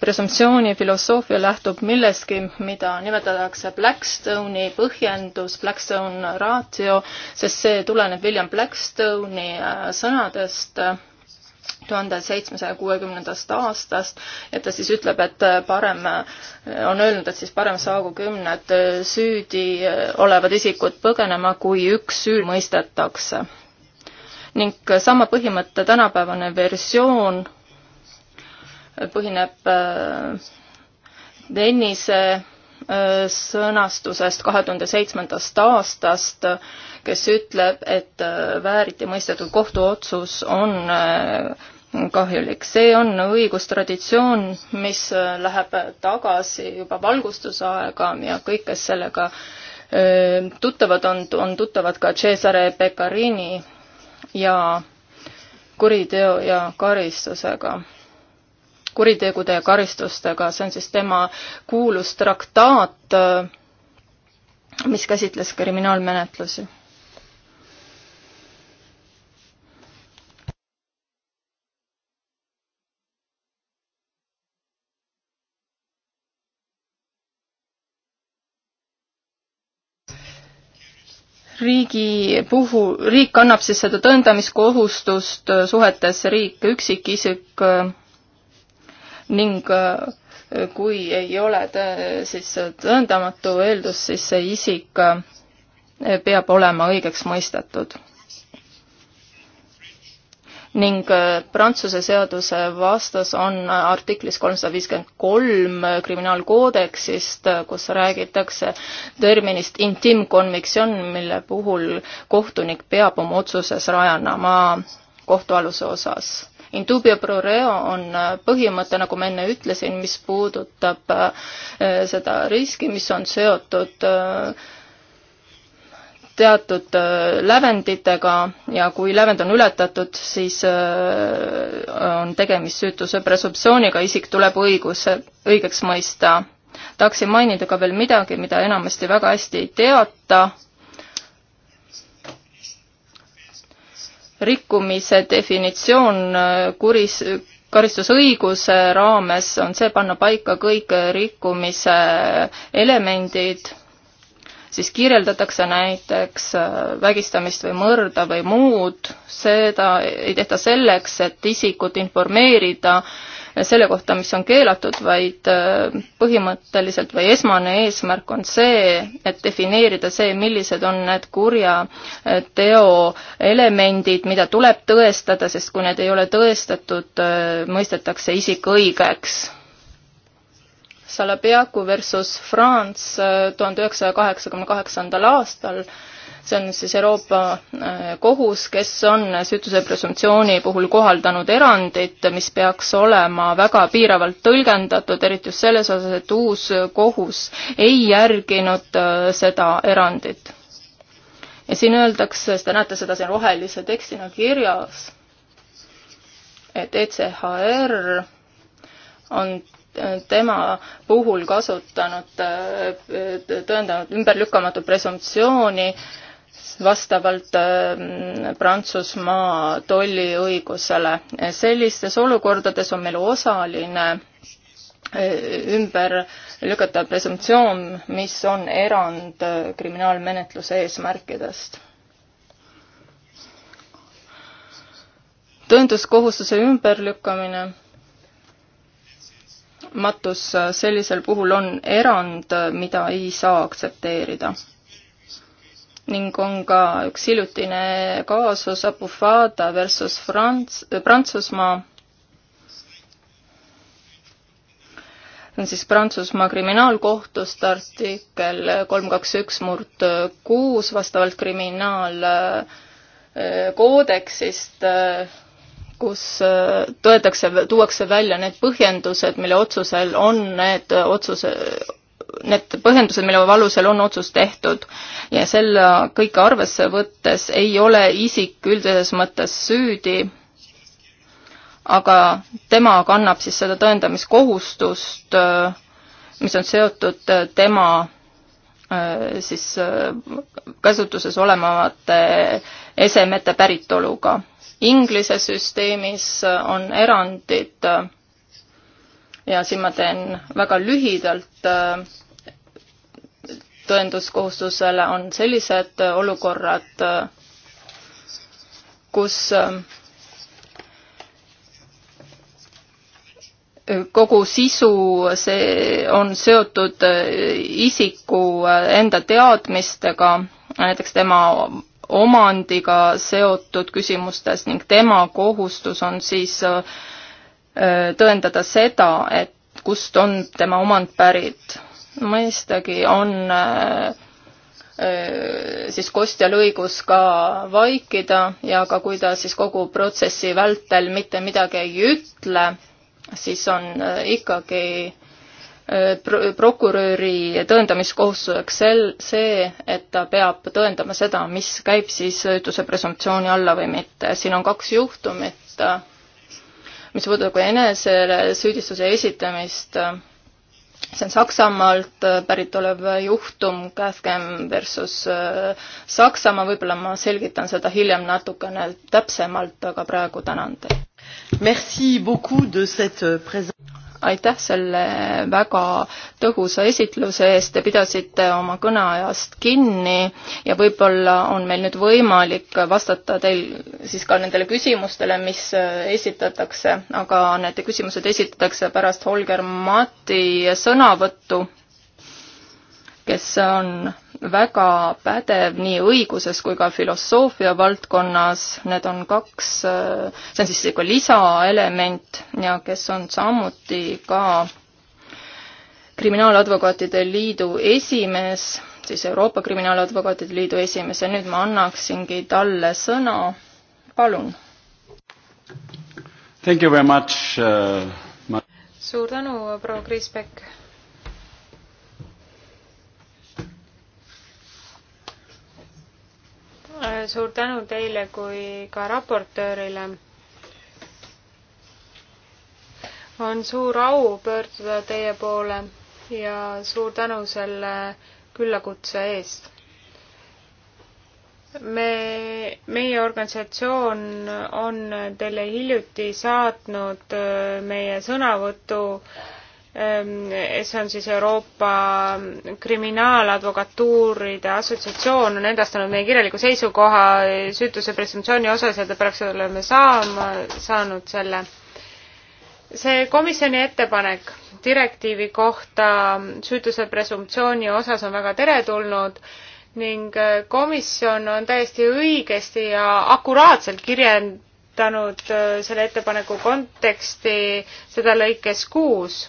presumptsiooni filosoofia lähtub millestki, mida nimetatakse Blackstone'i põhjendus, Blackstone ratio, sest see tuleneb William Blackstone'i äh, sõnadest äh, tuhande seitsmesaja kuuekümnendast aastast, et ta siis ütleb, et äh, parem, on öelnud, et siis parem saagu kümned süüdi olevad isikud põgenema, kui üks süü mõistetakse. ning sama põhimõtte tänapäevane versioon põhineb äh, Dennise äh, sõnastusest kahe tuhande seitsmendast aastast, kes ütleb, et äh, vääriti mõistetud kohtuotsus on kahjulik. see on õigustraditsioon, mis läheb tagasi juba valgustusaega ja kõik, kes sellega tuttavad on, on tuttavad ka Cesare Beccarini ja kuriteo ja karistusega kuritegude ja karistustega, see on siis tema kuulus traktaat, äh, mis käsitles kriminaalmenetlusi. riigi puhul, riik annab siis seda tõendamiskohustust suhetes riik üksikisik äh, ning äh, kui ei ole tõ-, siis tõendamatu eeldus, siis see isik äh, peab olema õigeks mõistetud. ning äh, Prantsuse seaduse vastas on artiklis kolmsada viiskümmend kolm kriminaalkoodeksist, kus räägitakse terminist intimkonviktsioon, mille puhul kohtunik peab oma otsuses rajanema kohtualuse osas Indubio pro reo on äh, põhimõte, nagu ma enne ütlesin, mis puudutab äh, seda riski, mis on seotud äh, teatud lävenditega ja kui lävend on ületatud, siis on tegemist süütuse presumptsiooniga, isik tuleb õiguse, õigeks mõista. tahaksin mainida ka veel midagi, mida enamasti väga hästi ei teata rikkumise definitsioon äh, kuris, karistusõiguse raames on see panna paika kõik rikkumise elemendid, siis kirjeldatakse näiteks äh, vägistamist või mõrda või muud, seda ei tehta selleks, et isikut informeerida äh, selle kohta, mis on keelatud, vaid äh, põhimõtteliselt või esmane eesmärk on see, et defineerida see, millised on need kurjateo äh, elemendid, mida tuleb tõestada, sest kui need ei ole tõestatud, äh, mõistetakse isik õigeks Salabiaku versus France tuhande üheksasaja kaheksakümne kaheksandal aastal see on siis Euroopa äh, Kohus, kes on süütuse presumptsiooni puhul kohaldanud erandit, mis peaks olema väga piiravalt tõlgendatud, eriti just selles osas, et uus kohus ei järginud äh, seda erandit. ja siin öeldakse, te näete seda siin rohelise tekstina kirjas, et ECHR on äh, tema puhul kasutanud, tõendanud ümberlükkamatu presumptsiooni äh, vastavalt ähm, Prantsusmaa tolliõigusele. sellistes olukordades on meil osaline äh, ümber lükata presumptsioon, mis on erand äh, kriminaalmenetluse eesmärkidest. tõenduskohustuse ümberlükkamine matus äh, sellisel puhul on erand, mida ei saa aktsepteerida ning on ka üks hiljutine kaasus Abu Fada versus Frants-, äh, Prantsusmaa. see on siis Prantsusmaa kriminaalkohtust artikkel kolm kaks üks murd kuus vastavalt kriminaalkoodeksist, äh, äh, kus tõetakse, tuuakse välja need põhjendused, mille otsusel on need otsuse, need põhjendused, mille alusel on otsus tehtud. ja selle kõike arvesse võttes ei ole isik üldises mõttes süüdi, aga tema kannab siis seda tõendamiskohustust, mis on seotud tema siis käsutuses olevate esemete päritoluga. Inglise süsteemis on erandid ja siin ma teen väga lühidalt, äh, tõenduskohustusele on sellised äh, olukorrad, äh, kus kogu sisu, see on seotud isiku enda teadmistega, näiteks tema omandiga seotud küsimustes ning tema kohustus on siis Äh, tõendada seda, et kust on tema omand pärit. mõistagi on äh, äh, siis kostjal õigus ka vaikida ja ka kui ta siis kogu protsessi vältel mitte midagi ei ütle, siis on ikkagi pro-, prokuröri tõendamiskohustuseks sel-, see, et ta peab tõendama seda, mis käib siis süütuse presumptsiooni alla või mitte. siin on kaks juhtumit mis puudutab ka enesele süüdistuse esitamist, see on Saksamaalt äh, pärit olev juhtum, Kätkem versus äh, Saksamaa, võib-olla ma selgitan seda hiljem natukene täpsemalt, aga praegu tänan teid aitäh selle väga tõhusa esitluse eest, te pidasite oma kõneajast kinni ja võib-olla on meil nüüd võimalik vastata teil siis ka nendele küsimustele, mis äh, esitatakse, aga need küsimused esitatakse pärast Holger Mati sõnavõttu, kes on väga pädev nii õiguses kui ka filosoofia valdkonnas, need on kaks, see on siis ka nagu lisaelement ja kes on samuti ka kriminaaladvokaatide liidu esimees, siis Euroopa Kriminaaladvokaatide Liidu esimees ja nüüd ma annaksingi talle sõna, palun. Thank you very much uh,. Ma... suur tänu, proua Kriisbeck Äh, suur tänu teile kui ka raportöörile. on suur au pöörduda teie poole ja suur tänu selle küllakutse eest. me, meie organisatsioon on teile hiljuti saatnud äh, meie sõnavõtu äh, Ähm, see on siis Euroopa Kriminaaladvokatuuride Assotsiatsioon, on edastanud meie kirjaliku seisukoha süütuse presumptsiooni osas ja pärast oleme saama, saanud selle. see komisjoni ettepanek direktiivi kohta süütuse presumptsiooni osas on väga teretulnud ning komisjon on täiesti õigesti ja akuraatselt kirjeldanud äh, selle ettepaneku konteksti seda lõikes kuus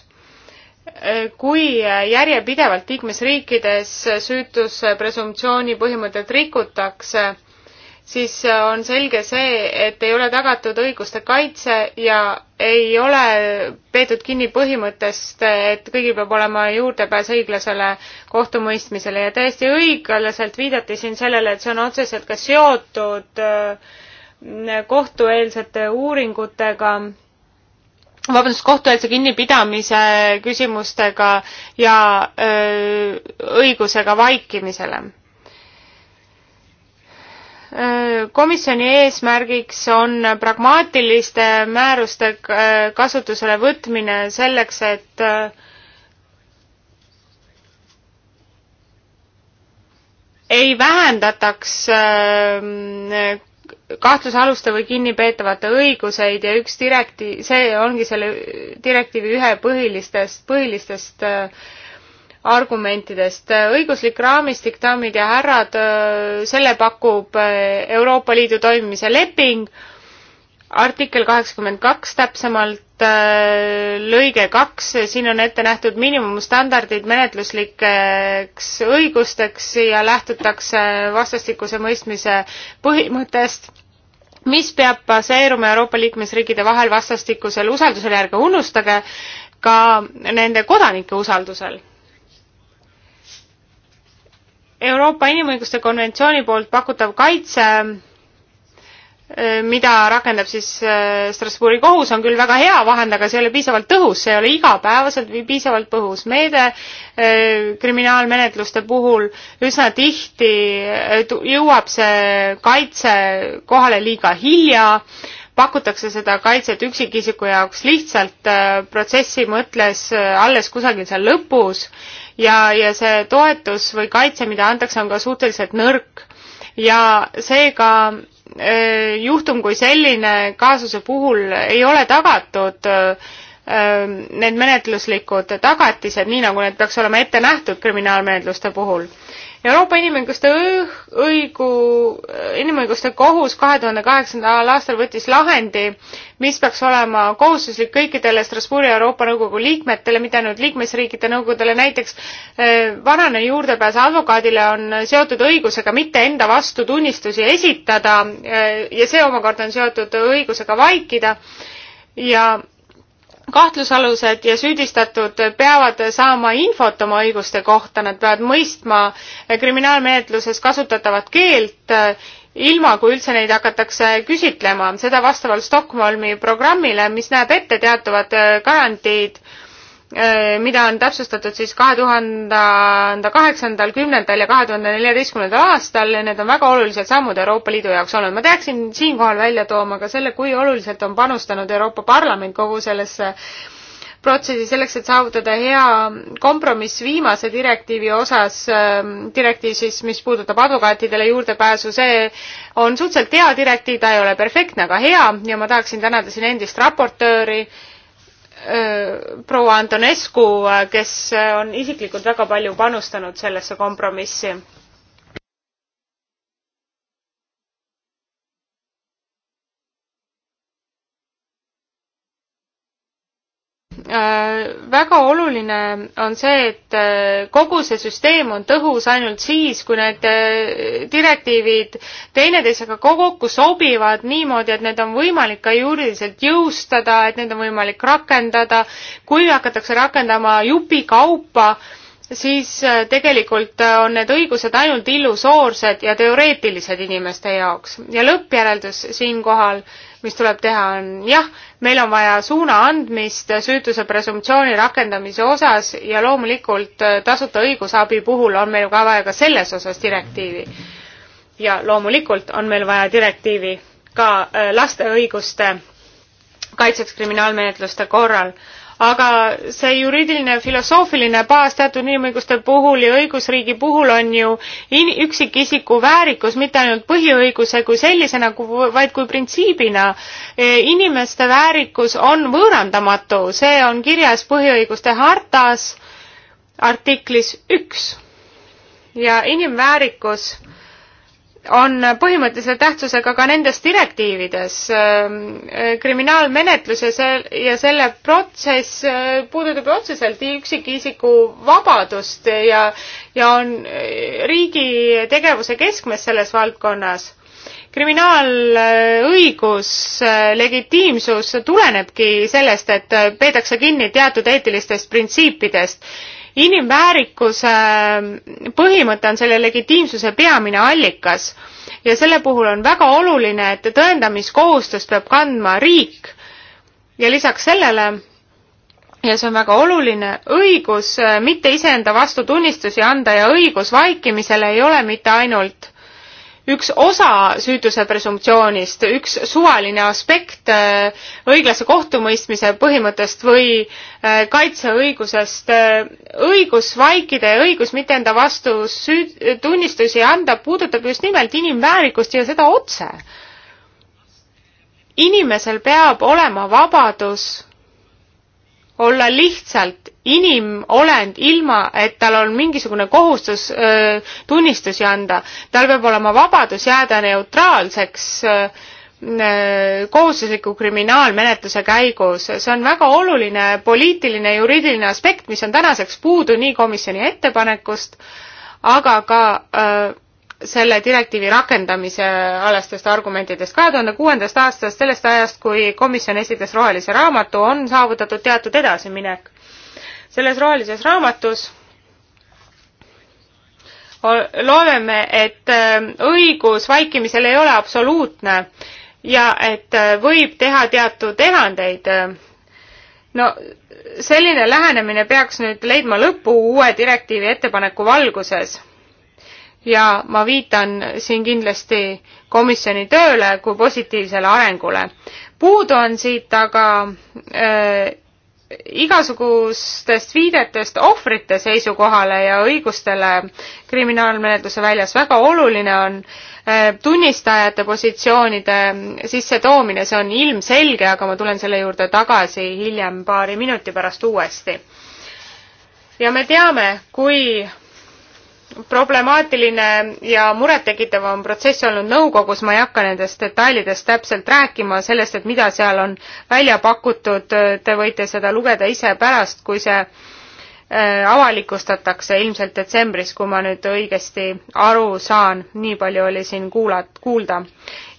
kui järjepidevalt liikmesriikides süütuse presumptsiooni põhimõtet rikutakse, siis on selge see, et ei ole tagatud õiguste kaitse ja ei ole peetud kinni põhimõttest, et kõigil peab olema juurdepääs õiglasele kohtumõistmisele ja täiesti õiglaselt viidati siin sellele, et see on otseselt ka seotud äh, kohtueelsete uuringutega vabandust, kohtueelse kinnipidamise küsimustega ja öö, õigusega vaikimisele. komisjoni eesmärgiks on pragmaatiliste määruste kasutusele võtmine selleks, et ei vähendataks kahtlusaluste või kinnipeetavate õiguseid ja üks direkti-, see ongi selle direktiivi ühe põhilistest, põhilistest äh, argumentidest. õiguslik raamistik, daamid ja härrad, äh, selle pakub äh, Euroopa Liidu toimimise leping, artikkel kaheksakümmend kaks täpsemalt, lõige kaks, siin on ette nähtud miinimumstandardid menetluslikeks õigusteks ja lähtutakse vastastikuse mõistmise põhimõttest mis peab baseeruma Euroopa liikmesriikide vahel vastastikusel usaldusel ja ärge unustage ka nende kodanike usaldusel. Euroopa Inimõiguste Konventsiooni poolt pakutav kaitse Äh, mida rakendab siis äh, Strasbourgi kohus, on küll väga hea vahend, aga see ei ole piisavalt tõhus, see ei ole igapäevaselt piisavalt põhus meede äh, kriminaalmenetluste puhul. üsna tihti jõuab see kaitse kohale liiga hilja, pakutakse seda kaitset üksikisiku jaoks lihtsalt protsessi mõttes alles kusagil seal lõpus ja, ja see toetus või kaitse, mida antakse, on ka suhteliselt nõrk ja seega Äh, juhtum kui selline kaasuse puhul ei ole tagatud äh, need menetluslikud tagatised, nii nagu need peaks olema ette nähtud kriminaalmenetluste puhul. Euroopa Inimõiguste õigu, Inimõiguste Kohus kahe tuhande kaheksandal aastal võttis lahendi, mis peaks olema kohustuslik kõikidele Strasbourgi Euroopa Nõukogu liikmetele, mitte ainult liikmesriikide nõukogudele, näiteks eh, varane juurdepääs advokaadile on seotud õigusega mitte enda vastu tunnistusi esitada eh, ja see omakorda on seotud õigusega vaikida ja kahtlusalused ja süüdistatud peavad saama infot oma õiguste kohta, nad peavad mõistma kriminaalmenetluses kasutatavat keelt, eh, ilma kui üldse neid hakatakse küsitlema, seda vastavalt Stockholmi programmile, mis näeb ette teatavad eh, garantiid Äh, mida on täpsustatud siis kahe tuhande kaheksandal, kümnendal ja kahe tuhande neljateistkümnendal aastal ja need on väga olulised sammud Euroopa Liidu jaoks olnud. ma peaksin siinkohal välja tooma ka selle, kui oluliselt on panustanud Euroopa Parlament kogu sellesse protsessi selleks, et saavutada hea kompromiss viimase direktiivi osas, ähm, direktiiv siis, mis puudutab advokaatidele juurdepääsu, see on suhteliselt hea direktiiv, ta ei ole perfektne, aga hea ja ma tahaksin tänada siin endist raportööri, Äh, proua Antonescu, äh, kes äh, on isiklikult väga palju panustanud sellesse kompromissi Äh, väga oluline on see, et äh, kogu see süsteem on tõhus ainult siis, kui need äh, direktiivid teineteisega kokku sobivad niimoodi, et need on võimalik ka juriidiliselt jõustada, et need on võimalik rakendada. kui hakatakse rakendama jupikaupa, siis tegelikult on need õigused ainult illusoorsed ja teoreetilised inimeste jaoks ja lõppjäreldus siinkohal mis tuleb teha, on jah, meil on vaja suuna andmist süütuse presumptsiooni rakendamise osas ja loomulikult äh, tasuta õigusabi puhul on meil ka vaja ka selles osas direktiivi. ja loomulikult on meil vaja direktiivi ka äh, laste õiguste kaitseks kriminaalmenetluste korral aga see juriidiline filosoofiline baas teatud inimõiguste puhul ja õigusriigi puhul on ju in-, üksikisiku väärikus mitte ainult põhiõiguse kui sellisena, vaid kui printsiibina. E, inimeste väärikus on võõrandamatu, see on kirjas põhiõiguste hartas artiklis üks ja inimväärikus on põhimõttelise tähtsusega ka nendes direktiivides. Ähm, äh, kriminaalmenetlus ja see, ja selle protsess äh, puudutab otseselt üksikisiku vabadust ja, ja on äh, riigi tegevuse keskmes selles valdkonnas. kriminaalõigus, legitiimsus tulenebki sellest, et peetakse kinni teatud eetilistest printsiipidest inimväärikuse põhimõte on selle legitiimsuse peamine allikas ja selle puhul on väga oluline, et tõendamiskohustust peab kandma riik ja lisaks sellele ja see on väga oluline, õigus äh, mitte iseenda vastu tunnistusi anda ja õigus vaikimisele ei ole mitte ainult üks osa süütuse presumptsioonist, üks suvaline aspekt äh, õiglase kohtumõistmise põhimõttest või äh, kaitseõigusest. Äh, õigus vaikida ja õigus mitte enda vastu süü-, tunnistusi anda puudutab just nimelt inimväärikust ja seda otse. inimesel peab olema vabadus olla lihtsalt inimolend, ilma et tal on mingisugune kohustus öö, tunnistusi anda. tal peab olema vabadus jääda neutraalseks öö, kohustusliku kriminaalmenetluse käigus. see on väga oluline poliitiline, juriidiline aspekt, mis on tänaseks puudu nii komisjoni ettepanekust, aga ka öö, selle direktiivi rakendamise alastest argumentidest. kahe tuhande kuuendast aastast, sellest ajast, kui komisjon esitas rohelise raamatu, on saavutatud teatud edasiminek. selles rohelises raamatus loeme me, et äh, õigus vaikimisel ei ole absoluutne ja et äh, võib teha teatud erandeid. no selline lähenemine peaks nüüd leidma lõpu uue direktiivi ettepaneku valguses ja ma viitan siin kindlasti komisjoni tööle kui positiivsele arengule. puudu on siit aga äh, igasugustest viidetest ohvrite seisukohale ja õigustele kriminaalmenetluse väljas. väga oluline on äh, tunnistajate positsioonide sissetoomine, see on ilmselge, aga ma tulen selle juurde tagasi hiljem paari minuti pärast uuesti ja me teame, kui problemaatiline ja murettekitav on protsess olnud nõukogus, ma ei hakka nendest detailidest täpselt rääkima, sellest, et mida seal on välja pakutud, te võite seda lugeda ise pärast, kui see äh, avalikustatakse ilmselt detsembris, kui ma nüüd õigesti aru saan, nii palju oli siin kuulat-, kuulda.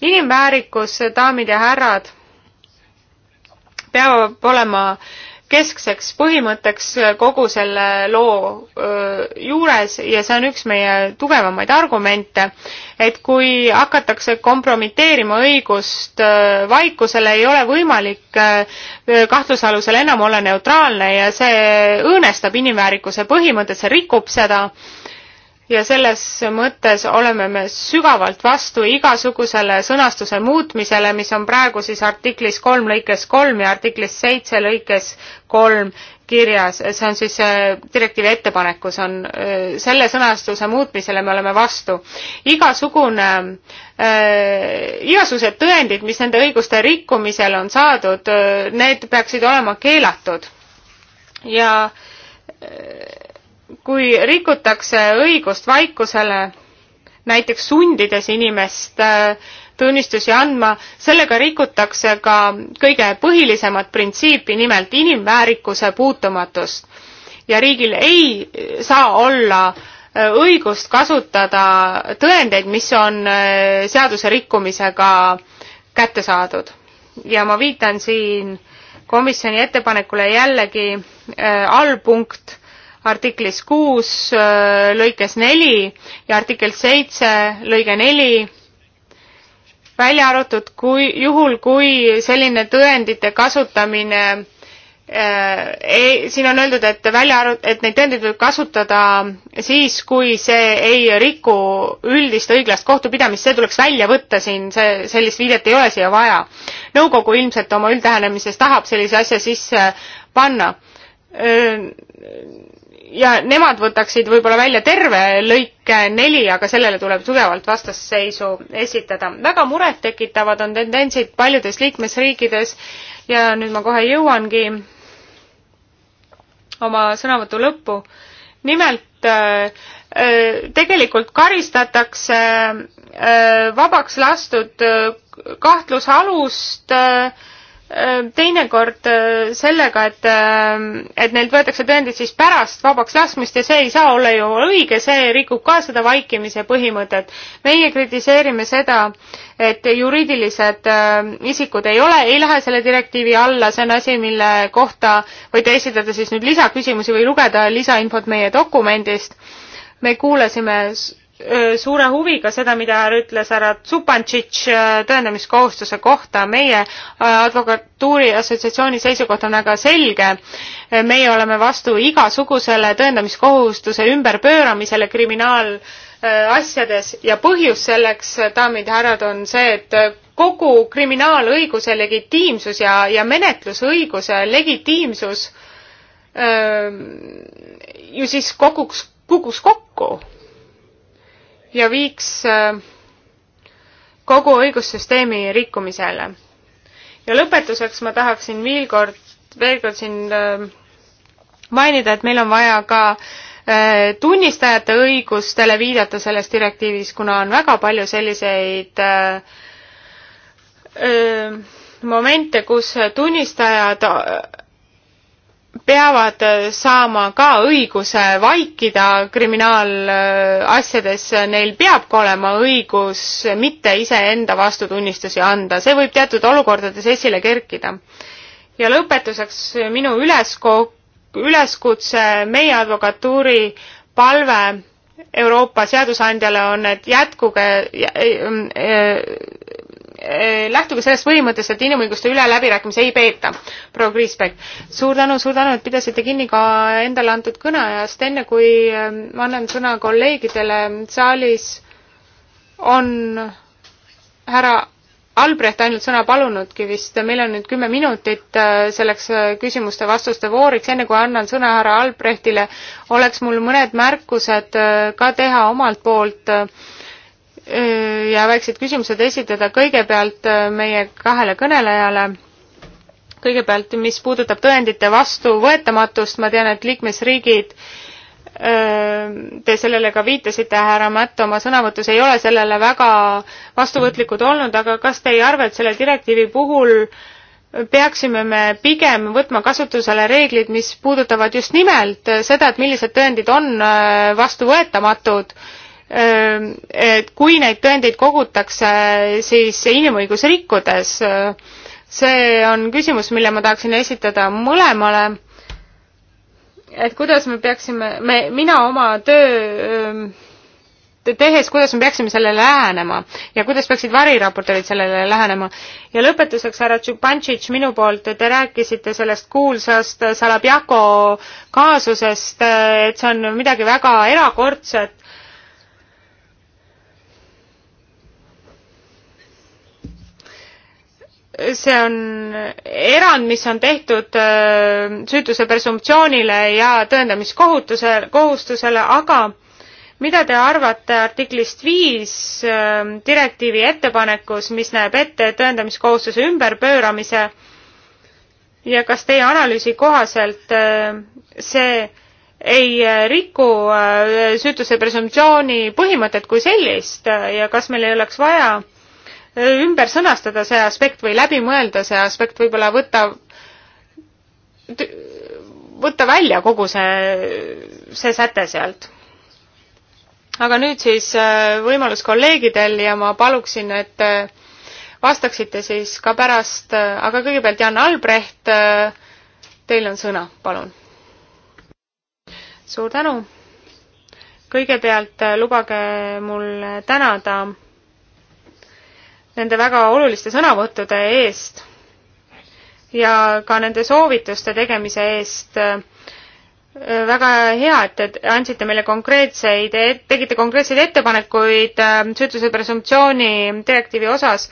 inimväärikus, daamid ja härrad, peab olema äh, keskseks põhimõtteks kogu selle loo juures ja see on üks meie tugevamaid argumente, et kui hakatakse kompromiteerima õigust vaikusele, ei ole võimalik kahtlusalusel enam olla neutraalne ja see õõnestab inimväärikuse põhimõtet, see rikub seda ja selles mõttes oleme me sügavalt vastu igasugusele sõnastuse muutmisele, mis on praegu siis artiklis kolm lõikes kolm ja artiklis seitse lõikes kolm kirjas, see on siis äh, direktiivi ettepanekus on, äh, selle sõnastuse muutmisele me oleme vastu. igasugune äh,, igasugused tõendid, mis nende õiguste rikkumisel on saadud, äh, need peaksid olema keelatud. ja äh, kui rikutakse õigust vaikusele, näiteks sundides inimest äh, tunnistusi andma, sellega rikutakse ka kõige põhilisemat printsiipi, nimelt inimväärikuse puutumatust. ja riigil ei saa olla äh, õigust kasutada tõendeid, mis on äh, seaduse rikkumisega kätte saadud. ja ma viitan siin komisjoni ettepanekule jällegi allpunkt artiklis kuus äh, lõikes neli ja artikkel seitse lõige neli välja arvatud kui juhul, kui selline tõendite kasutamine äh, ei, siin on öeldud, et välja arvut-, et neid tõendeid võib kasutada siis, kui see ei riku üldist õiglast kohtupidamist, see tuleks välja võtta siin, see, sellist viidet ei ole siia vaja. nõukogu ilmselt oma üldlähenemises tahab sellise asja sisse panna äh, ja nemad võtaksid võib-olla välja terve lõike neli, aga sellele tuleb tugevalt vastasseisu esitada. väga murettekitavad on tendentsid paljudes liikmesriikides ja nüüd ma kohe jõuangi oma sõnavõtu lõppu. nimelt äh, äh, tegelikult karistatakse äh, vabaks lastud kahtlusalust äh, Ehm, teinekord äh, sellega, et, ehm, et neilt võetakse tõendid siis pärast vabaks laskmist ja see ei saa olla ju õige, see rikub ka seda vaikimise põhimõtet. meie kritiseerime seda, et juriidilised ehm, isikud ei ole, ei lähe selle direktiivi alla, see on asi, mille kohta võite esitada siis nüüd lisaküsimusi või lugeda lisainfot meie dokumendist. me kuulasime suure huviga seda, mida ütles härra Tsupantšitš tõendamiskohustuse kohta. meie advokatuuri assotsiatsiooni seisukoht on väga selge. meie oleme vastu igasugusele tõendamiskohustuse ümberpööramisele kriminaalasjades ja põhjus selleks, daamid ja härrad, on see, et kogu kriminaalõiguse legitiimsus ja, ja menetlusõiguse legitiimsus öö, ju siis koguks, kukuks kokku ja viiks äh, kogu õigussüsteemi rikkumisele. ja lõpetuseks ma tahaksin veel kord, veel kord siin äh, mainida, et meil on vaja ka äh, tunnistajate õigustele viidata selles direktiivis, kuna on väga palju selliseid öö, momente, kus tunnistajad peavad äh, saama ka õiguse vaikida kriminaalasjades, äh, neil peab ka olema õigus mitte iseenda vastu tunnistusi anda, see võib teatud olukordades esile kerkida. ja lõpetuseks minu ülesko-, üleskutse meie advokatuuri palve Euroopa seadusandjale on, et jätkuge, äh, Eh, lähtuge sellest põhimõttest, et inimõiguste üle läbirääkimisi ei peeta. proua Kriisbeck, suur tänu, suur tänu, et pidasite kinni ka endale antud kõneajast, enne kui ähm, ma annan sõna kolleegidele saalis, on härra Albrecht ainult sõna palunudki vist, meil on nüüd kümme minutit äh, selleks äh, küsimuste-vastuste vooriks, enne kui annan sõna härra Albrechtile, oleks mul mõned märkused äh, ka teha omalt poolt äh, Äh, ja väiksed küsimused esitada kõigepealt äh, meie kahele kõnelejale. kõigepealt, mis puudutab tõendite vastuvõetamatust, ma tean, et liikmesriigid äh, Te sellele ka viitasite, härra Mätt, oma sõnavõtus ei ole sellele väga vastuvõtlikud olnud, aga kas te ei arva, et selle direktiivi puhul peaksime me pigem võtma kasutusele reeglid, mis puudutavad just nimelt seda, et millised tõendid on vastuvõetamatud äh, et kui neid tõendeid kogutakse, siis inimõigusi rikkudes. see on küsimus, mille ma tahaksin esitada mõlemale. et kuidas me peaksime, me, mina oma töö tehes, kuidas me peaksime sellele lähenema ja kuidas peaksid variraportorid sellele lähenema. ja lõpetuseks, härra Tšupantšitš, minu poolt, te rääkisite sellest kuulsast Salabjako kaasusest, et see on midagi väga erakordset see on erand, mis on tehtud äh, süütuse presumptsioonile ja tõendamiskohutuse, kohustusele, aga mida te arvate artiklist viis äh, direktiivi ettepanekus, mis näeb ette tõendamiskohustuse ümberpööramise ja kas teie analüüsi kohaselt äh, see ei riku süütuse presumptsiooni põhimõtet kui sellist ja kas meil ei oleks vaja ümber sõnastada see aspekt või läbi mõelda see aspekt, võib-olla võtta, võtta välja kogu see, see säte sealt. aga nüüd siis äh, võimalus kolleegidel ja ma paluksin, et äh, vastaksite siis ka pärast, äh, aga kõigepealt Jan Albrecht, teil on sõna, palun. suur tänu. kõigepealt lubage mul tänada nende väga oluliste sõnavõttude eest ja ka nende soovituste tegemise eest. väga hea, et te andsite meile konkreetseid, e-, tegite konkreetseid ettepanekuid ähm, süütuse presumptsiooni direktiivi osas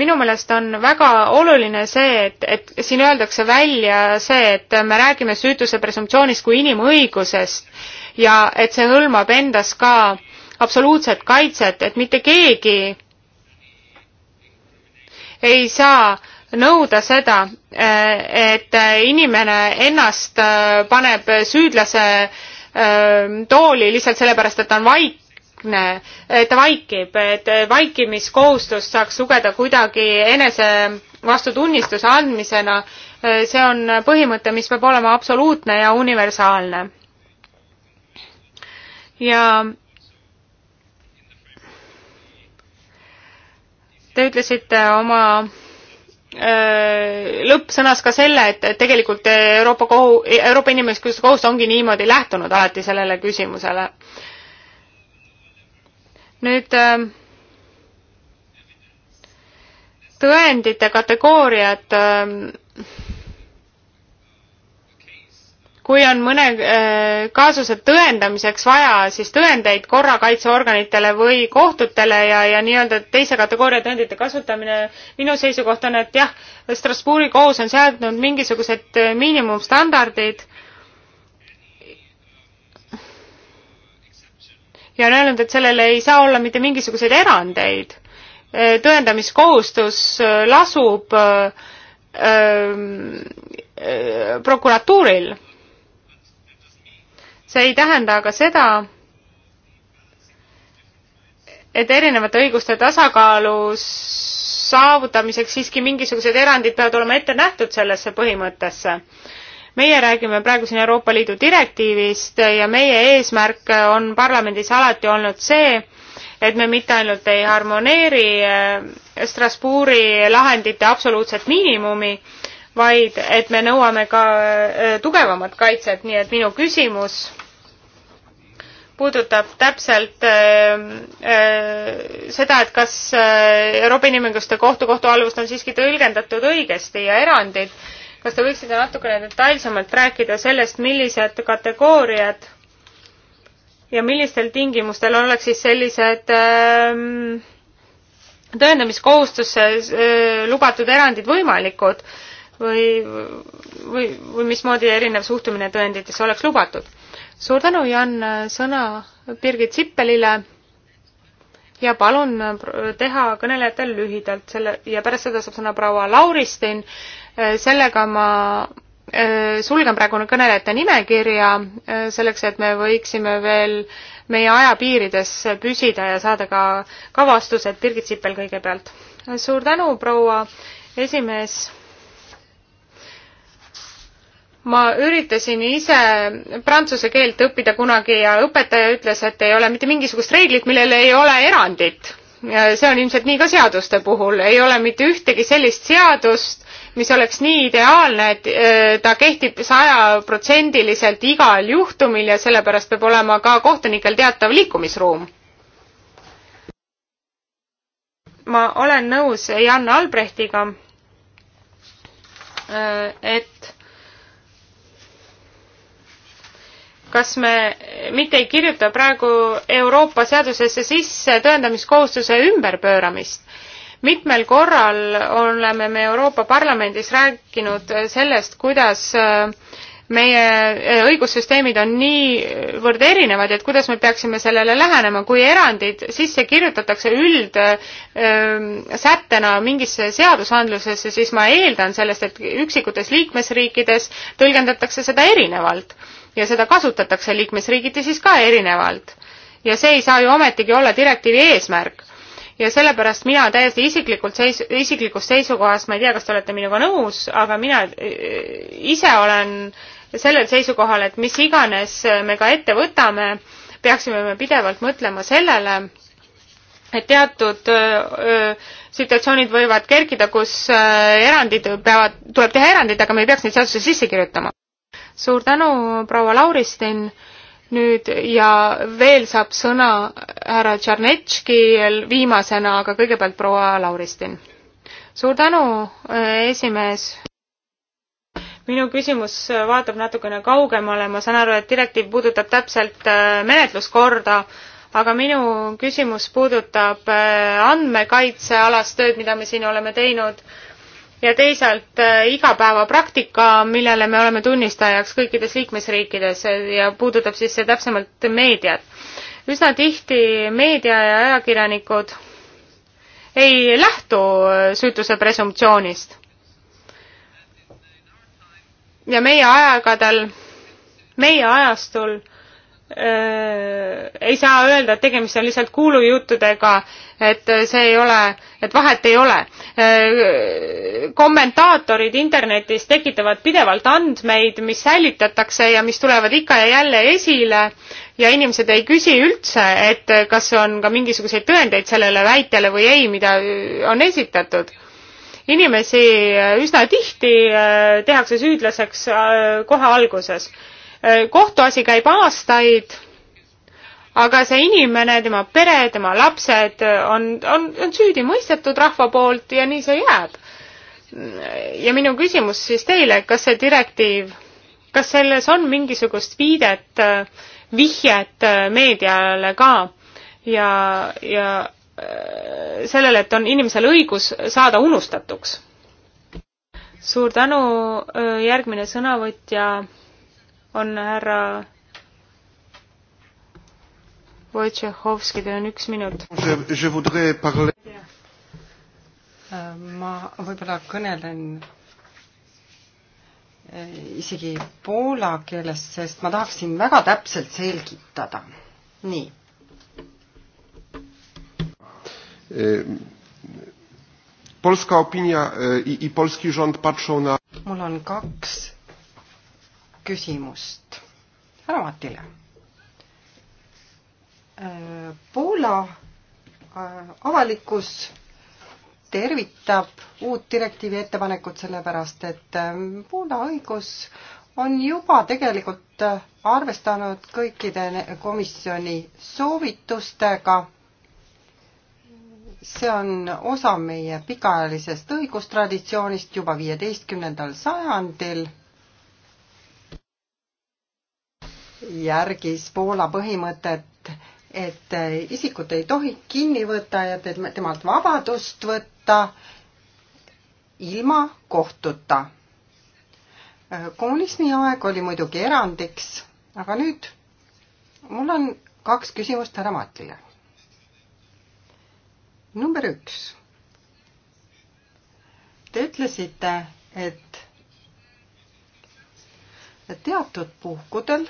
minu meelest on väga oluline see, et, et siin öeldakse välja see, et me räägime süütuse presumptsioonist kui inimõigusest ja et see hõlmab endas ka absoluutset kaitset, et mitte keegi ei saa nõuda seda, et inimene ennast äh, paneb süüdlase äh, tooli lihtsalt sellepärast, et ta on vaikne, et ta vaikib, et vaikimiskohustust saaks lugeda kuidagi enese vastutunnistuse andmisena. see on põhimõte, mis peab olema absoluutne ja universaalne. ja Te ütlesite oma äh, lõppsõnas ka selle, et, et tegelikult Euroopa kohu, Euroopa Inimõiguste Kohus ongi niimoodi lähtunud alati sellele küsimusele. nüüd äh, tõendite kategooriad äh, kui on mõne äh, kaasuse tõendamiseks vaja siis tõendeid korrakaitseorganitele või kohtutele ja, ja nii-öelda teise kategooria tõendite kasutamine, minu seisukoht on, et jah, Strasbourgi kohus on seadnud mingisugused äh, miinimumstandardid ja on öelnud, et sellele ei saa olla mitte mingisuguseid erandeid. Äh, tõendamiskohustus lasub öö, ähm, prokuratuuril see ei tähenda aga seda, et erinevate õiguste tasakaalu saavutamiseks siiski mingisugused erandid peavad olema ette nähtud sellesse põhimõttesse. meie räägime praegu siin Euroopa Liidu direktiivist ja meie eesmärk on parlamendis alati olnud see, et me mitte ainult ei harmoneeri eh, Strasbourgi lahendite absoluutset miinimumi, vaid et me nõuame ka eh, tugevamat kaitset, nii et minu küsimus puudutab täpselt äh, äh, seda, et kas äh, Euroopa Inimõiguste Kohtu kohtualluvust on siiski tõlgendatud õigesti ja erandid. kas te võiksite natukene detailsemalt rääkida sellest, millised kategooriad ja millistel tingimustel oleks siis sellised äh, tõendamiskohustusse äh, lubatud erandid võimalikud või, või, või mismoodi erinev suhtumine tõenditesse oleks lubatud? suur tänu, Jan, sõna Birgit Sippelile ja palun teha kõnelejatel lühidalt selle ja pärast seda saab sõna proua Lauristin. Äh, sellega ma äh, sulgen praegu kõnelejate nimekirja äh, selleks, et me võiksime veel meie ajapiirides püsida ja saada ka, ka vastused. Birgit Sippel kõigepealt. suur tänu, proua esimees ma üritasin ise prantsuse keelt õppida kunagi ja õpetaja ütles, et ei ole mitte mingisugust reeglit, millel ei ole erandit. see on ilmselt nii ka seaduste puhul, ei ole mitte ühtegi sellist seadust, mis oleks nii ideaalne, et äh, ta kehtib sajaprotsendiliselt igal juhtumil ja sellepärast peab olema ka kohtunikel teatav liikumisruum. ma olen nõus Jan Albrechtiga, äh, et kas me mitte ei kirjuta praegu Euroopa seadusesse sisse tõendamiskohustuse ümberpööramist? mitmel korral oleme me Euroopa Parlamendis rääkinud sellest, kuidas äh, meie äh, õigussüsteemid on niivõrd erinevad, et kuidas me peaksime sellele lähenema, kui erandid sisse kirjutatakse üldsättena äh, mingisse seadusandlusesse, siis ma eeldan sellest, et üksikutes liikmesriikides tõlgendatakse seda erinevalt ja seda kasutatakse liikmesriigiti siis ka erinevalt. ja see ei saa ju ometigi olla direktiivi eesmärk. ja sellepärast mina täiesti isiklikult seis-, isiklikust seisukohast, ma ei tea, kas te olete minuga nõus, aga mina äh, ise olen sellel seisukohal, et mis iganes me ka ette võtame, peaksime me pidevalt mõtlema sellele, et teatud öö, äh, äh, situatsioonid võivad kerkida, kus erandid peavad, tuleb teha erandeid, aga me ei peaks neid seadusesse sisse kirjutama suur tänu, proua Lauristin nüüd ja veel saab sõna härra Tšarnetški viimasena, aga kõigepealt proua Lauristin. suur tänu, eh, esimees. minu küsimus vaatab natukene kaugemale, ma saan aru, et direktiiv puudutab täpselt eh, menetluskorda, aga minu küsimus puudutab eh, andmekaitsealast tööd, mida me siin oleme teinud ja teisalt äh, igapäevapraktika, millele me oleme tunnistajaks kõikides liikmesriikides äh, ja puudutab siis see täpsemalt meediat. üsna tihti meedia ja ajakirjanikud ei lähtu äh, süütuse presumptsioonist. ja meie ajagadel, meie ajastul Äh, ei saa öelda, et tegemist on lihtsalt kuulujuttudega, et see ei ole, et vahet ei ole. Äh, kommentaatorid internetis tekitavad pidevalt andmeid, mis säilitatakse ja mis tulevad ikka ja jälle esile ja inimesed ei küsi üldse, et kas on ka mingisuguseid tõendeid sellele väitele või ei, mida on esitatud inimesi üsna tihti äh, tehakse süüdlaseks kohe alguses Äh, kohtuasi käib aastaid, aga see inimene, tema pere, tema lapsed äh, on, on, on süüdi mõistetud rahva poolt ja nii see jääb. ja minu küsimus siis teile, kas see direktiiv, kas selles on mingisugust viidet, äh, vihjet meediale ka ja, ja sellele, et on inimesel õigus saada unustatuks? suur tänu, järgmine sõnavõtja on härra Wojciechowski, teil on üks minut. Äh, ma võib-olla kõnelen äh, isegi poola keeles, sest ma tahaksin väga täpselt selgitada. nii. Polska opinia i, i polski rząd patrzą na mul on kaks küsimust härra Matile. Poola äh, avalikkus tervitab uut direktiivi ettepanekut, sellepärast et äh, Poola õigus on juba tegelikult äh, arvestanud kõikide komisjoni soovitustega. see on osa meie pikaajalisest õigustraditsioonist juba viieteistkümnendal sajandil järgis Poola põhimõtet, et isikut ei tohi kinni võtta ja temalt vabadust võtta ilma kohtuta. kommunismi aeg oli muidugi erandiks, aga nüüd mul on kaks küsimust härra Matile. number üks. Te ütlesite, et teatud puhkudel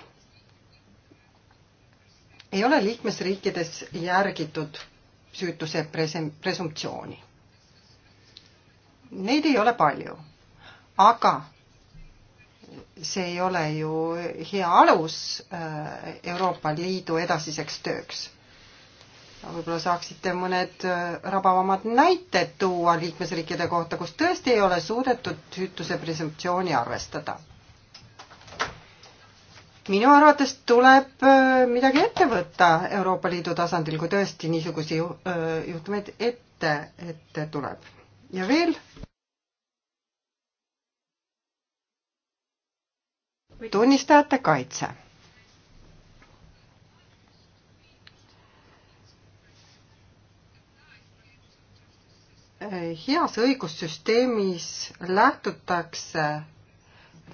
ei ole liikmesriikides järgitud süütuse presumptsiooni. Neid ei ole palju, aga see ei ole ju hea alus äh, Euroopa Liidu edasiseks tööks. võib-olla saaksite mõned äh, rabavamad näited tuua liikmesriikide kohta, kus tõesti ei ole suudetud süütuse presumptsiooni arvestada minu arvates tuleb äh, midagi ette võtta Euroopa Liidu tasandil, kui tõesti niisugusi äh, juhtumeid ette, ette tuleb. ja veel. tunnistajate kaitse. Äh, heas õigussüsteemis lähtutakse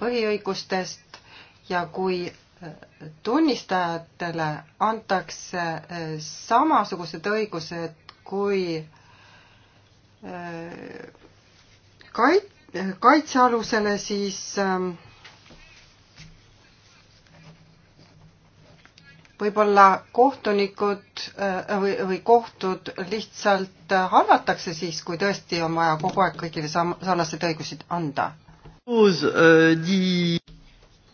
põhiõigustest ja kui äh, tunnistajatele antakse äh, samasugused õigused kui äh, kait-, kaitsealusele, siis ähm, võib-olla kohtunikud või, või kohtud lihtsalt halvatakse siis, kui tõesti on vaja kogu aeg kõigile sam-, sarnaseid õigusi anda.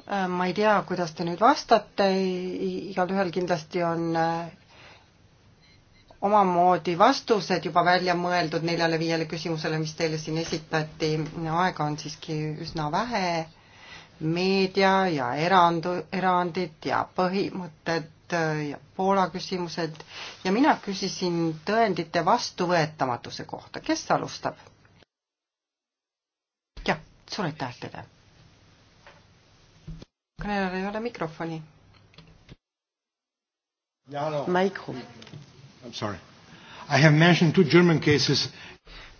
Äh, ma ei tea, kuidas te nüüd vastate, igalühel kindlasti on äh, omamoodi vastused juba välja mõeldud neljale-viiele küsimusele, mis teile siin esitati, aega on siiski üsna vähe, meedia ja erandu, erandid ja põhimõtted äh, ja Poola küsimused ja mina küsisin tõendite vastuvõetamatuse kohta, kes alustab? jah, suur aitäh teile kõnelejal ei ole mikrofoni. Maikro.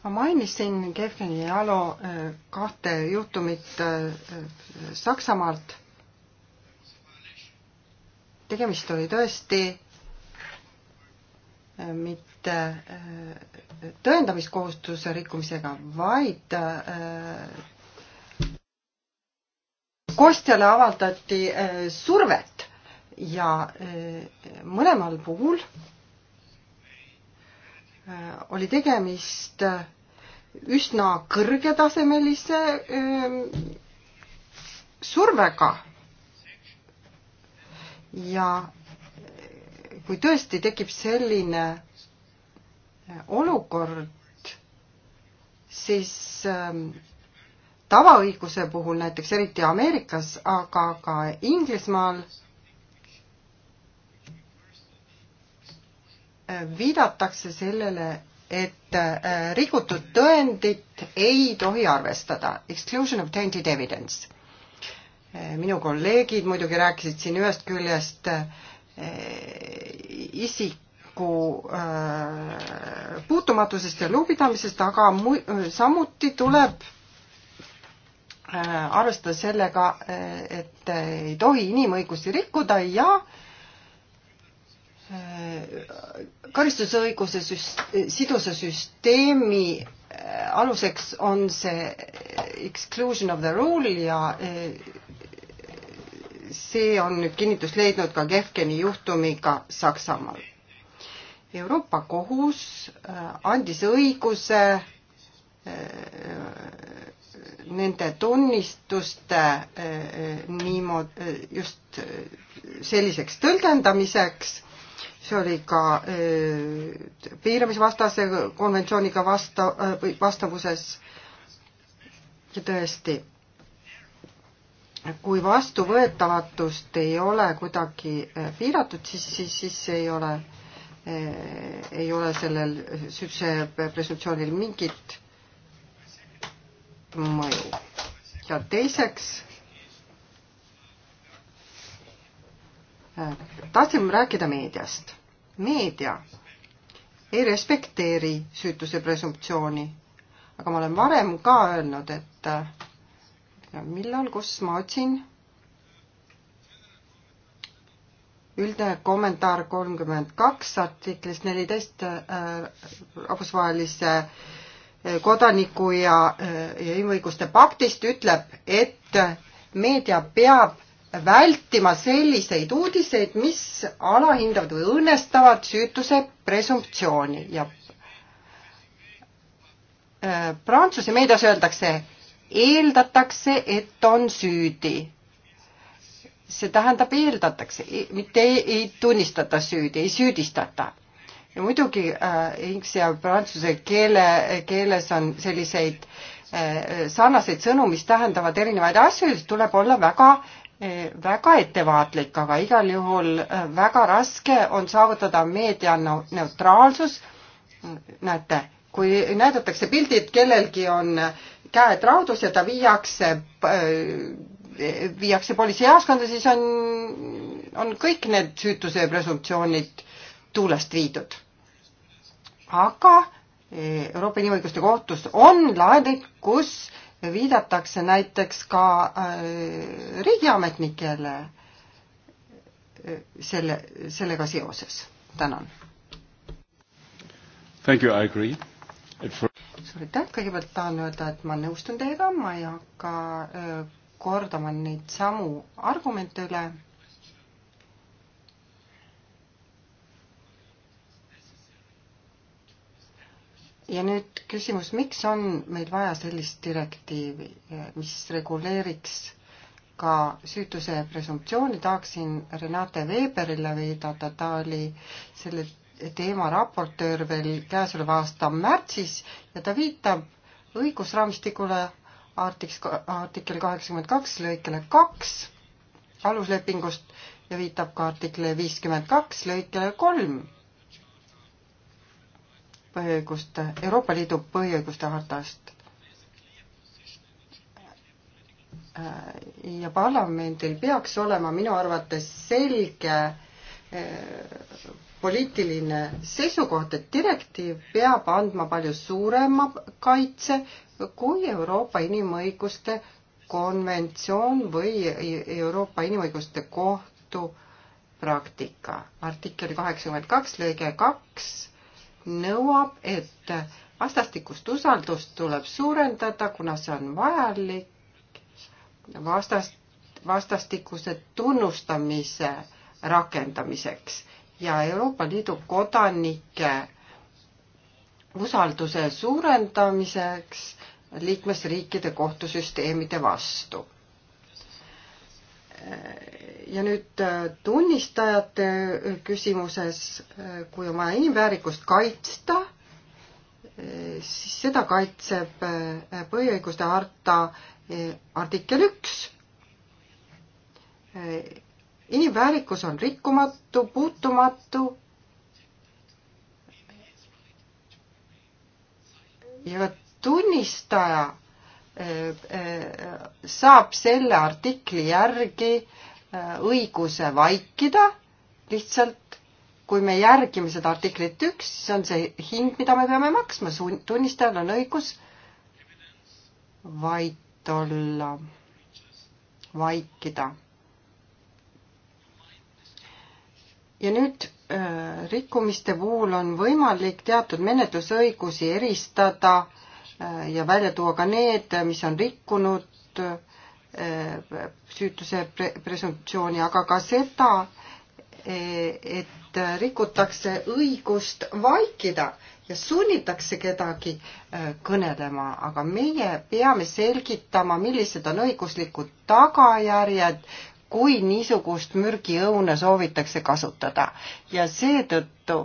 ma mainisin Jevgeni Jalo äh, kahte juhtumit äh, äh, Saksamaalt. tegemist oli tõesti mitte tõendamiskohustuse rikkumisega, vaid Kostjale avaldati eh, survet ja eh, mõlemal puhul eh, oli tegemist üsna kõrgetasemelise survega. ja kui tõesti tekib selline olukord, siis tavaõiguse puhul näiteks eriti Ameerikas, aga ka Inglismaal viidatakse sellele, et äh, rikutud tõendit ei tohi arvestada, exclusion of tainted evidence. Äh, minu kolleegid muidugi rääkisid siin ühest küljest äh, isiku puutumatusest ja lugupidamisest, aga mu-, samuti tuleb Äh, arvestades sellega, äh, et äh, ei tohi inimõigusi rikkuda ja karistusõiguse süst-, siduse süsteemi aluseks on see exclusion of the rule ja see on nüüd kinnitust leidnud ka Kefkeni juhtumiga Saksamaal. Euroopa Kohus andis õiguse nende tunnistuste eh, niimoodi, eh, just eh, selliseks tõlgendamiseks, see oli ka piiramisvastase konventsiooniga vasta, vastavuses ja tõesti, kui vastuvõetamatust ei ole kuidagi piiratud, siis, siis, siis ei ole, ei ole sellel, see presumptsioonil mingit mõju. ja teiseks äh, tahtsime rääkida meediast. meedia ei respekteeri süütuse presumptsiooni, aga ma olen varem ka öelnud, et äh, millal, kus ma otsin üldne kommentaar kolmkümmend kaks artiklist neliteist äh, rahvusvahelise äh, kodaniku ja, ja inimõiguste paktist ütleb, et meedia peab vältima selliseid uudiseid, mis alahindavad või õõnestavad süütuse presumptsiooni ja äh, Prantsuse meedias öeldakse, eeldatakse, et on süüdi see tähendab, eeldatakse, mitte ei, ei tunnistata süüdi, ei süüdistata ja muidugi äh, inglise ja prantsuse keele, keeles on selliseid äh, sarnaseid sõnu, mis tähendavad erinevaid asju, siis tuleb olla väga äh, väga ettevaatlik, aga igal juhul äh, väga raske on saavutada meedianeutraalsus. näete, kui näidatakse pildi, et kellelgi on käed raudus ja ta viiakse äh, viiakse politseijaoskonda, siis on, on kõik need süütuse presumptsioonid tuulest viidud aga eh, Euroopa Inimõiguste Kohtus on lahendid, kus viidatakse näiteks ka eh, riigiametnikele eh, selle, sellega seoses. tänan. Thank you, I agree for.... suur aitäh, kõigepealt tahan öelda, et ma nõustun teiega, ma ei hakka kordama neid samu argumente üle ja nüüd küsimus, miks on meil vaja sellist direktiivi, mis reguleeriks ka süütuse presumptsiooni, tahaksin Renate Weberile viidata, ta oli selle teema raportöör veel käesoleva aasta märtsis ja ta viitab õigusraamistikule artiks-, artikkel kaheksakümmend kaks lõikele kaks aluslepingust ja viitab ka artikli viiskümmend kaks lõikele kolm põhiõiguste, Euroopa Liidu põhiõiguste hartast. ja parlamendil peaks olema minu arvates selge eh, poliitiline seisukoht, et direktiiv peab andma palju suurema kaitse kui Euroopa Inimõiguste konventsioon või Euroopa Inimõiguste Kohtu praktika. artikkel kaheksakümmend kaks lõige kaks nõuab, et vastastikust usaldust tuleb suurendada, kuna see on vajalik vastast, vastastikuse tunnustamise rakendamiseks ja Euroopa Liidu kodanike usalduse suurendamiseks liikmesriikide kohtusüsteemide vastu ja nüüd äh, tunnistajate äh, küsimuses, äh, kui on vaja inimväärikust kaitsta, siis seda kaitseb põhiõiguste harta artikkel üks. inimväärikus on rikkumatu, puutumatu ja tunnistaja saab selle artikli järgi äh, Äh, õiguse vaikida, lihtsalt kui me järgime seda artiklit üks, siis on see hind, mida me peame maksma, tunnistajal on õigus vait olla, vaikida. ja nüüd äh, rikkumiste puhul on võimalik teatud menetlusõigusi eristada äh, ja välja tuua ka need, mis on rikkunud äh, süütuse presumptsiooni, aga ka seda, et rikutakse õigust vaikida ja sunnitakse kedagi äh, kõnelema, aga meie peame selgitama, millised on õiguslikud tagajärjed, kui niisugust mürgiõuna soovitakse kasutada ja seetõttu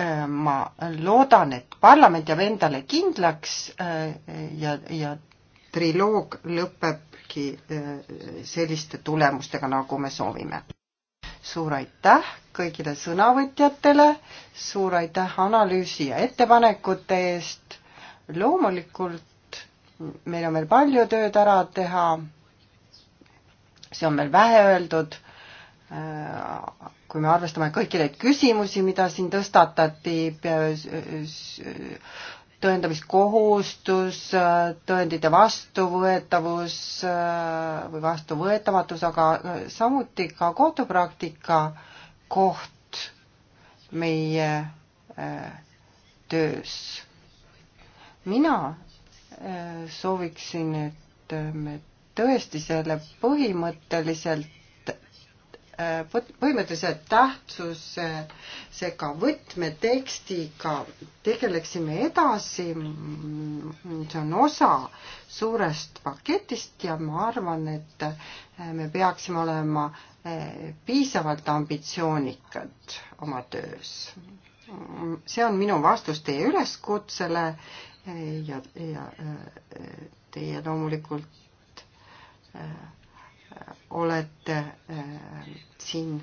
äh, ma loodan, et parlament jääb endale kindlaks äh, ja, ja triloog lõpebki äh, selliste tulemustega, nagu me soovime. suur aitäh kõigile sõnavõtjatele, suur aitäh analüüsi ja ettepanekute eest. loomulikult meil on veel palju tööd ära teha. see on veel vähe öeldud. Äh, kui me arvestame kõiki neid küsimusi, mida siin tõstatati äh, tõendamiskohustus, tõendite vastuvõetavus äh, või vastuvõetamatus, aga äh, samuti ka kohtupraktika koht meie äh, töös. mina sooviksin, et me tõesti selle põhimõtteliselt põhimõttelise tähtsuse seega võtmetekstiga tegeleksime edasi. see on osa suurest paketist ja ma arvan, et äh, me peaksime olema äh, piisavalt ambitsioonikad oma töös. see on minu vastus teie üleskutsele äh, ja, ja teie loomulikult olete äh, siin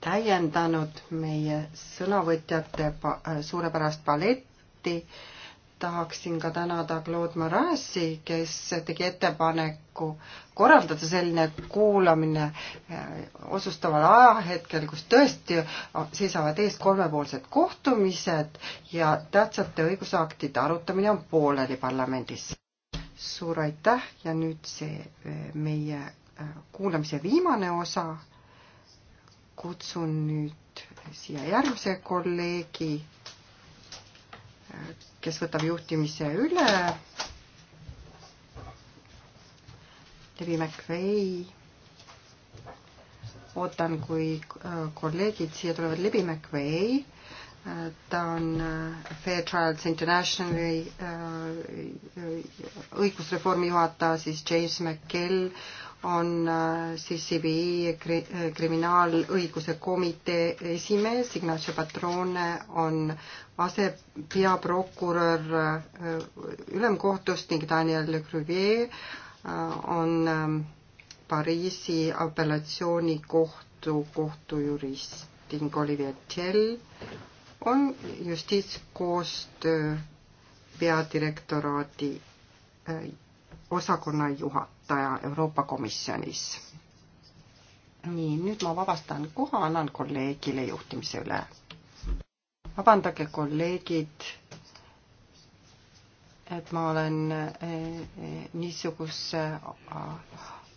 täiendanud meie sõnavõtjate äh, suurepärast paletti. tahaksin ka tänada Claude Morassi, kes tegi ettepaneku korraldada selline kuulamine äh, otsustaval ajahetkel, kus tõesti seisavad ees kolmepoolsed kohtumised ja tähtsate õigusaktide arutamine on pooleli parlamendis suur aitäh ja nüüd see äh, meie äh, kuulamise viimane osa. kutsun nüüd siia järgmise kolleegi, äh, kes võtab juhtimise üle. Levi McVay. ootan, kui kolleegid siia tulevad. Levi McVay ta on äh, Fair Trials Internationali äh, äh, õigusreformi juhataja, siis James McKell on CCBI kriminaalõiguse komitee esimees, Ignacio Patrone on asepeaprokurör ülemkohtust ning Daniel Le Gruvier on Pariisi apellatsioonikohtu kohtujurist ning Olivier Tšell on justiitskoostöö peadirektoraadi äh, osakonna juhataja Euroopa Komisjonis. nii, nüüd ma vabastan koha, annan kolleegile juhtimise üle. vabandage, kolleegid, et ma olen äh, äh, niisuguse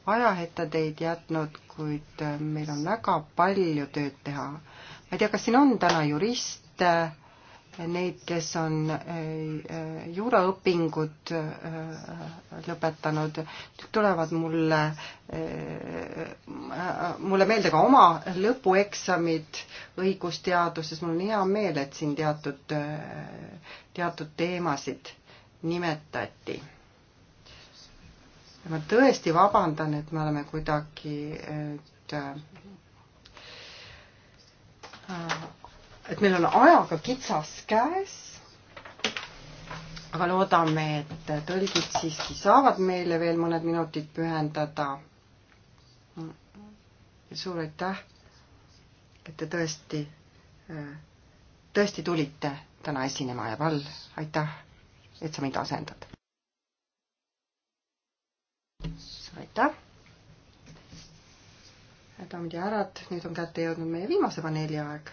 ajahetta teid jätnud, kuid meil on väga palju tööd teha. ma ei tea, kas siin on täna jurist, et äh, neid, kes on äh, juuraõpingud äh, lõpetanud, tulevad mulle, mulle meelde ka oma lõpueksamid õigusteaduses, mul on hea meel, et siin teatud, teatud teemasid nimetati. ma tõesti vabandan, et me oleme kuidagi nüüd et meil on ajaga kitsas käes. aga loodame, et tõlgid siiski saavad meile veel mõned minutid pühendada. suur aitäh, et te tõesti, tõesti tulite täna esinema ja Val, aitäh, et sa mind asendad. aitäh daamid ja härrad, nüüd on kätte jõudnud meie viimase paneeli aeg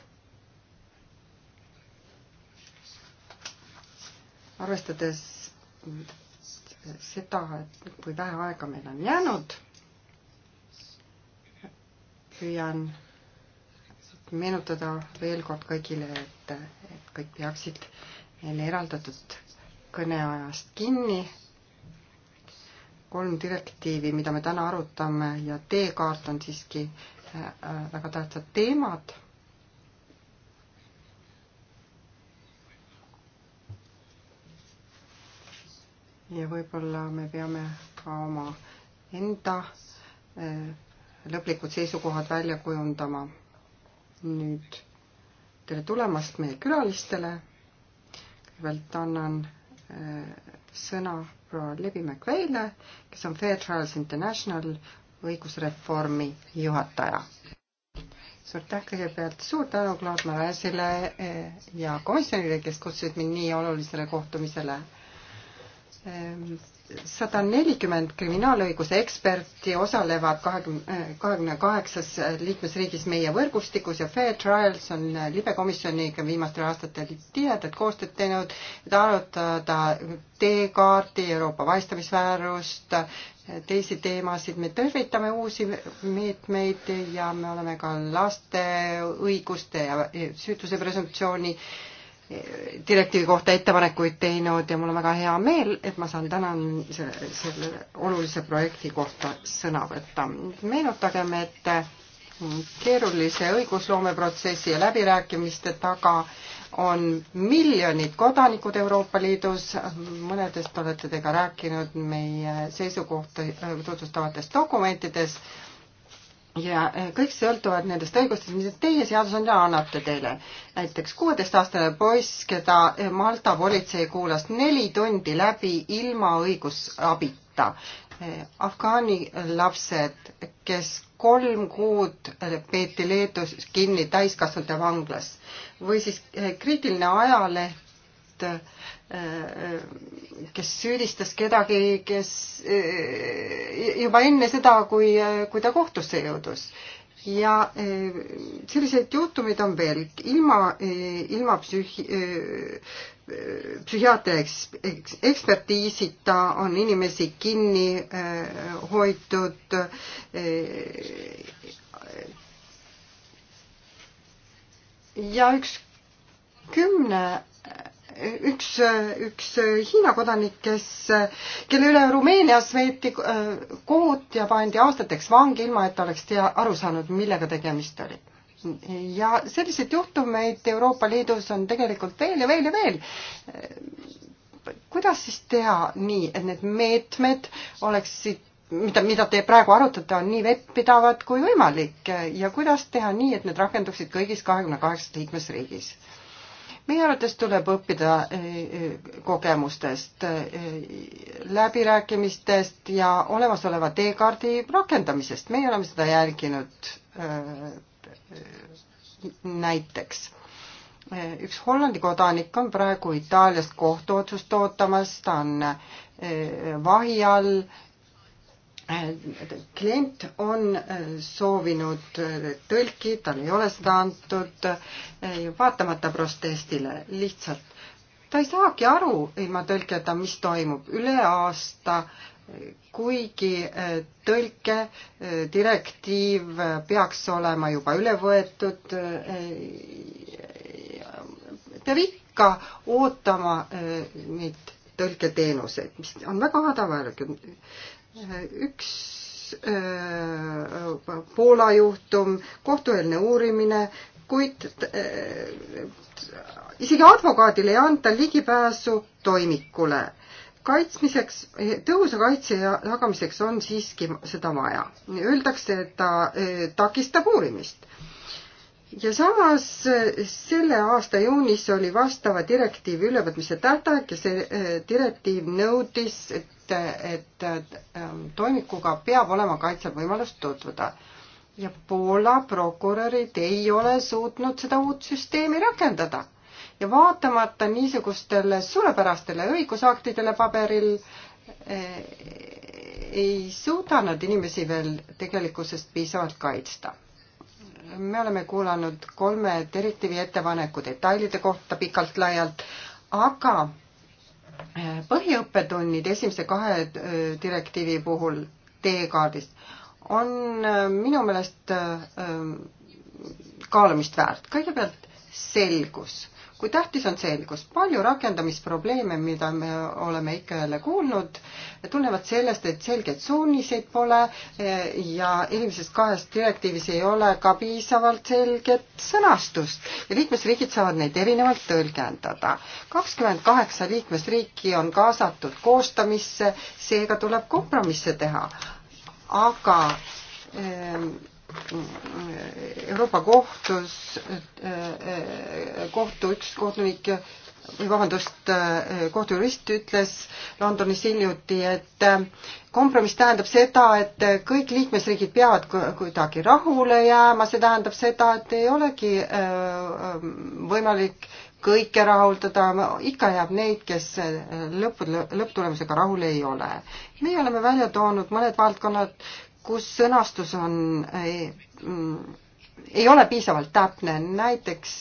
arvestades seda, et kui vähe aega meil on jäänud, püüan meenutada veel kord kõigile, et, et kõik peaksid neile eraldatud kõneajast kinni. kolm direktiivi, mida me täna arutame ja teekaart on siiski äh, äh, väga tähtsad teemad ja võib-olla me peame ka oma enda äh, lõplikud seisukohad välja kujundama. nüüd tere tulemast meie külalistele. kõigepealt annan äh, sõna proua Levi McVeile, kes on Fair Trials International õigusreformi juhataja suur aitäh kõigepealt, suur tänu Claude Maresile äh, ja komisjonile, kes kutsusid mind nii olulisele kohtumisele Ehm, sada nelikümmend kriminaalõiguse eksperti osalevad kahekümne, eh, kahekümne kaheksas liikmesriigis meie võrgustikus ja Fair Trials on eh, libekomisjoniga viimastel aastatel tihedat koostööd teinud, et arutada teekaarti, Euroopa vaistamisväärust, eh, teisi teemasid, me tervitame uusi meetmeid ja me oleme ka laste õiguste ja süütuse presumptsiooni äh, direktiivi kohta ettepanekuid teinud ja mul on väga hea meel, et ma saan täna selle, selle olulise projekti kohta sõna võtta. meenutagem, et keerulise õigusloomeprotsessi ja läbirääkimiste taga on miljonid kodanikud Euroopa Liidus, mõnedest olete te ka rääkinud meie seisukohta äh, tutvustavatest dokumentides ja eh, kõik sõltuvad nendest õigustest, mida teie seadusandja annate teile. näiteks kuueteistaastane poiss, keda eh, Malta politsei kuulas neli tundi läbi ilma õigusabita. Eh, afgaani lapsed, kes kolm kuud peeti Leedus kinni täiskasvanute vanglas või siis kriitiline ajaleht kes süüdistas kedagi, kes juba enne seda, kui, kui ta kohtusse jõudus. ja eh, selliseid juhtumeid on veel ilma, eh, ilma psühhi-, eh, psühhiaatria eks-, ekspertiisita on inimesi kinni hoitud ja üks kümne üks, üks Hiina kodanik, kes, kelle üle Rumeenias veeti äh, kohut ja pandi aastateks vangi, ilma et oleks tea, aru saanud, millega tegemist oli. ja selliseid juhtumeid Euroopa Liidus on tegelikult veel ja veel ja veel. kuidas siis teha nii, et need meetmed oleksid mida, mida te praegu arutate, on nii vettpidavad kui võimalik ja kuidas teha nii, et need rakenduksid kõigis kahekümne kaheksas liikmesriigis? meie arvates tuleb õppida e, e, kogemustest, e, läbirääkimistest ja olemasoleva teekaardi rakendamisest, meie oleme seda jälginud näiteks üks Hollandi kodanik on praegu Itaaliast kohtuotsust ootamas, ta on vahi all, Äh, klient on äh, soovinud äh, tõlki, tal ei ole seda antud, vaatamata protestile, lihtsalt ta ei saagi aru ilma tõlketa, mis toimub üle aasta, kuigi tõlke direktiiv peaks olema juba üle võetud, peab ikka ootama neid tõlketeenuseid, mis on väga hädavajalikud üks äh, Poola juhtum, kohtueelne uurimine, kuid äh, isegi advokaadile ei anta ligipääsu toimikule. kaitsmiseks, tõhusa kaitse jagamiseks on siiski seda vaja. Öeldakse, et ta äh, takistab uurimist ja samas eh, selle aasta juunis oli vastava direktiivi ülevõtmise tähtaeg ja see eh, direktiiv nõudis, et, et eh, toimikuga peab olema kaitsevõimalus tutvuda. ja Poola prokurörid ei ole suutnud seda uut süsteemi rakendada. ja vaatamata niisugustele suurepärastele õigusaktidele paberil ei suuda nad inimesi veel tegelikkusest piisavalt kaitsta me oleme kuulanud kolme direktiivi ettepaneku detailide kohta pikalt-laialt, aga äh, põhiõppetunnid esimese kahe äh, direktiivi puhul teekaardist on äh, minu meelest kaalumist väärt. kõigepealt selgus kui tähtis on selgus. palju rakendamisprobleeme, mida me oleme ikka jälle kuulnud, tulevad sellest, et selgeid suuniseid pole ja eelmises kahes direktiivis ei ole ka piisavalt selget sõnastust ja liikmesriigid saavad neid erinevalt tõlgendada. kakskümmend kaheksa liikmesriiki on kaasatud koostamisse, seega tuleb kompromisse teha. aga ähm, Euroopa kohtus, kohtu üks kohtunik või vabandust, kohtujurist ütles Londonis hiljuti, et kompromiss tähendab seda, et kõik liikmesriigid peavad kuidagi rahule jääma, see tähendab seda, et ei olegi äh, võimalik kõike rahuldada, ikka jääb neid, kes lõppude, lõpptulemusega rahul ei ole. meie oleme välja toonud mõned valdkonnad, kus sõnastus on, mm, ei ole piisavalt täpne, näiteks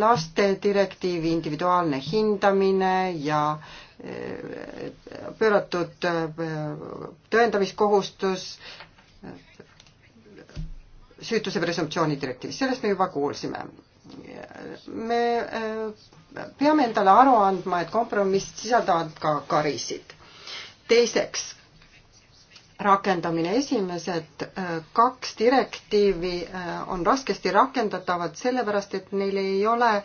laste direktiivi individuaalne hindamine ja eh, pööratud eh, tõendamiskohustus, süütuse presumptsiooni direktiivis, sellest me juba kuulsime. me eh, peame endale aru andma, et kompromiss sisaldavad ka karisid. teiseks, rakendamine. esimesed äh, kaks direktiivi äh, on raskesti rakendatavad sellepärast, et neil ei ole äh,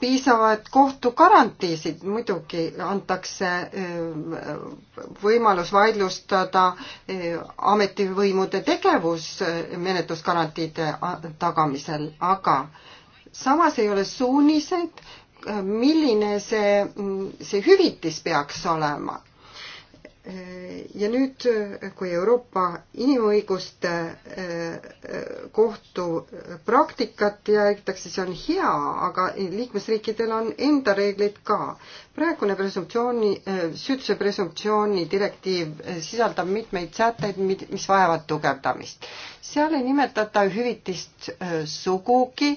piisavad kohtugarantiisid, muidugi antakse võimalus vaidlustada ametivõimude tegevus menetlusgarantiide tagamisel, aga samas ei ole suuniseid, milline see, see hüvitis peaks olema. ja nüüd, kui Euroopa Inimõiguste eh, Kohtu praktikat jälgitakse, see on hea, aga liikmesriikidel on enda reeglid ka. praegune presumptsiooni, eh, süütuse presumptsiooni direktiiv eh, sisaldab mitmeid sätteid, mis vajavad tugevdamist. seal ei nimetata hüvitist sugugi,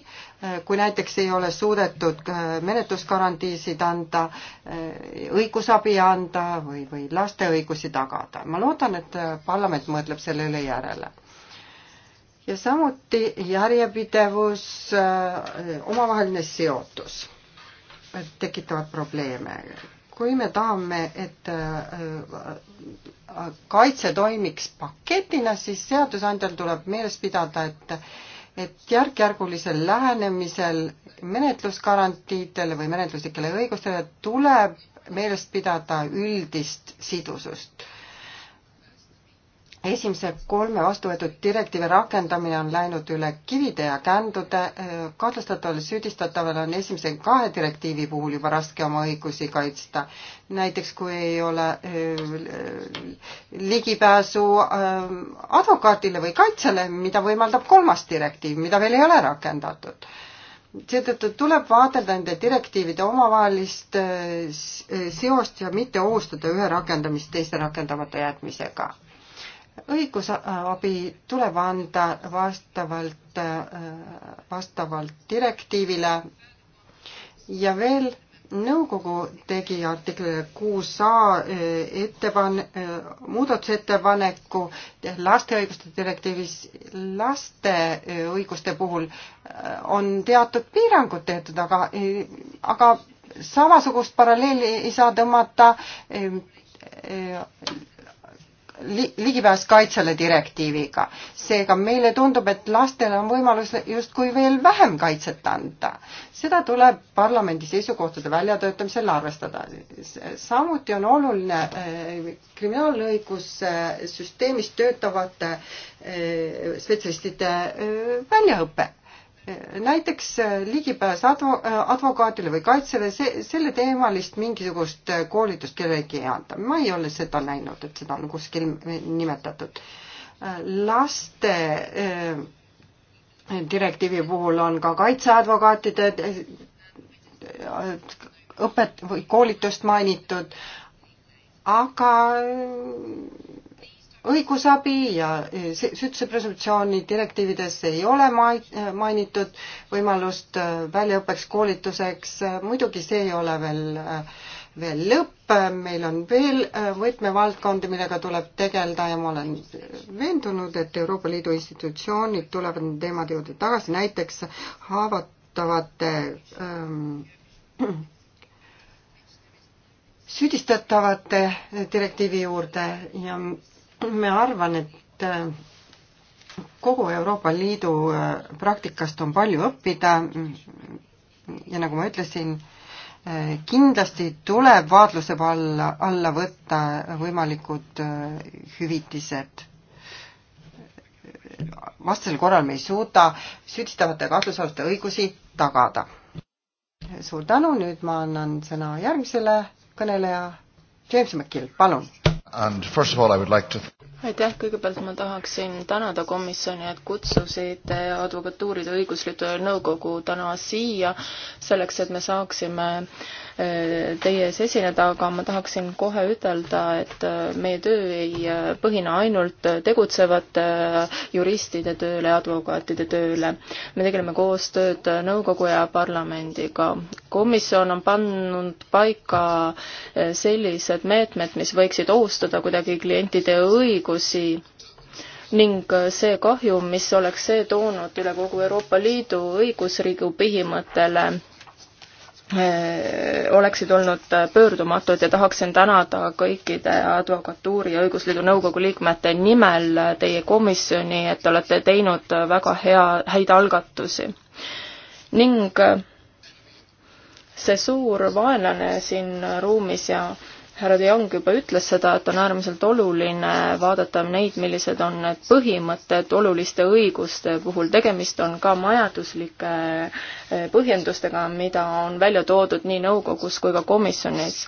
kui näiteks ei ole suudetud äh, menetlusgarantiisid anda, äh, õigusabi anda või, või laste õigusi tagada. ma loodan, et äh, parlament mõtleb selle üle järele. ja samuti järjepidevus, omavaheline seotus tekitavad probleeme. kui me tahame, et kaitse toimiks paketina, siis seadusandjal tuleb meeles pidada, et et järk-järgulisel lähenemisel menetlusgarantiidele või menetluslikele õigustele tuleb meeles pidada üldist sidusust esimese kolme vastuvõetud direktiivi rakendamine on läinud üle kivide ja kändude, kahtlustataval ja süüdistataval on esimese kahe direktiivi puhul juba raske oma õigusi kaitsta. näiteks kui ei ole äh, ligipääsu äh, advokaatile või kaitsele, mida võimaldab kolmas direktiiv, mida veel ei ole rakendatud seetõttu tuleb vaadelda nende direktiivide omavahelist äh, seost ja mitte ohustada ühe rakendamist teiste rakendamata jätmisega õigusabi tuleb anda vastavalt, vastavalt direktiivile ja veel nõukogu tegi artiklile kuus A eh, ettepan-, eh, muudatusettepaneku laste õiguste direktiivis, laste eh, õiguste puhul on teatud piirangud tehtud, aga, aga samasugust paralleeli ei saa tõmmata li, ligipääs kaitsele direktiiviga. seega meile tundub, et lastele on võimalus justkui veel vähem kaitset anda. seda tuleb parlamendi seisukohtade väljatöötamisel arvestada. samuti on oluline äh, eh, kriminaalõigussüsteemis eh, äh, töötavate äh, spetsialistide väljaõpe näiteks äh, ligipääs advo-, äh, advokaadile või kaitsele, see, selle teemalist mingisugust äh, koolitust kellelegi ei anta. ma ei ole seda näinud, et seda on kuskil nimetatud. laste direktiivi puhul on ka kaitseadvokaatide õpet või koolitust mainitud, aga õigusabi ja e, süütuse presumptsiooni direktiivides ei ole e, mainitud võimalust e, väljaõppeks, koolituseks, muidugi see ei ole veel veel lõpp, meil on veel võtmevaldkondi, millega tuleb tegeleda ja ma olen veendunud, et Euroopa Liidu institutsioonid tulevad nende teemade juurde tagasi, näiteks haavatavate ähm, <clears throat> süüdistatavate direktiivi juurde ja ma arvan, et äh, kogu Euroopa Liidu äh, praktikast on palju õppida ja nagu ma ütlesin, äh, kindlasti tuleb vaatluse alla, alla võtta võimalikud hüvitised. vastasel korral me ei suuda süüdistavate ja kahtlusaluste õigusi tagada. suur tänu, nüüd ma annan sõna järgmisele kõneleja, James McKill, palun And first of all, I would like to aitäh, kõigepealt ma tahaksin tänada komisjoni, et kutsusite advokatuuride õigusliku nõukogu täna siia, selleks et me saaksime eh, teie ees esineda, aga ma tahaksin kohe ütelda, et eh, meie töö ei eh, põhine ainult tegutsevate juristide tööle ja advokaatide tööle. me tegeleme koostööd nõukogu ja parlamendiga. komisjon on pannud paika sellised meetmed, mis võiksid ohustada kuidagi klientide õigusi, õigusi ning see kahju, mis oleks see toonud üle kogu Euroopa Liidu õigusriigi põhimõttele, eh, oleksid olnud pöördumatud ja tahaksin tänada kõikide advokatuuri ja õigusliidu nõukogu liikmete nimel teie komisjoni, et olete teinud väga hea, häid algatusi. ning eh, see suur vaenlane siin ruumis ja härra De Jong juba ütles seda, et on äärmiselt oluline vaadata neid, millised on need põhimõtted oluliste õiguste puhul. tegemist on ka majanduslike eh, põhjendustega, mida on välja toodud nii nõukogus kui ka komisjonis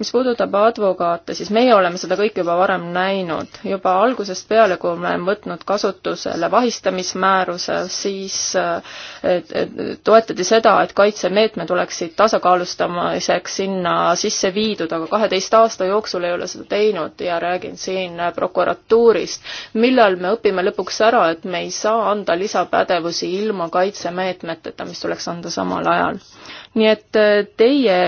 mis puudutab advokaate, siis meie oleme seda kõike juba varem näinud. juba algusest peale, kui me oleme võtnud kasutusele vahistamismääruse, siis eh, toetati seda, et kaitsemeetmed oleksid tasakaalustamiseks sinna sisse viidud, aga kaheteist aasta jooksul ei ole seda teinud ja räägin siin prokuratuurist. millal me õpime lõpuks ära, et me ei saa anda lisapädevusi ilma kaitsemeetmeteta, mis tuleks anda samal ajal? nii et eh, teie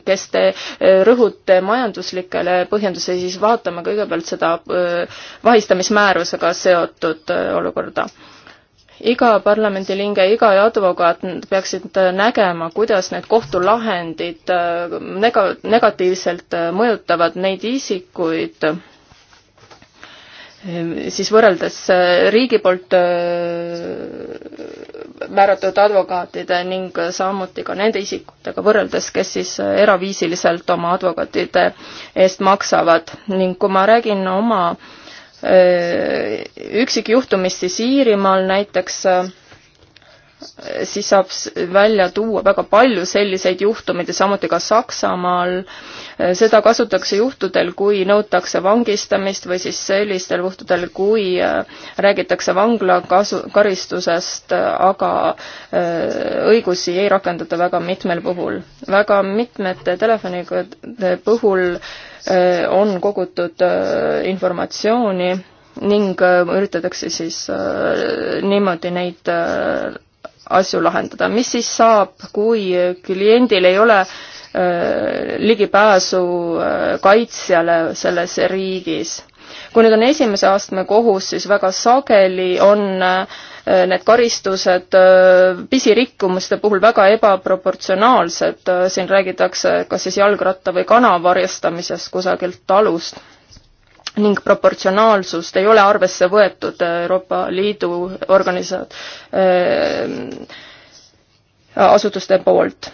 kes te eh, rõhute majanduslikele põhjendusele, siis vaatame kõigepealt seda eh, vahistamismäärusega seotud eh, olukorda. iga parlamendilinge, iga advokaat peaksid nägema, kuidas need kohtulahendid nega-, negatiivselt mõjutavad neid isikuid siis võrreldes äh, riigi poolt äh, määratud advokaatide ning samuti ka nende isikutega võrreldes, kes siis äh, eraviisiliselt oma advokaatide eest maksavad ning kui ma räägin oma üksikjuhtumist, siis Iirimaal näiteks siis saab välja tuua väga palju selliseid juhtumeid ja samuti ka Saksamaal. Äh, seda kasutatakse juhtudel, kui nõutakse vangistamist või siis sellistel juhtudel, kui äh, räägitakse vangla kasu, karistusest, äh, aga õigusi ei rakendata väga mitmel puhul. väga mitmete telefonikõnede puhul on kogutud informatsiooni ning üritatakse siis niimoodi neid asju lahendada. mis siis saab, kui kliendil ei ole äh, ligipääsu äh, kaitsjale selles riigis? kui nüüd on esimese astme kohus, siis väga sageli on äh, need karistused pisirikkumiste puhul väga ebaproportsionaalsed, siin räägitakse kas siis jalgratta või kana varjastamisest kusagilt talust ning proportsionaalsust ei ole arvesse võetud Euroopa Liidu organisa-, äh, asutuste poolt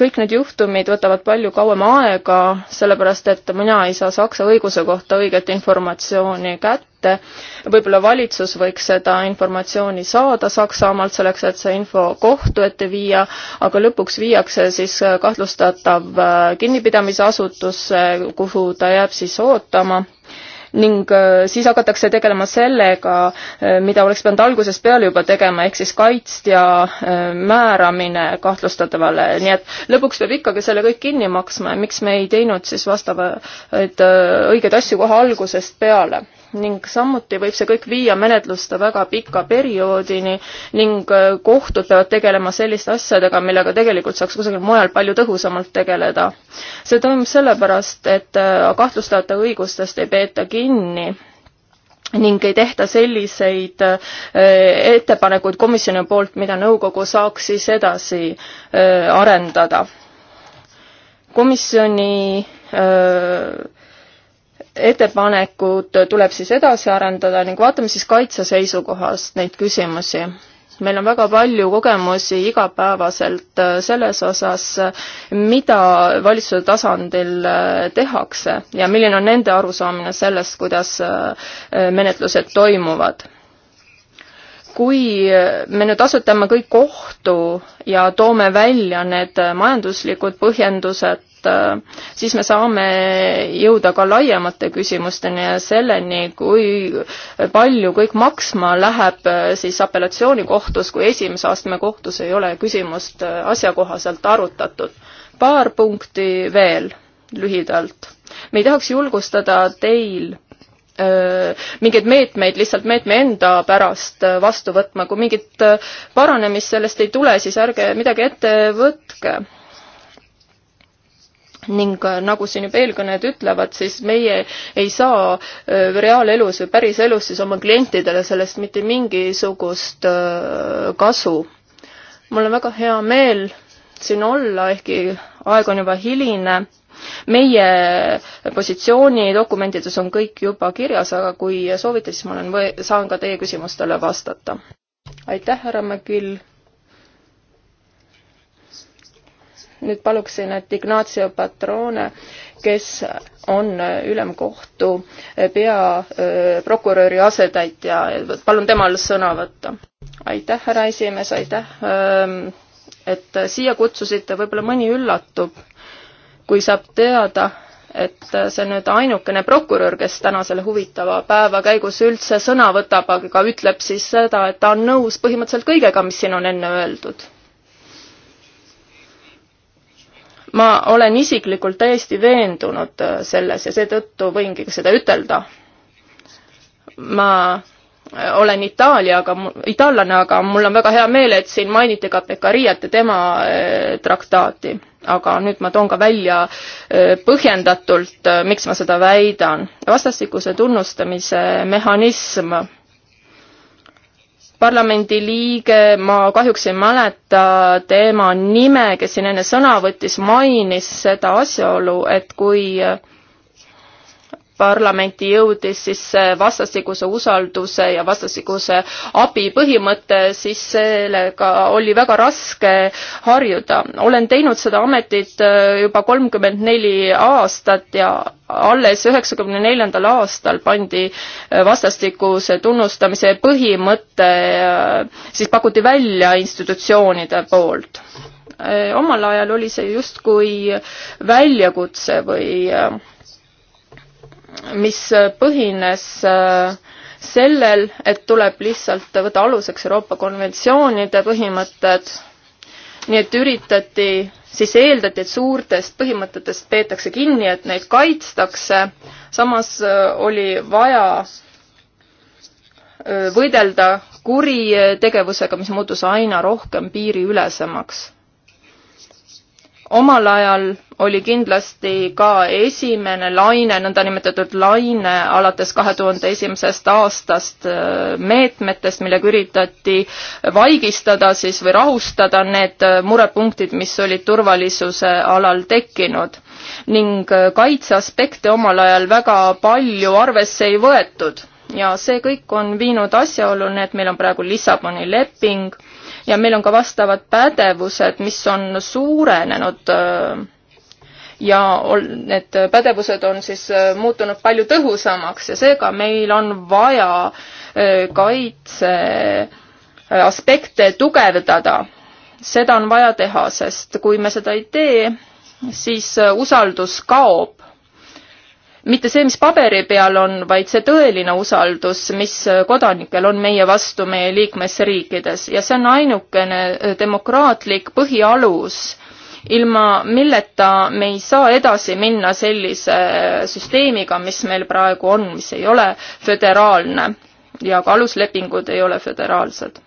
kõik need juhtumid võtavad palju kauem aega, sellepärast et mina ei saa Saksa õiguse kohta õiget informatsiooni kätte. võib-olla valitsus võiks seda informatsiooni saada Saksamaalt selleks, et see info kohtu ette viia, aga lõpuks viiakse siis kahtlustatav kinnipidamisasutusse, kuhu ta jääb siis ootama ning äh, siis hakatakse tegelema sellega, äh, mida oleks pidanud algusest peale juba tegema, ehk siis kaitstja äh, määramine kahtlustatavale, nii et lõpuks peab ikkagi selle kõik kinni maksma ja miks me ei teinud siis vastavaid õigeid asju kohe algusest peale ning samuti võib see kõik viia menetluste väga pika perioodini ning äh, kohtud peavad tegelema selliste asjadega, millega tegelikult saaks kusagil mujal palju tõhusamalt tegeleda. see toimub sellepärast, et äh, kahtlustatavate õigustest ei peeta kinni ning ei tehta selliseid äh, ettepanekuid komisjoni poolt, mida nõukogu saaks siis edasi arendada. komisjoni öö, ettepanekud tuleb siis edasi arendada ning vaatame siis kaitse seisukohast neid küsimusi. meil on väga palju kogemusi igapäevaselt äh, selles osas, äh, mida valitsuse tasandil äh, tehakse ja milline on nende arusaamine sellest, kuidas menetlused toimuvad kui me nüüd asetame kõik kohtu ja toome välja need majanduslikud põhjendused, siis me saame jõuda ka laiemate küsimusteni ja selleni, kui palju kõik maksma läheb siis apellatsioonikohtus, kui esimese astme kohtus ei ole küsimust asjakohaselt arutatud. paar punkti veel lühidalt. me ei tahaks julgustada teil Äh, mingeid meetmeid lihtsalt meetme enda pärast äh, vastu võtma. kui mingit äh, paranemist sellest ei tule, siis ärge midagi ette võtke ning nagu siin juba eelkõned ütlevad, siis meie ei saa reaalelus või päriselus siis oma klientidele sellest mitte mingisugust kasu. mul on väga hea meel siin olla, ehkki aeg on juba hiline meie positsiooni dokumentides on kõik juba kirjas, aga kui soovite, siis ma olen või-, saan ka teie küsimustele vastata. aitäh, härra McGill. nüüd paluksin, et Ignacio Patrone, kes on ülemkohtu peaprokuröri asetäitja, palun temal sõna võtta. aitäh, härra esimees, aitäh, ähm, et siia kutsusite, võib-olla mõni üllatub kui saab teada, et see nüüd ainukene prokurör, kes täna selle huvitava päeva käigus üldse sõna võtab, aga ütleb siis seda, et ta on nõus põhimõtteliselt kõigega, mis siin on enne öeldud. ma olen isiklikult täiesti veendunud selles ja seetõttu võingi seda ütelda. ma olen Itaalia, aga, itaallane, aga mul on väga hea meel, et siin mainiti ka Pekariat ja tema eh, traktaati aga nüüd ma toon ka välja põhjendatult, miks ma seda väidan. vastastikuse tunnustamise mehhanism. parlamendiliige, ma kahjuks ei mäleta tema nime, kes siin enne sõna võttis, mainis seda asjaolu, et kui äh, parlamenti jõudis siis vastastikuse usalduse ja vastastikuse abi põhimõte, siis sellega oli väga raske harjuda. olen teinud seda ametit äh, juba kolmkümmend neli aastat ja alles üheksakümne neljandal aastal pandi äh, vastastikuse tunnustamise põhimõte, äh, siis pakuti välja institutsioonide poolt. omal ajal oli see justkui väljakutse või mis äh, põhines äh, sellel, et tuleb lihtsalt võtta aluseks Euroopa konventsioonide põhimõtted, nii et üritati, siis eeldati, et suurtest põhimõtetest peetakse kinni, et neid kaitstakse, samas äh, oli vaja võidelda kuritegevusega, mis muutus aina rohkem piiriülesemaks omal ajal oli kindlasti ka esimene laine, nõndanimetatud laine alates kahe tuhande esimesest aastast äh, meetmetest, millega üritati vaigistada siis või rahustada need äh, murepunktid, mis olid turvalisuse alal tekkinud. ning äh, kaitseaspekte omal ajal väga palju arvesse ei võetud ja see kõik on viinud asjaoluni, et meil on praegu Lissaboni leping ja meil on ka vastavad pädevused, mis on suurenenud äh, ja need pädevused on siis äh, muutunud palju tõhusamaks ja seega meil on vaja äh, kaitse aspekte tugevdada. seda on vaja teha, sest kui me seda ei tee, siis usaldus kaob mitte see, mis paberi peal on, vaid see tõeline usaldus, mis kodanikel on meie vastu meie liikmesriikides ja see on ainukene äh, demokraatlik põhialus, ilma milleta me ei saa edasi minna sellise äh, süsteemiga, mis meil praegu on, mis ei ole föderaalne ja ka aluslepingud ei ole föderaalsed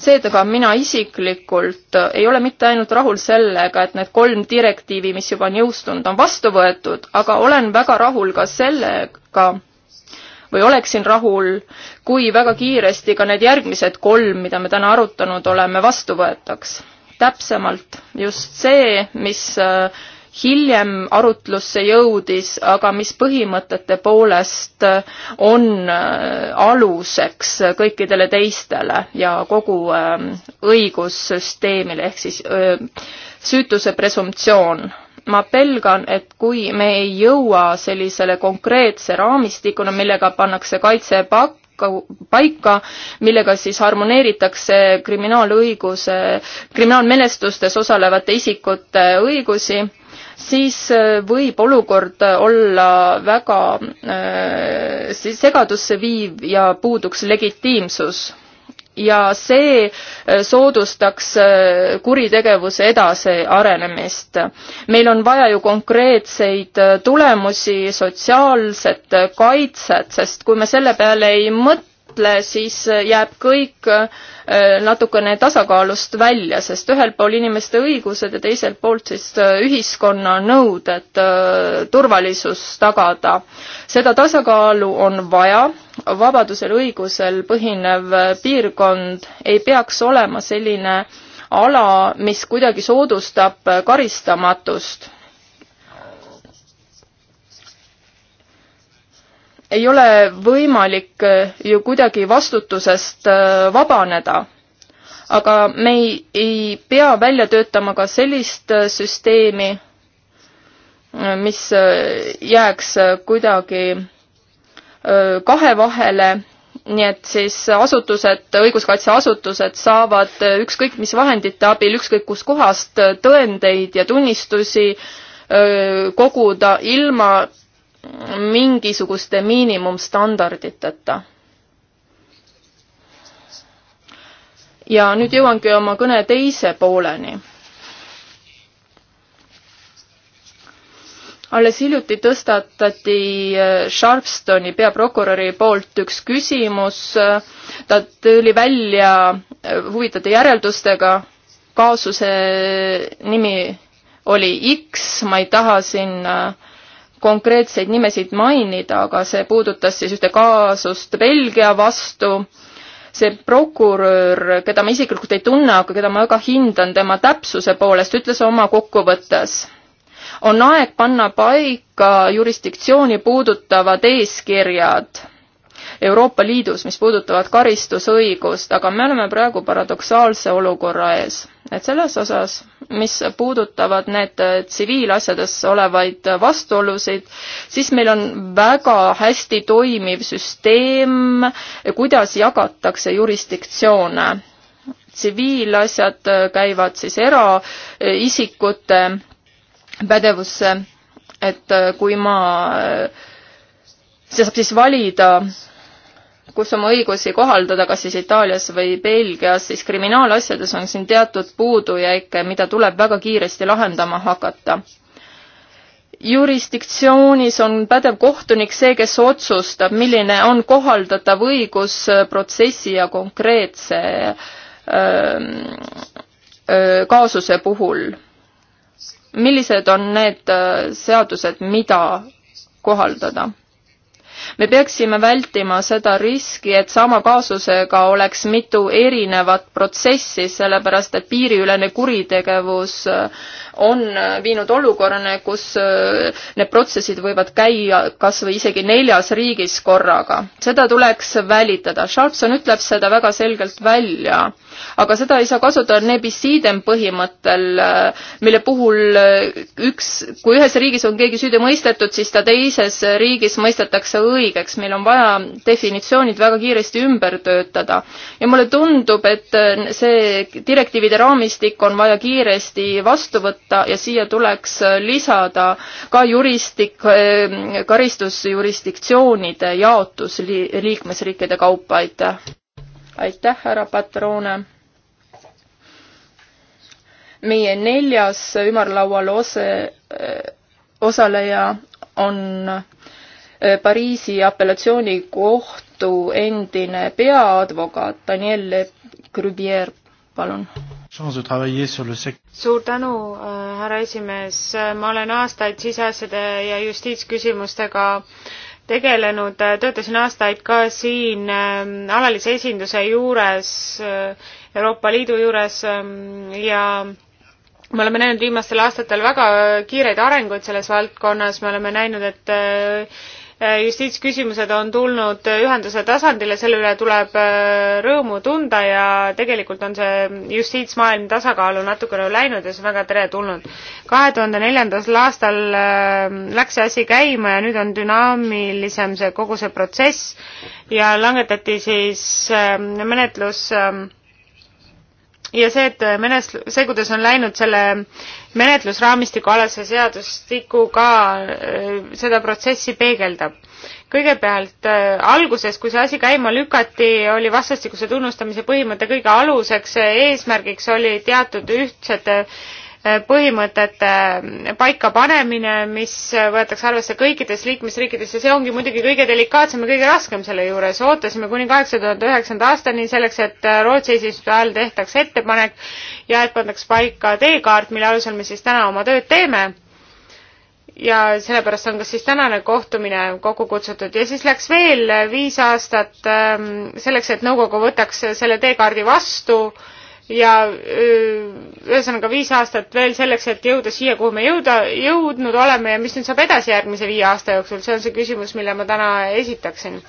seetõttu mina isiklikult äh, ei ole mitte ainult rahul sellega, et need kolm direktiivi, mis juba on jõustunud, on vastu võetud, aga olen väga rahul ka sellega, või oleksin rahul, kui väga kiiresti ka need järgmised kolm, mida me täna arutanud oleme, vastu võetaks. täpsemalt just see, mis äh, hiljem arutlusse jõudis, aga mis põhimõtete poolest on äh, aluseks kõikidele teistele ja kogu ähm, õigussüsteemile, ehk siis äh, süütuse presumptsioon. ma pelgan, et kui me ei jõua sellisele konkreetse raamistikuna, millega pannakse kaitse pakk, paika, millega siis harmoneeritakse kriminaalõiguse, kriminaalmenetlustes osalevate isikute õigusi, siis äh, võib olukord äh, olla väga äh, segadusse viiv ja puuduks legitiimsus ja see soodustaks kuritegevuse edasiarenemist. meil on vaja ju konkreetseid tulemusi, sotsiaalset kaitset, sest kui me selle peale ei mõtle, mõtle, siis äh, jääb kõik äh, natukene tasakaalust välja, sest ühelt pool inimeste õigused ja teiselt poolt siis äh, ühiskonna nõuded turvalisus tagada. seda tasakaalu on vaja, vabadusel, õigusel põhinev piirkond ei peaks olema selline ala, mis kuidagi soodustab karistamatust ei ole võimalik äh, ju kuidagi vastutusest äh, vabaneda. aga me ei, ei pea välja töötama ka sellist äh, süsteemi, mis jääks kuidagi kahe vahele, nii et siis asutused, õiguskaitseasutused saavad ükskõik mis vahendite abil, ükskõik kuskohast tõendeid ja tunnistusi koguda ilma mingisuguste miinimumstandarditeta. ja nüüd jõuangi oma kõne teise pooleni. alles hiljuti tõstatati äh, Sharpstoni peaprokuröri poolt üks küsimus, ta tuli välja äh, huvitavate järeldustega, kaasuse nimi oli X, ma ei taha siin äh, konkreetseid nimesid mainida, aga see puudutas siis ühte kaasust Belgia vastu. see prokurör, keda ma isiklikult ei tunne, aga keda ma väga hindan tema täpsuse poolest, ütles oma kokkuvõttes on aeg panna paika jurisdiktsiooni puudutavad eeskirjad Euroopa Liidus, mis puudutavad karistusõigust, aga me oleme praegu paradoksaalse olukorra ees. et selles osas, mis puudutavad need äh, tsiviilasjades olevaid vastuolusid, siis meil on väga hästi toimiv süsteem, kuidas jagatakse jurisdiktsioone tsiviilasjad äh, käivad siis eraisikute äh, pädevusse, et kui ma, see saab siis valida, kus oma õigusi kohaldada, kas siis Itaalias või Belgias, siis kriminaalasjades on siin teatud puudujääke, mida tuleb väga kiiresti lahendama hakata. jurisdiktsioonis on pädev kohtunik see, kes otsustab, milline on kohaldatav õigus protsessi ja konkreetse öö, ähm, öö, äh, kaasuse puhul. millised on need äh, seadused, mida kohaldada? me peaksime vältima seda riski, et sama kaasusega oleks mitu erinevat protsessi, sellepärast et piiriülene kuritegevus äh, on äh, viinud olukorrani, kus äh, need protsessid võivad käia kas või isegi neljas riigis korraga. seda tuleks välitada. Sharpson ütleb seda väga selgelt välja aga seda ei saa kasutada nebissiidem põhimõttel, äh, mille puhul äh, üks, kui ühes riigis on keegi süüdi mõistetud, siis ta teises riigis mõistetakse õigeks. meil on vaja definitsioonid väga kiiresti ümber töötada ja mulle tundub, et äh, see direktiivide raamistik on vaja kiiresti vastu võtta ja siia tuleks lisada ka juristik, karistusjurisdiktsioonide jaotus liikmesriikide kaupa, aitäh! aitäh, härra Patrone. meie neljas ümarlaual ose, äh, osaleja on äh, Pariisi apellatsioonikohtu endine peaadvokaat Daniel Grubier, palun suur tänu, äh, härra esimees, ma olen aastaid siseasjade ja justiitsküsimustega tegelenud, äh, töötasin aastaid ka siin ähm, alalise esinduse juures, äh, Euroopa Liidu juures ähm, ja me oleme näinud viimastel aastatel väga kiireid arenguid selles valdkonnas, me oleme näinud, et äh, Eh, justiitsküsimused on tulnud ühenduse tasandile, selle üle tuleb eh, rõõmu tunda ja tegelikult on see justiitsmaailm tasakaalu natukene läinud ja see on väga teretulnud. kahe tuhande neljandal aastal eh, läks see asi käima ja nüüd on dünaamilisem see kogu see protsess ja langetati siis menetlus äh, ja see, et menetlus, see, kuidas on läinud selle menetlusraamistiku alase seadustikuga, äh, seda protsessi peegeldab. kõigepealt äh, alguses, kui see asi käima lükati, oli vastastikuse tunnustamise põhimõte kõige aluseks, eesmärgiks oli teatud ühtsete äh, Äh, põhimõtete äh, paikapanemine, mis võetakse arvesse kõikides liikmesriikides ja see ongi muidugi kõige delikaatsem ja kõige raskem selle juures. ootasime kuni kaheksa tuhande üheksanda aastani selleks, et äh, Rootsi eesistumise ajal tehtaks ettepanek ja et pandaks paika teekaart, mille alusel me siis täna oma tööd teeme. ja sellepärast on ka siis tänane kohtumine kokku kutsutud ja siis läks veel viis aastat ähm, selleks, et nõukogu võtaks selle teekaardi vastu ja ühesõnaga viis aastat veel selleks, et jõuda siia, kuhu me jõuda, jõudnud oleme ja mis nüüd saab edasi järgmise viie aasta jooksul, see on see küsimus, mille ma täna esitaksin.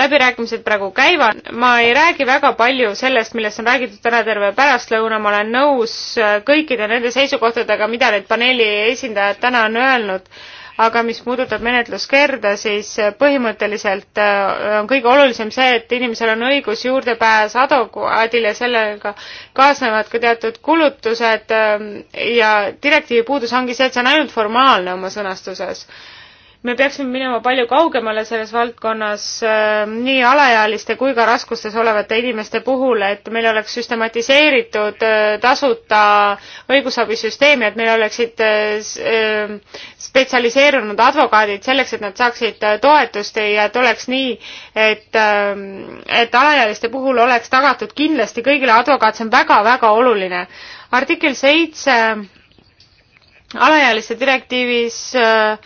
läbirääkimised praegu käivad, ma ei räägi väga palju sellest, millest on räägitud täna terve pärastlõuna, ma olen nõus kõikide nende seisukohtadega, mida need paneeli esindajad täna on öelnud aga mis puudutab menetluskerda, siis äh, põhimõtteliselt äh, on kõige olulisem see, et inimesel on õigus juurdepääs advokaadile, sellega kaasnevad ka teatud kulutused ähm, ja direktiivi puudus ongi see, et see on ainult formaalne oma sõnastuses me peaksime minema palju kaugemale selles valdkonnas äh, nii alaealiste kui ka raskustes olevate inimeste puhul, et meil oleks süstematiseeritud äh, tasuta õigusabisüsteem ja et meil oleksid äh, spetsialiseerunud advokaadid selleks, et nad saaksid toetust ja et oleks nii, et, ähm, et alaealiste puhul oleks tagatud kindlasti kõigile advokaat, see on väga-väga oluline. artikkel seitse alaealiste direktiivis äh,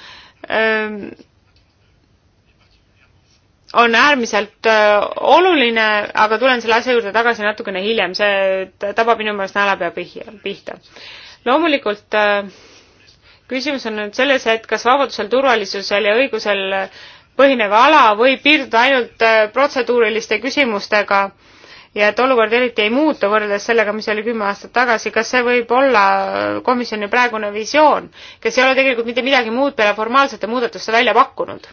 on äärmiselt oluline, aga tulen selle asja juurde tagasi natukene hiljem, see tabab minu meelest naelapea pihta. loomulikult küsimus on nüüd selles, et kas vabadusel, turvalisusel ja õigusel põhinev ala võib piirduda ainult protseduuriliste küsimustega äh, ja et olukord eriti ei muutu võrreldes sellega, mis oli kümme aastat tagasi, kas see võib olla komisjoni praegune visioon, kes ei ole tegelikult mitte midagi muud peale formaalsete muudatuste välja pakkunud?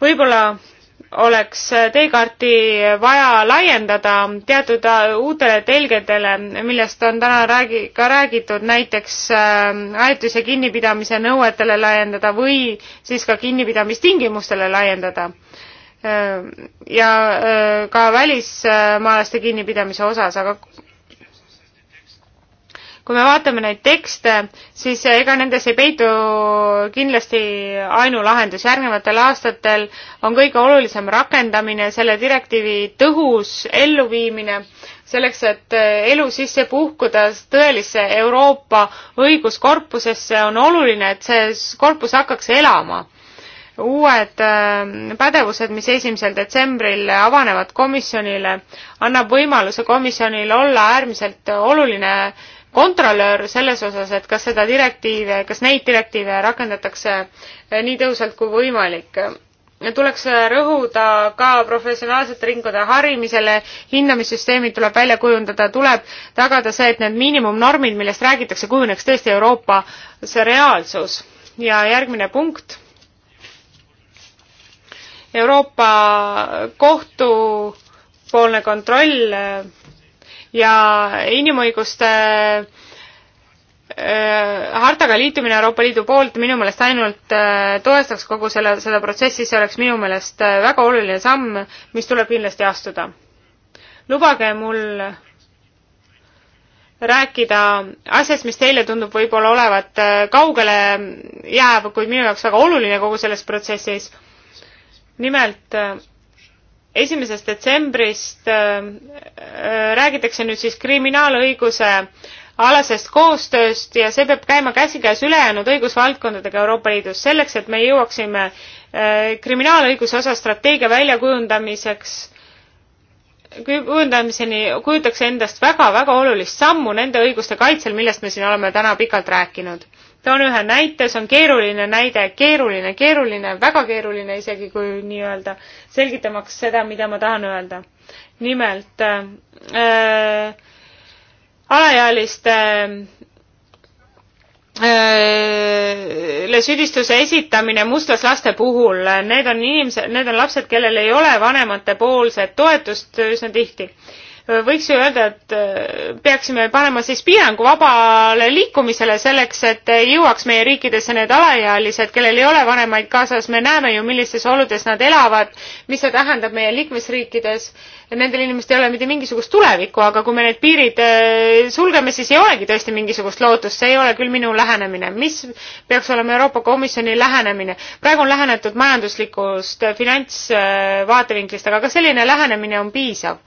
võib-olla oleks teekaarti vaja laiendada teatud äh, uutele telgedele, millest on täna räägi-, ka räägitud, näiteks äh, ajetuse kinnipidamise nõuetele laiendada või siis ka kinnipidamistingimustele laiendada ja äh, ka välismaalaste kinnipidamise osas, aga kui me vaatame neid tekste, siis ega nendes ei peitu kindlasti ainulahendus. järgnevatel aastatel on kõige olulisem rakendamine, selle direktiivi tõhus elluviimine, selleks, et elu sisse puhkuda tõelisse Euroopa õiguskorpusesse, on oluline, et see korpus hakkaks elama uued äh, pädevused, mis esimesel detsembril avanevad komisjonile, annab võimaluse komisjonil olla äärmiselt oluline kontrolöör selles osas, et kas seda direktiive, kas neid direktiive rakendatakse äh, nii tõhusalt kui võimalik. tuleks äh, rõhuda ka professionaalsete ringkondade harimisele, hindamissüsteemid tuleb välja kujundada, tuleb tagada see, et need miinimumnormid, millest räägitakse, kujuneks tõesti Euroopas reaalsus. ja järgmine punkt Euroopa kohtupoolne kontroll äh, ja inimõiguste äh, hartaga liitumine Euroopa Liidu poolt minu meelest ainult äh, toestaks kogu selle, seda protsessi, see oleks minu meelest väga oluline samm, mis tuleb kindlasti astuda. lubage mul rääkida asjast, mis teile tundub võib-olla olevat kaugele jääv, kuid minu jaoks väga oluline kogu selles protsessis nimelt äh, esimesest detsembrist äh, äh, räägitakse nüüd siis kriminaalõiguse alasest koostööst ja see peab käima käsikäes ülejäänud õigusvaldkondadega Euroopa Liidus selleks, et me jõuaksime kriminaalõiguse osa strateegia väljakujundamiseks kujundamiseni kujutaks endast väga-väga olulist sammu nende õiguste kaitsel, millest me siin oleme täna pikalt rääkinud toon ühe näite, see on keeruline näide, keeruline, keeruline, väga keeruline isegi, kui nii-öelda selgitamaks seda, mida ma tahan öelda. nimelt äh, äh alaealiste äh, süüdistuse esitamine mustlaslaste puhul, need on inimesed, need on lapsed, kellel ei ole vanematepoolset toetust üsna tihti võiks ju öelda, et äh, peaksime panema siis piirangu vabale liikumisele selleks, et jõuaks meie riikidesse need alaealised, kellel ei ole vanemaid kaasas, me näeme ju, millistes oludes nad elavad, mis see tähendab meie liikmesriikides, nendel inimestel ei ole mitte mingisugust tulevikku, aga kui me need piirid äh, sulgeme, siis ei olegi tõesti mingisugust lootust, see ei ole küll minu lähenemine. mis peaks olema Euroopa Komisjoni lähenemine? praegu on lähenetud majanduslikust äh, finantsvaatevinklist, aga kas selline lähenemine on piisav?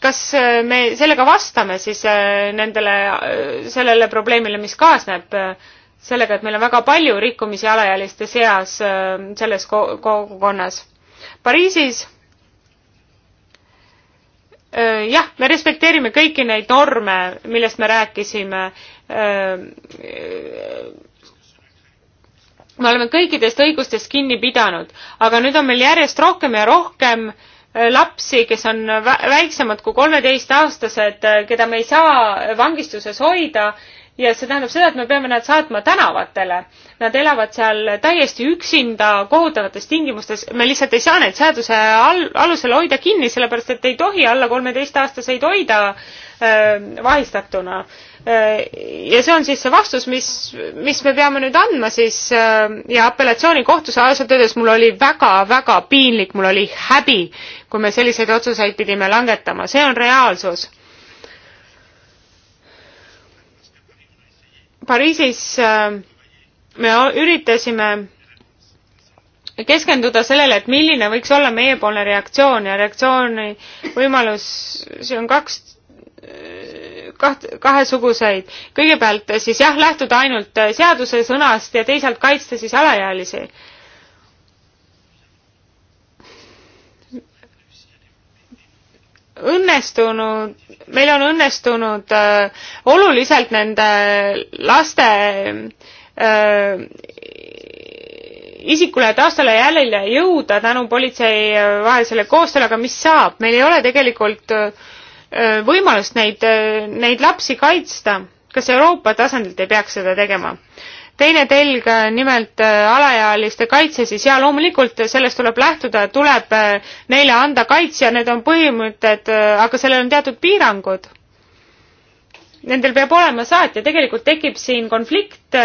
kas äh, me sellega vastame siis äh, nendele, äh, sellele probleemile, mis kaasneb sellega, et meil on väga palju rikkumisi alaealiste seas selles kogukonnas. Pariisis jah, me respekteerime kõiki neid norme, millest me rääkisime. me oleme kõikidest õigustest kinni pidanud, aga nüüd on meil järjest rohkem ja rohkem äh, lapsi, kes on väiksemad kui kolmeteistaastased, keda me ei saa vangistuses hoida ja see tähendab seda, et me peame nad saatma tänavatele. Nad elavad seal täiesti üksinda kohutavates tingimustes, me lihtsalt ei saa neid seaduse all, alusel hoida kinni, sellepärast et ei tohi alla kolmeteistaastaseid hoida äh, Ähm, vahistatuna. Äh, ja see on siis see vastus, mis, mis me peame nüüd andma siis ähm, ja apellatsioonikohtus ausalt öeldes mul oli väga-väga piinlik, mul oli häbi, kui me selliseid otsuseid pidime langetama, see on reaalsus Pariisis ähm, me üritasime keskenduda sellele, et milline võiks olla meiepoolne reaktsioon ja reaktsiooni võimalus, see on kaks kaht-, kahesuguseid. kõigepealt siis jah, lähtuda ainult seaduse sõnast ja teisalt kaitsta siis alaealisi. õnnestunud, meil on õnnestunud öö, äh, oluliselt nende laste öö, äh, isikule ja taustale jälile jõuda tänu politsei äh, vahelisele koostööle, aga mis saab, meil ei ole tegelikult öö, Äh, võimalust neid, äh, neid lapsi kaitsta, kas Euroopa tasandilt ei peaks seda tegema? teine telg, äh, nimelt alaealiste kaitse, siis jaa, loomulikult sellest tuleb lähtuda, tuleb neile anda kaitsja, need on põhimõtted, aga sellel on teatud piirangud. Nendel peab olema saatja, tegelikult tekib siin konflikt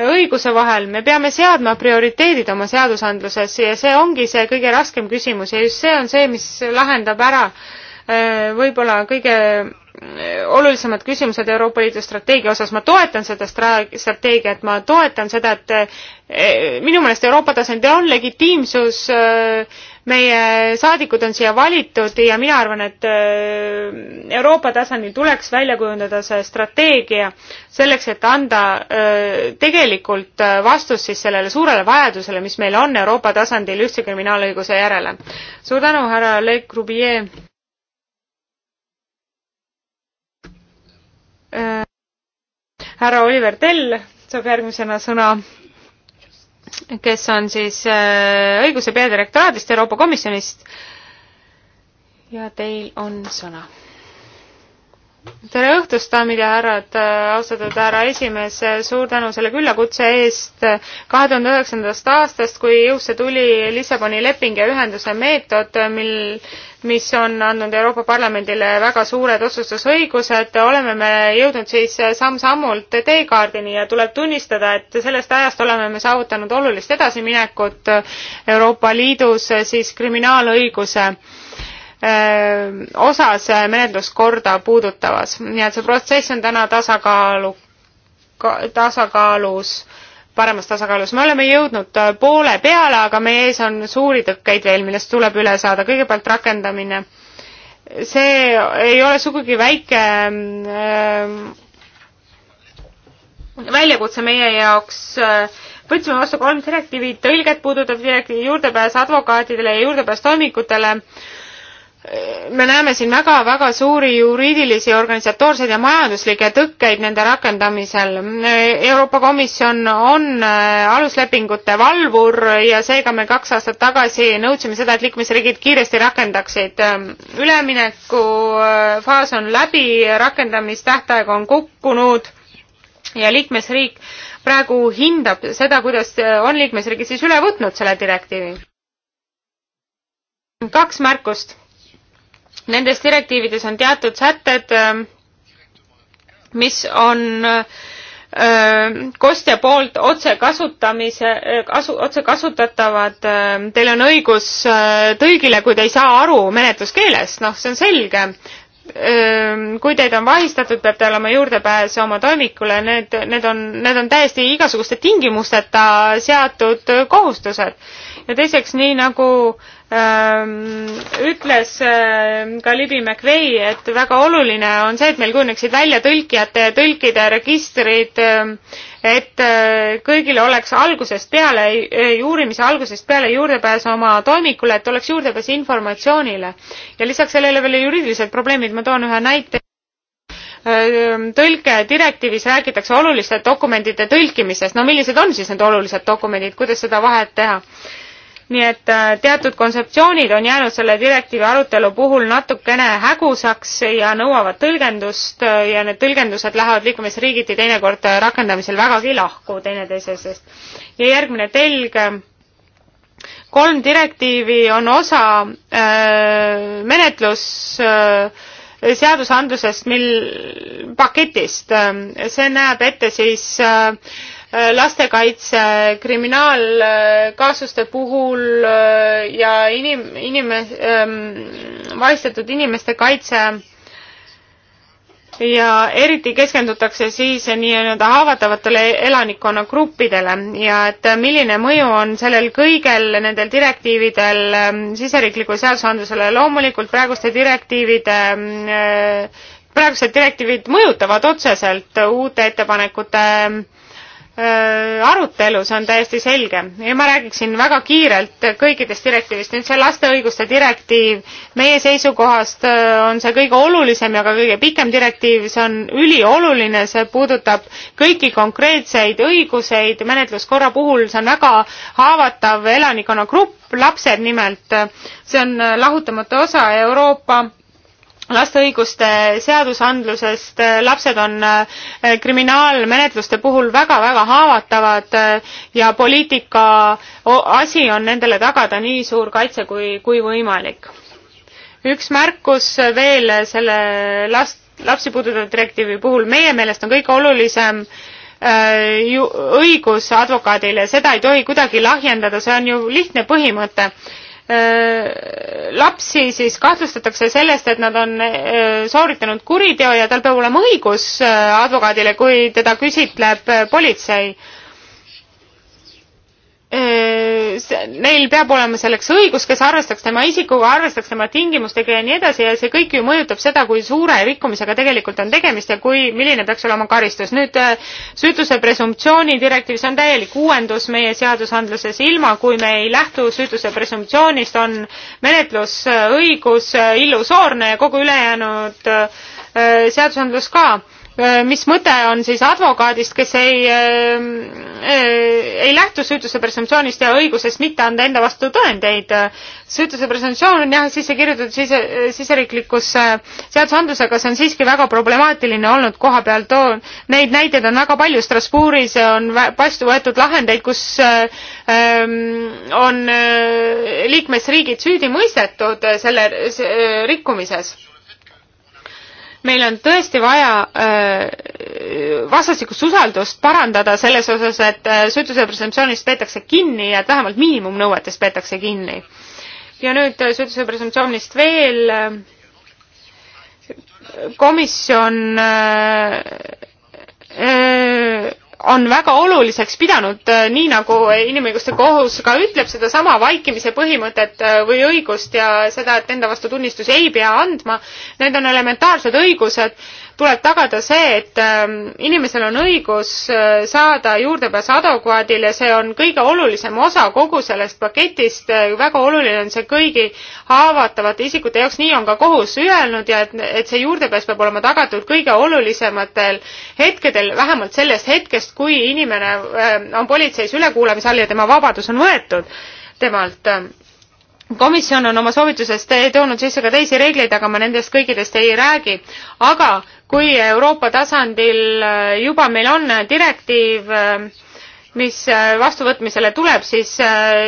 õiguse vahel, me peame seadma prioriteedid oma seadusandluses ja see ongi see kõige raskem küsimus ja just see on see, mis lahendab ära äh, Äh, võib-olla kõige äh, olulisemad küsimused Euroopa Liidu strateegia osas, ma toetan seda strateegiat, ma toetan seda, et äh, minu meelest Euroopa tasandil on legitiimsus, meie saadikud on siia valitud ja mina arvan, et Euroopa tasandil tuleks välja kujundada see strateegia selleks, et anda tegelikult vastus siis sellele suurele vajadusele, mis meil on Euroopa tasandil ühtse kriminaalõiguse järele. suur tänu, härra Le Grubier! härra Oliver Tell saab järgmisena sõna, kes on siis äh, õiguse peadirektoraadist Euroopa Komisjonist. ja teil on sõna tere õhtust, daamid ja härrad, äh, austatud härra esimees, suur tänu selle küllakutse eest. kahe tuhande üheksandast aastast, kui jõusse tuli Lissaboni leping ja ühenduse meetod, mil mis on andnud Euroopa Parlamendile väga suured otsustusõigused, oleme me jõudnud siis samm-sammult teekaardini ja tuleb tunnistada, et sellest ajast oleme me saavutanud olulist edasiminekut Euroopa Liidus siis kriminaalõiguse äh, osas menetluskorda puudutavas. nii et see protsess on täna tasakaalu, tasakaalus paremas tasakaalus. me oleme jõudnud äh, poole peale, aga meie ees on suuri tõkkeid veel, millest tuleb üle saada. kõigepealt rakendamine. see ei ole sugugi väike ähm, väljakutse meie jaoks võtsime vastu kolm direktiivi, tõlget puudutav direktiiv, juurdepääs advokaatidele ja juurdepääs toimikutele me näeme siin väga-väga suuri juriidilisi, organisatoorseid ja majanduslikke tõkkeid nende rakendamisel. Euroopa Komisjon on äh, aluslepingute valvur ja seega me kaks aastat tagasi nõudsime seda, et liikmesriigid kiiresti rakendaksid. üleminekufaas äh, on läbi, rakendamistähtaeg on kukkunud ja liikmesriik praegu hindab seda, kuidas äh, on liikmesriigid siis üle võtnud selle direktiivi. kaks märkust nendes direktiivides on teatud sätted, äh, mis on äh, kostja poolt otse kasutamise, äh, kasu, otse kasutatavad, teil on õigus tõlgile, kui te ei saa aru menetluskeelest, noh, see on selge, Ehm, kui teid on vahistatud, peab teil olema juurdepääs oma toimikule, need, need on, need on täiesti igasuguste tingimusteta seatud kohustused. ja teiseks, nii nagu ähm, ütles äh, ka Libby McVay, et väga oluline on see, et meil kujuneksid välja tõlkijate ja tõlkide registrid äh, et äh, kõigil oleks algusest peale, äh, uurimise algusest peale juurdepääs oma toimikule, et oleks juurdepääs informatsioonile. ja lisaks sellele veel juriidilised probleemid, ma toon ühe näite äh, tõlke direktiivis räägitakse oluliste dokumentide tõlkimisest no millised on siis need olulised dokumendid kuidas seda vahet teha nii et äh, teatud kontseptsioonid on jäänud selle direktiivi arutelu puhul natukene hägusaks ja nõuavad tõlgendust äh, ja need tõlgendused lähevad liikumisriigiti teinekord äh, rakendamisel vägagi lahku teineteisest. ja järgmine telg kolm direktiivi on osa öö, menetlus öö, seadusandlusest, mil paketist, see näeb ette siis öö, Äh, lastekaitse kriminaalkaasuste puhul äh, ja inim-, inimes- ähm,, vaistatud inimeste kaitse ja eriti keskendutakse siis nii-öelda haavatavatele elanikkonnagruppidele ja et milline mõju on sellel kõigel nendel direktiividel ähm, siseriiklikule seadusandlusele. loomulikult praeguste direktiivide ähm, äh, praegused direktiivid mõjutavad otseselt uute ettepanekute ähm, Äh, arutelu, see on täiesti selge. ja ma räägiksin väga kiirelt kõikidest direktiivist. nüüd see laste õiguste direktiiv, meie seisukohast äh, on see kõige olulisem ja ka kõige pikem direktiiv, see on ülioluline, see puudutab kõiki konkreetseid õiguseid menetluskorra puhul, see on väga haavatav elanikkonnagrupp, lapsed nimelt. see on äh, lahutamatu osa Euroopa laste õiguste seadusandlusest, lapsed on äh, kriminaalmenetluste puhul väga-väga haavatavad äh, ja poliitika asi on nendele tagada nii suur kaitse kui, kui võimalik. üks märkus veel selle last, lapsi puudutava direktiivi puhul, meie meelest on kõige olulisem äh, ju õigus advokaadile, seda ei tohi kuidagi lahjendada, see on ju lihtne põhimõte Äh, lapsi siis kahtlustatakse sellest, et nad on äh, sooritanud kuriteo ja tal peab olema õigus äh, advokaadile, kui teda küsitleb politsei Äh, neil peab olema selleks õigus, kes arvestaks tema isikuga, arvestaks tema tingimustega ja nii edasi ja see kõik ju mõjutab seda, kui suure rikkumisega tegelikult on tegemist ja kui, milline peaks olema karistus. nüüd äh, süütuse presumptsiooni direktiiv, see on täielik uuendus meie seadusandluses, ilma kui me ei lähtu süütuse presumptsioonist, on menetlusõigus äh, illusoorne ja kogu ülejäänud seadusandlus ka Äh, mis mõte on siis advokaadist, kes ei, ähm, äh, ei lähtu süütuse presumptsioonist ja õigusest mitte anda enda vastu tõendeid. süütuse presumptsioon on jah sisse kirjutatud sise, siseriiklikusse seadusandlusega, see on siiski väga problemaatiline olnud koha peal, too, neid näiteid on väga palju, Strasbourgis on vastu võetud lahendeid, kus äh, ähm, on liikmesriigid süüdi mõistetud selle rikkumises meil on tõesti vaja äh, vastastikust usaldust parandada selles osas, et äh, süütuse presumptsioonist peetakse kinni ja et vähemalt miinimumnõuetest peetakse kinni. ja nüüd äh, süütuse presumptsioonist veel. komisjon on väga oluliseks pidanud, äh, nii nagu inimõiguste kohus ka ütleb, sedasama vaikimise põhimõtet äh, või õigust ja seda, et enda vastu tunnistusi ei pea andma. Need on elementaarsed õigused tuleb tagada see, et ähm, inimesel on õigus äh, saada juurdepääs advokaadile, see on kõige olulisem osa kogu sellest paketist, äh, väga oluline on see kõigi haavatavate isikute jaoks, nii on ka kohus öelnud ja et, et see juurdepääs peab olema tagatud kõige olulisematel hetkedel, vähemalt sellest hetkest, kui inimene äh, on politseis ülekuulamise all ja tema vabadus on võetud temalt komisjon on oma soovituses toonud sisse ka teisi reegleid, aga ma nendest kõikidest ei räägi. aga kui Euroopa tasandil äh, juba meil on direktiiv, äh, mis äh, vastuvõtmisele tuleb, siis,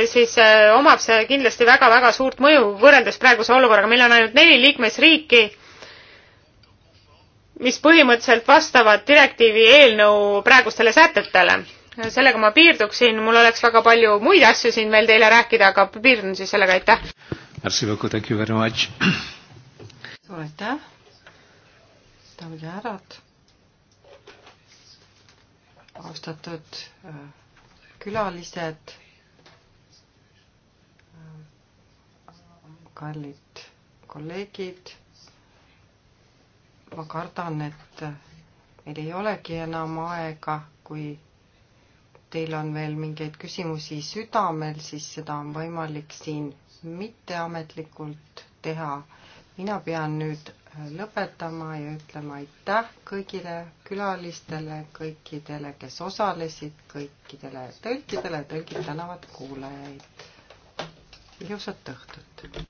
siis omab see kindlasti väga-väga suurt mõju võrreldes praeguse olukorraga. meil on ainult neli liikmesriiki, mis põhimõtteliselt vastavad direktiivi eelnõu praegustele sätetele sellega ma piirduksin, mul oleks väga palju muid asju siin veel teile rääkida, aga piirdun siis sellega, aitäh. <clears throat> suur aitäh, daamid ja härrad, austatud äh, külalised, äh, kallid kolleegid, ma kardan, et meil ei olegi enam aega, kui teil on veel mingeid küsimusi südamel, siis seda on võimalik siin mitteametlikult teha. mina pean nüüd lõpetama ja ütlema aitäh kõigile külalistele, kõikidele, kes osalesid, kõikidele tõlkidele, tõlgid tänavad kuulajaid. ilusat õhtut!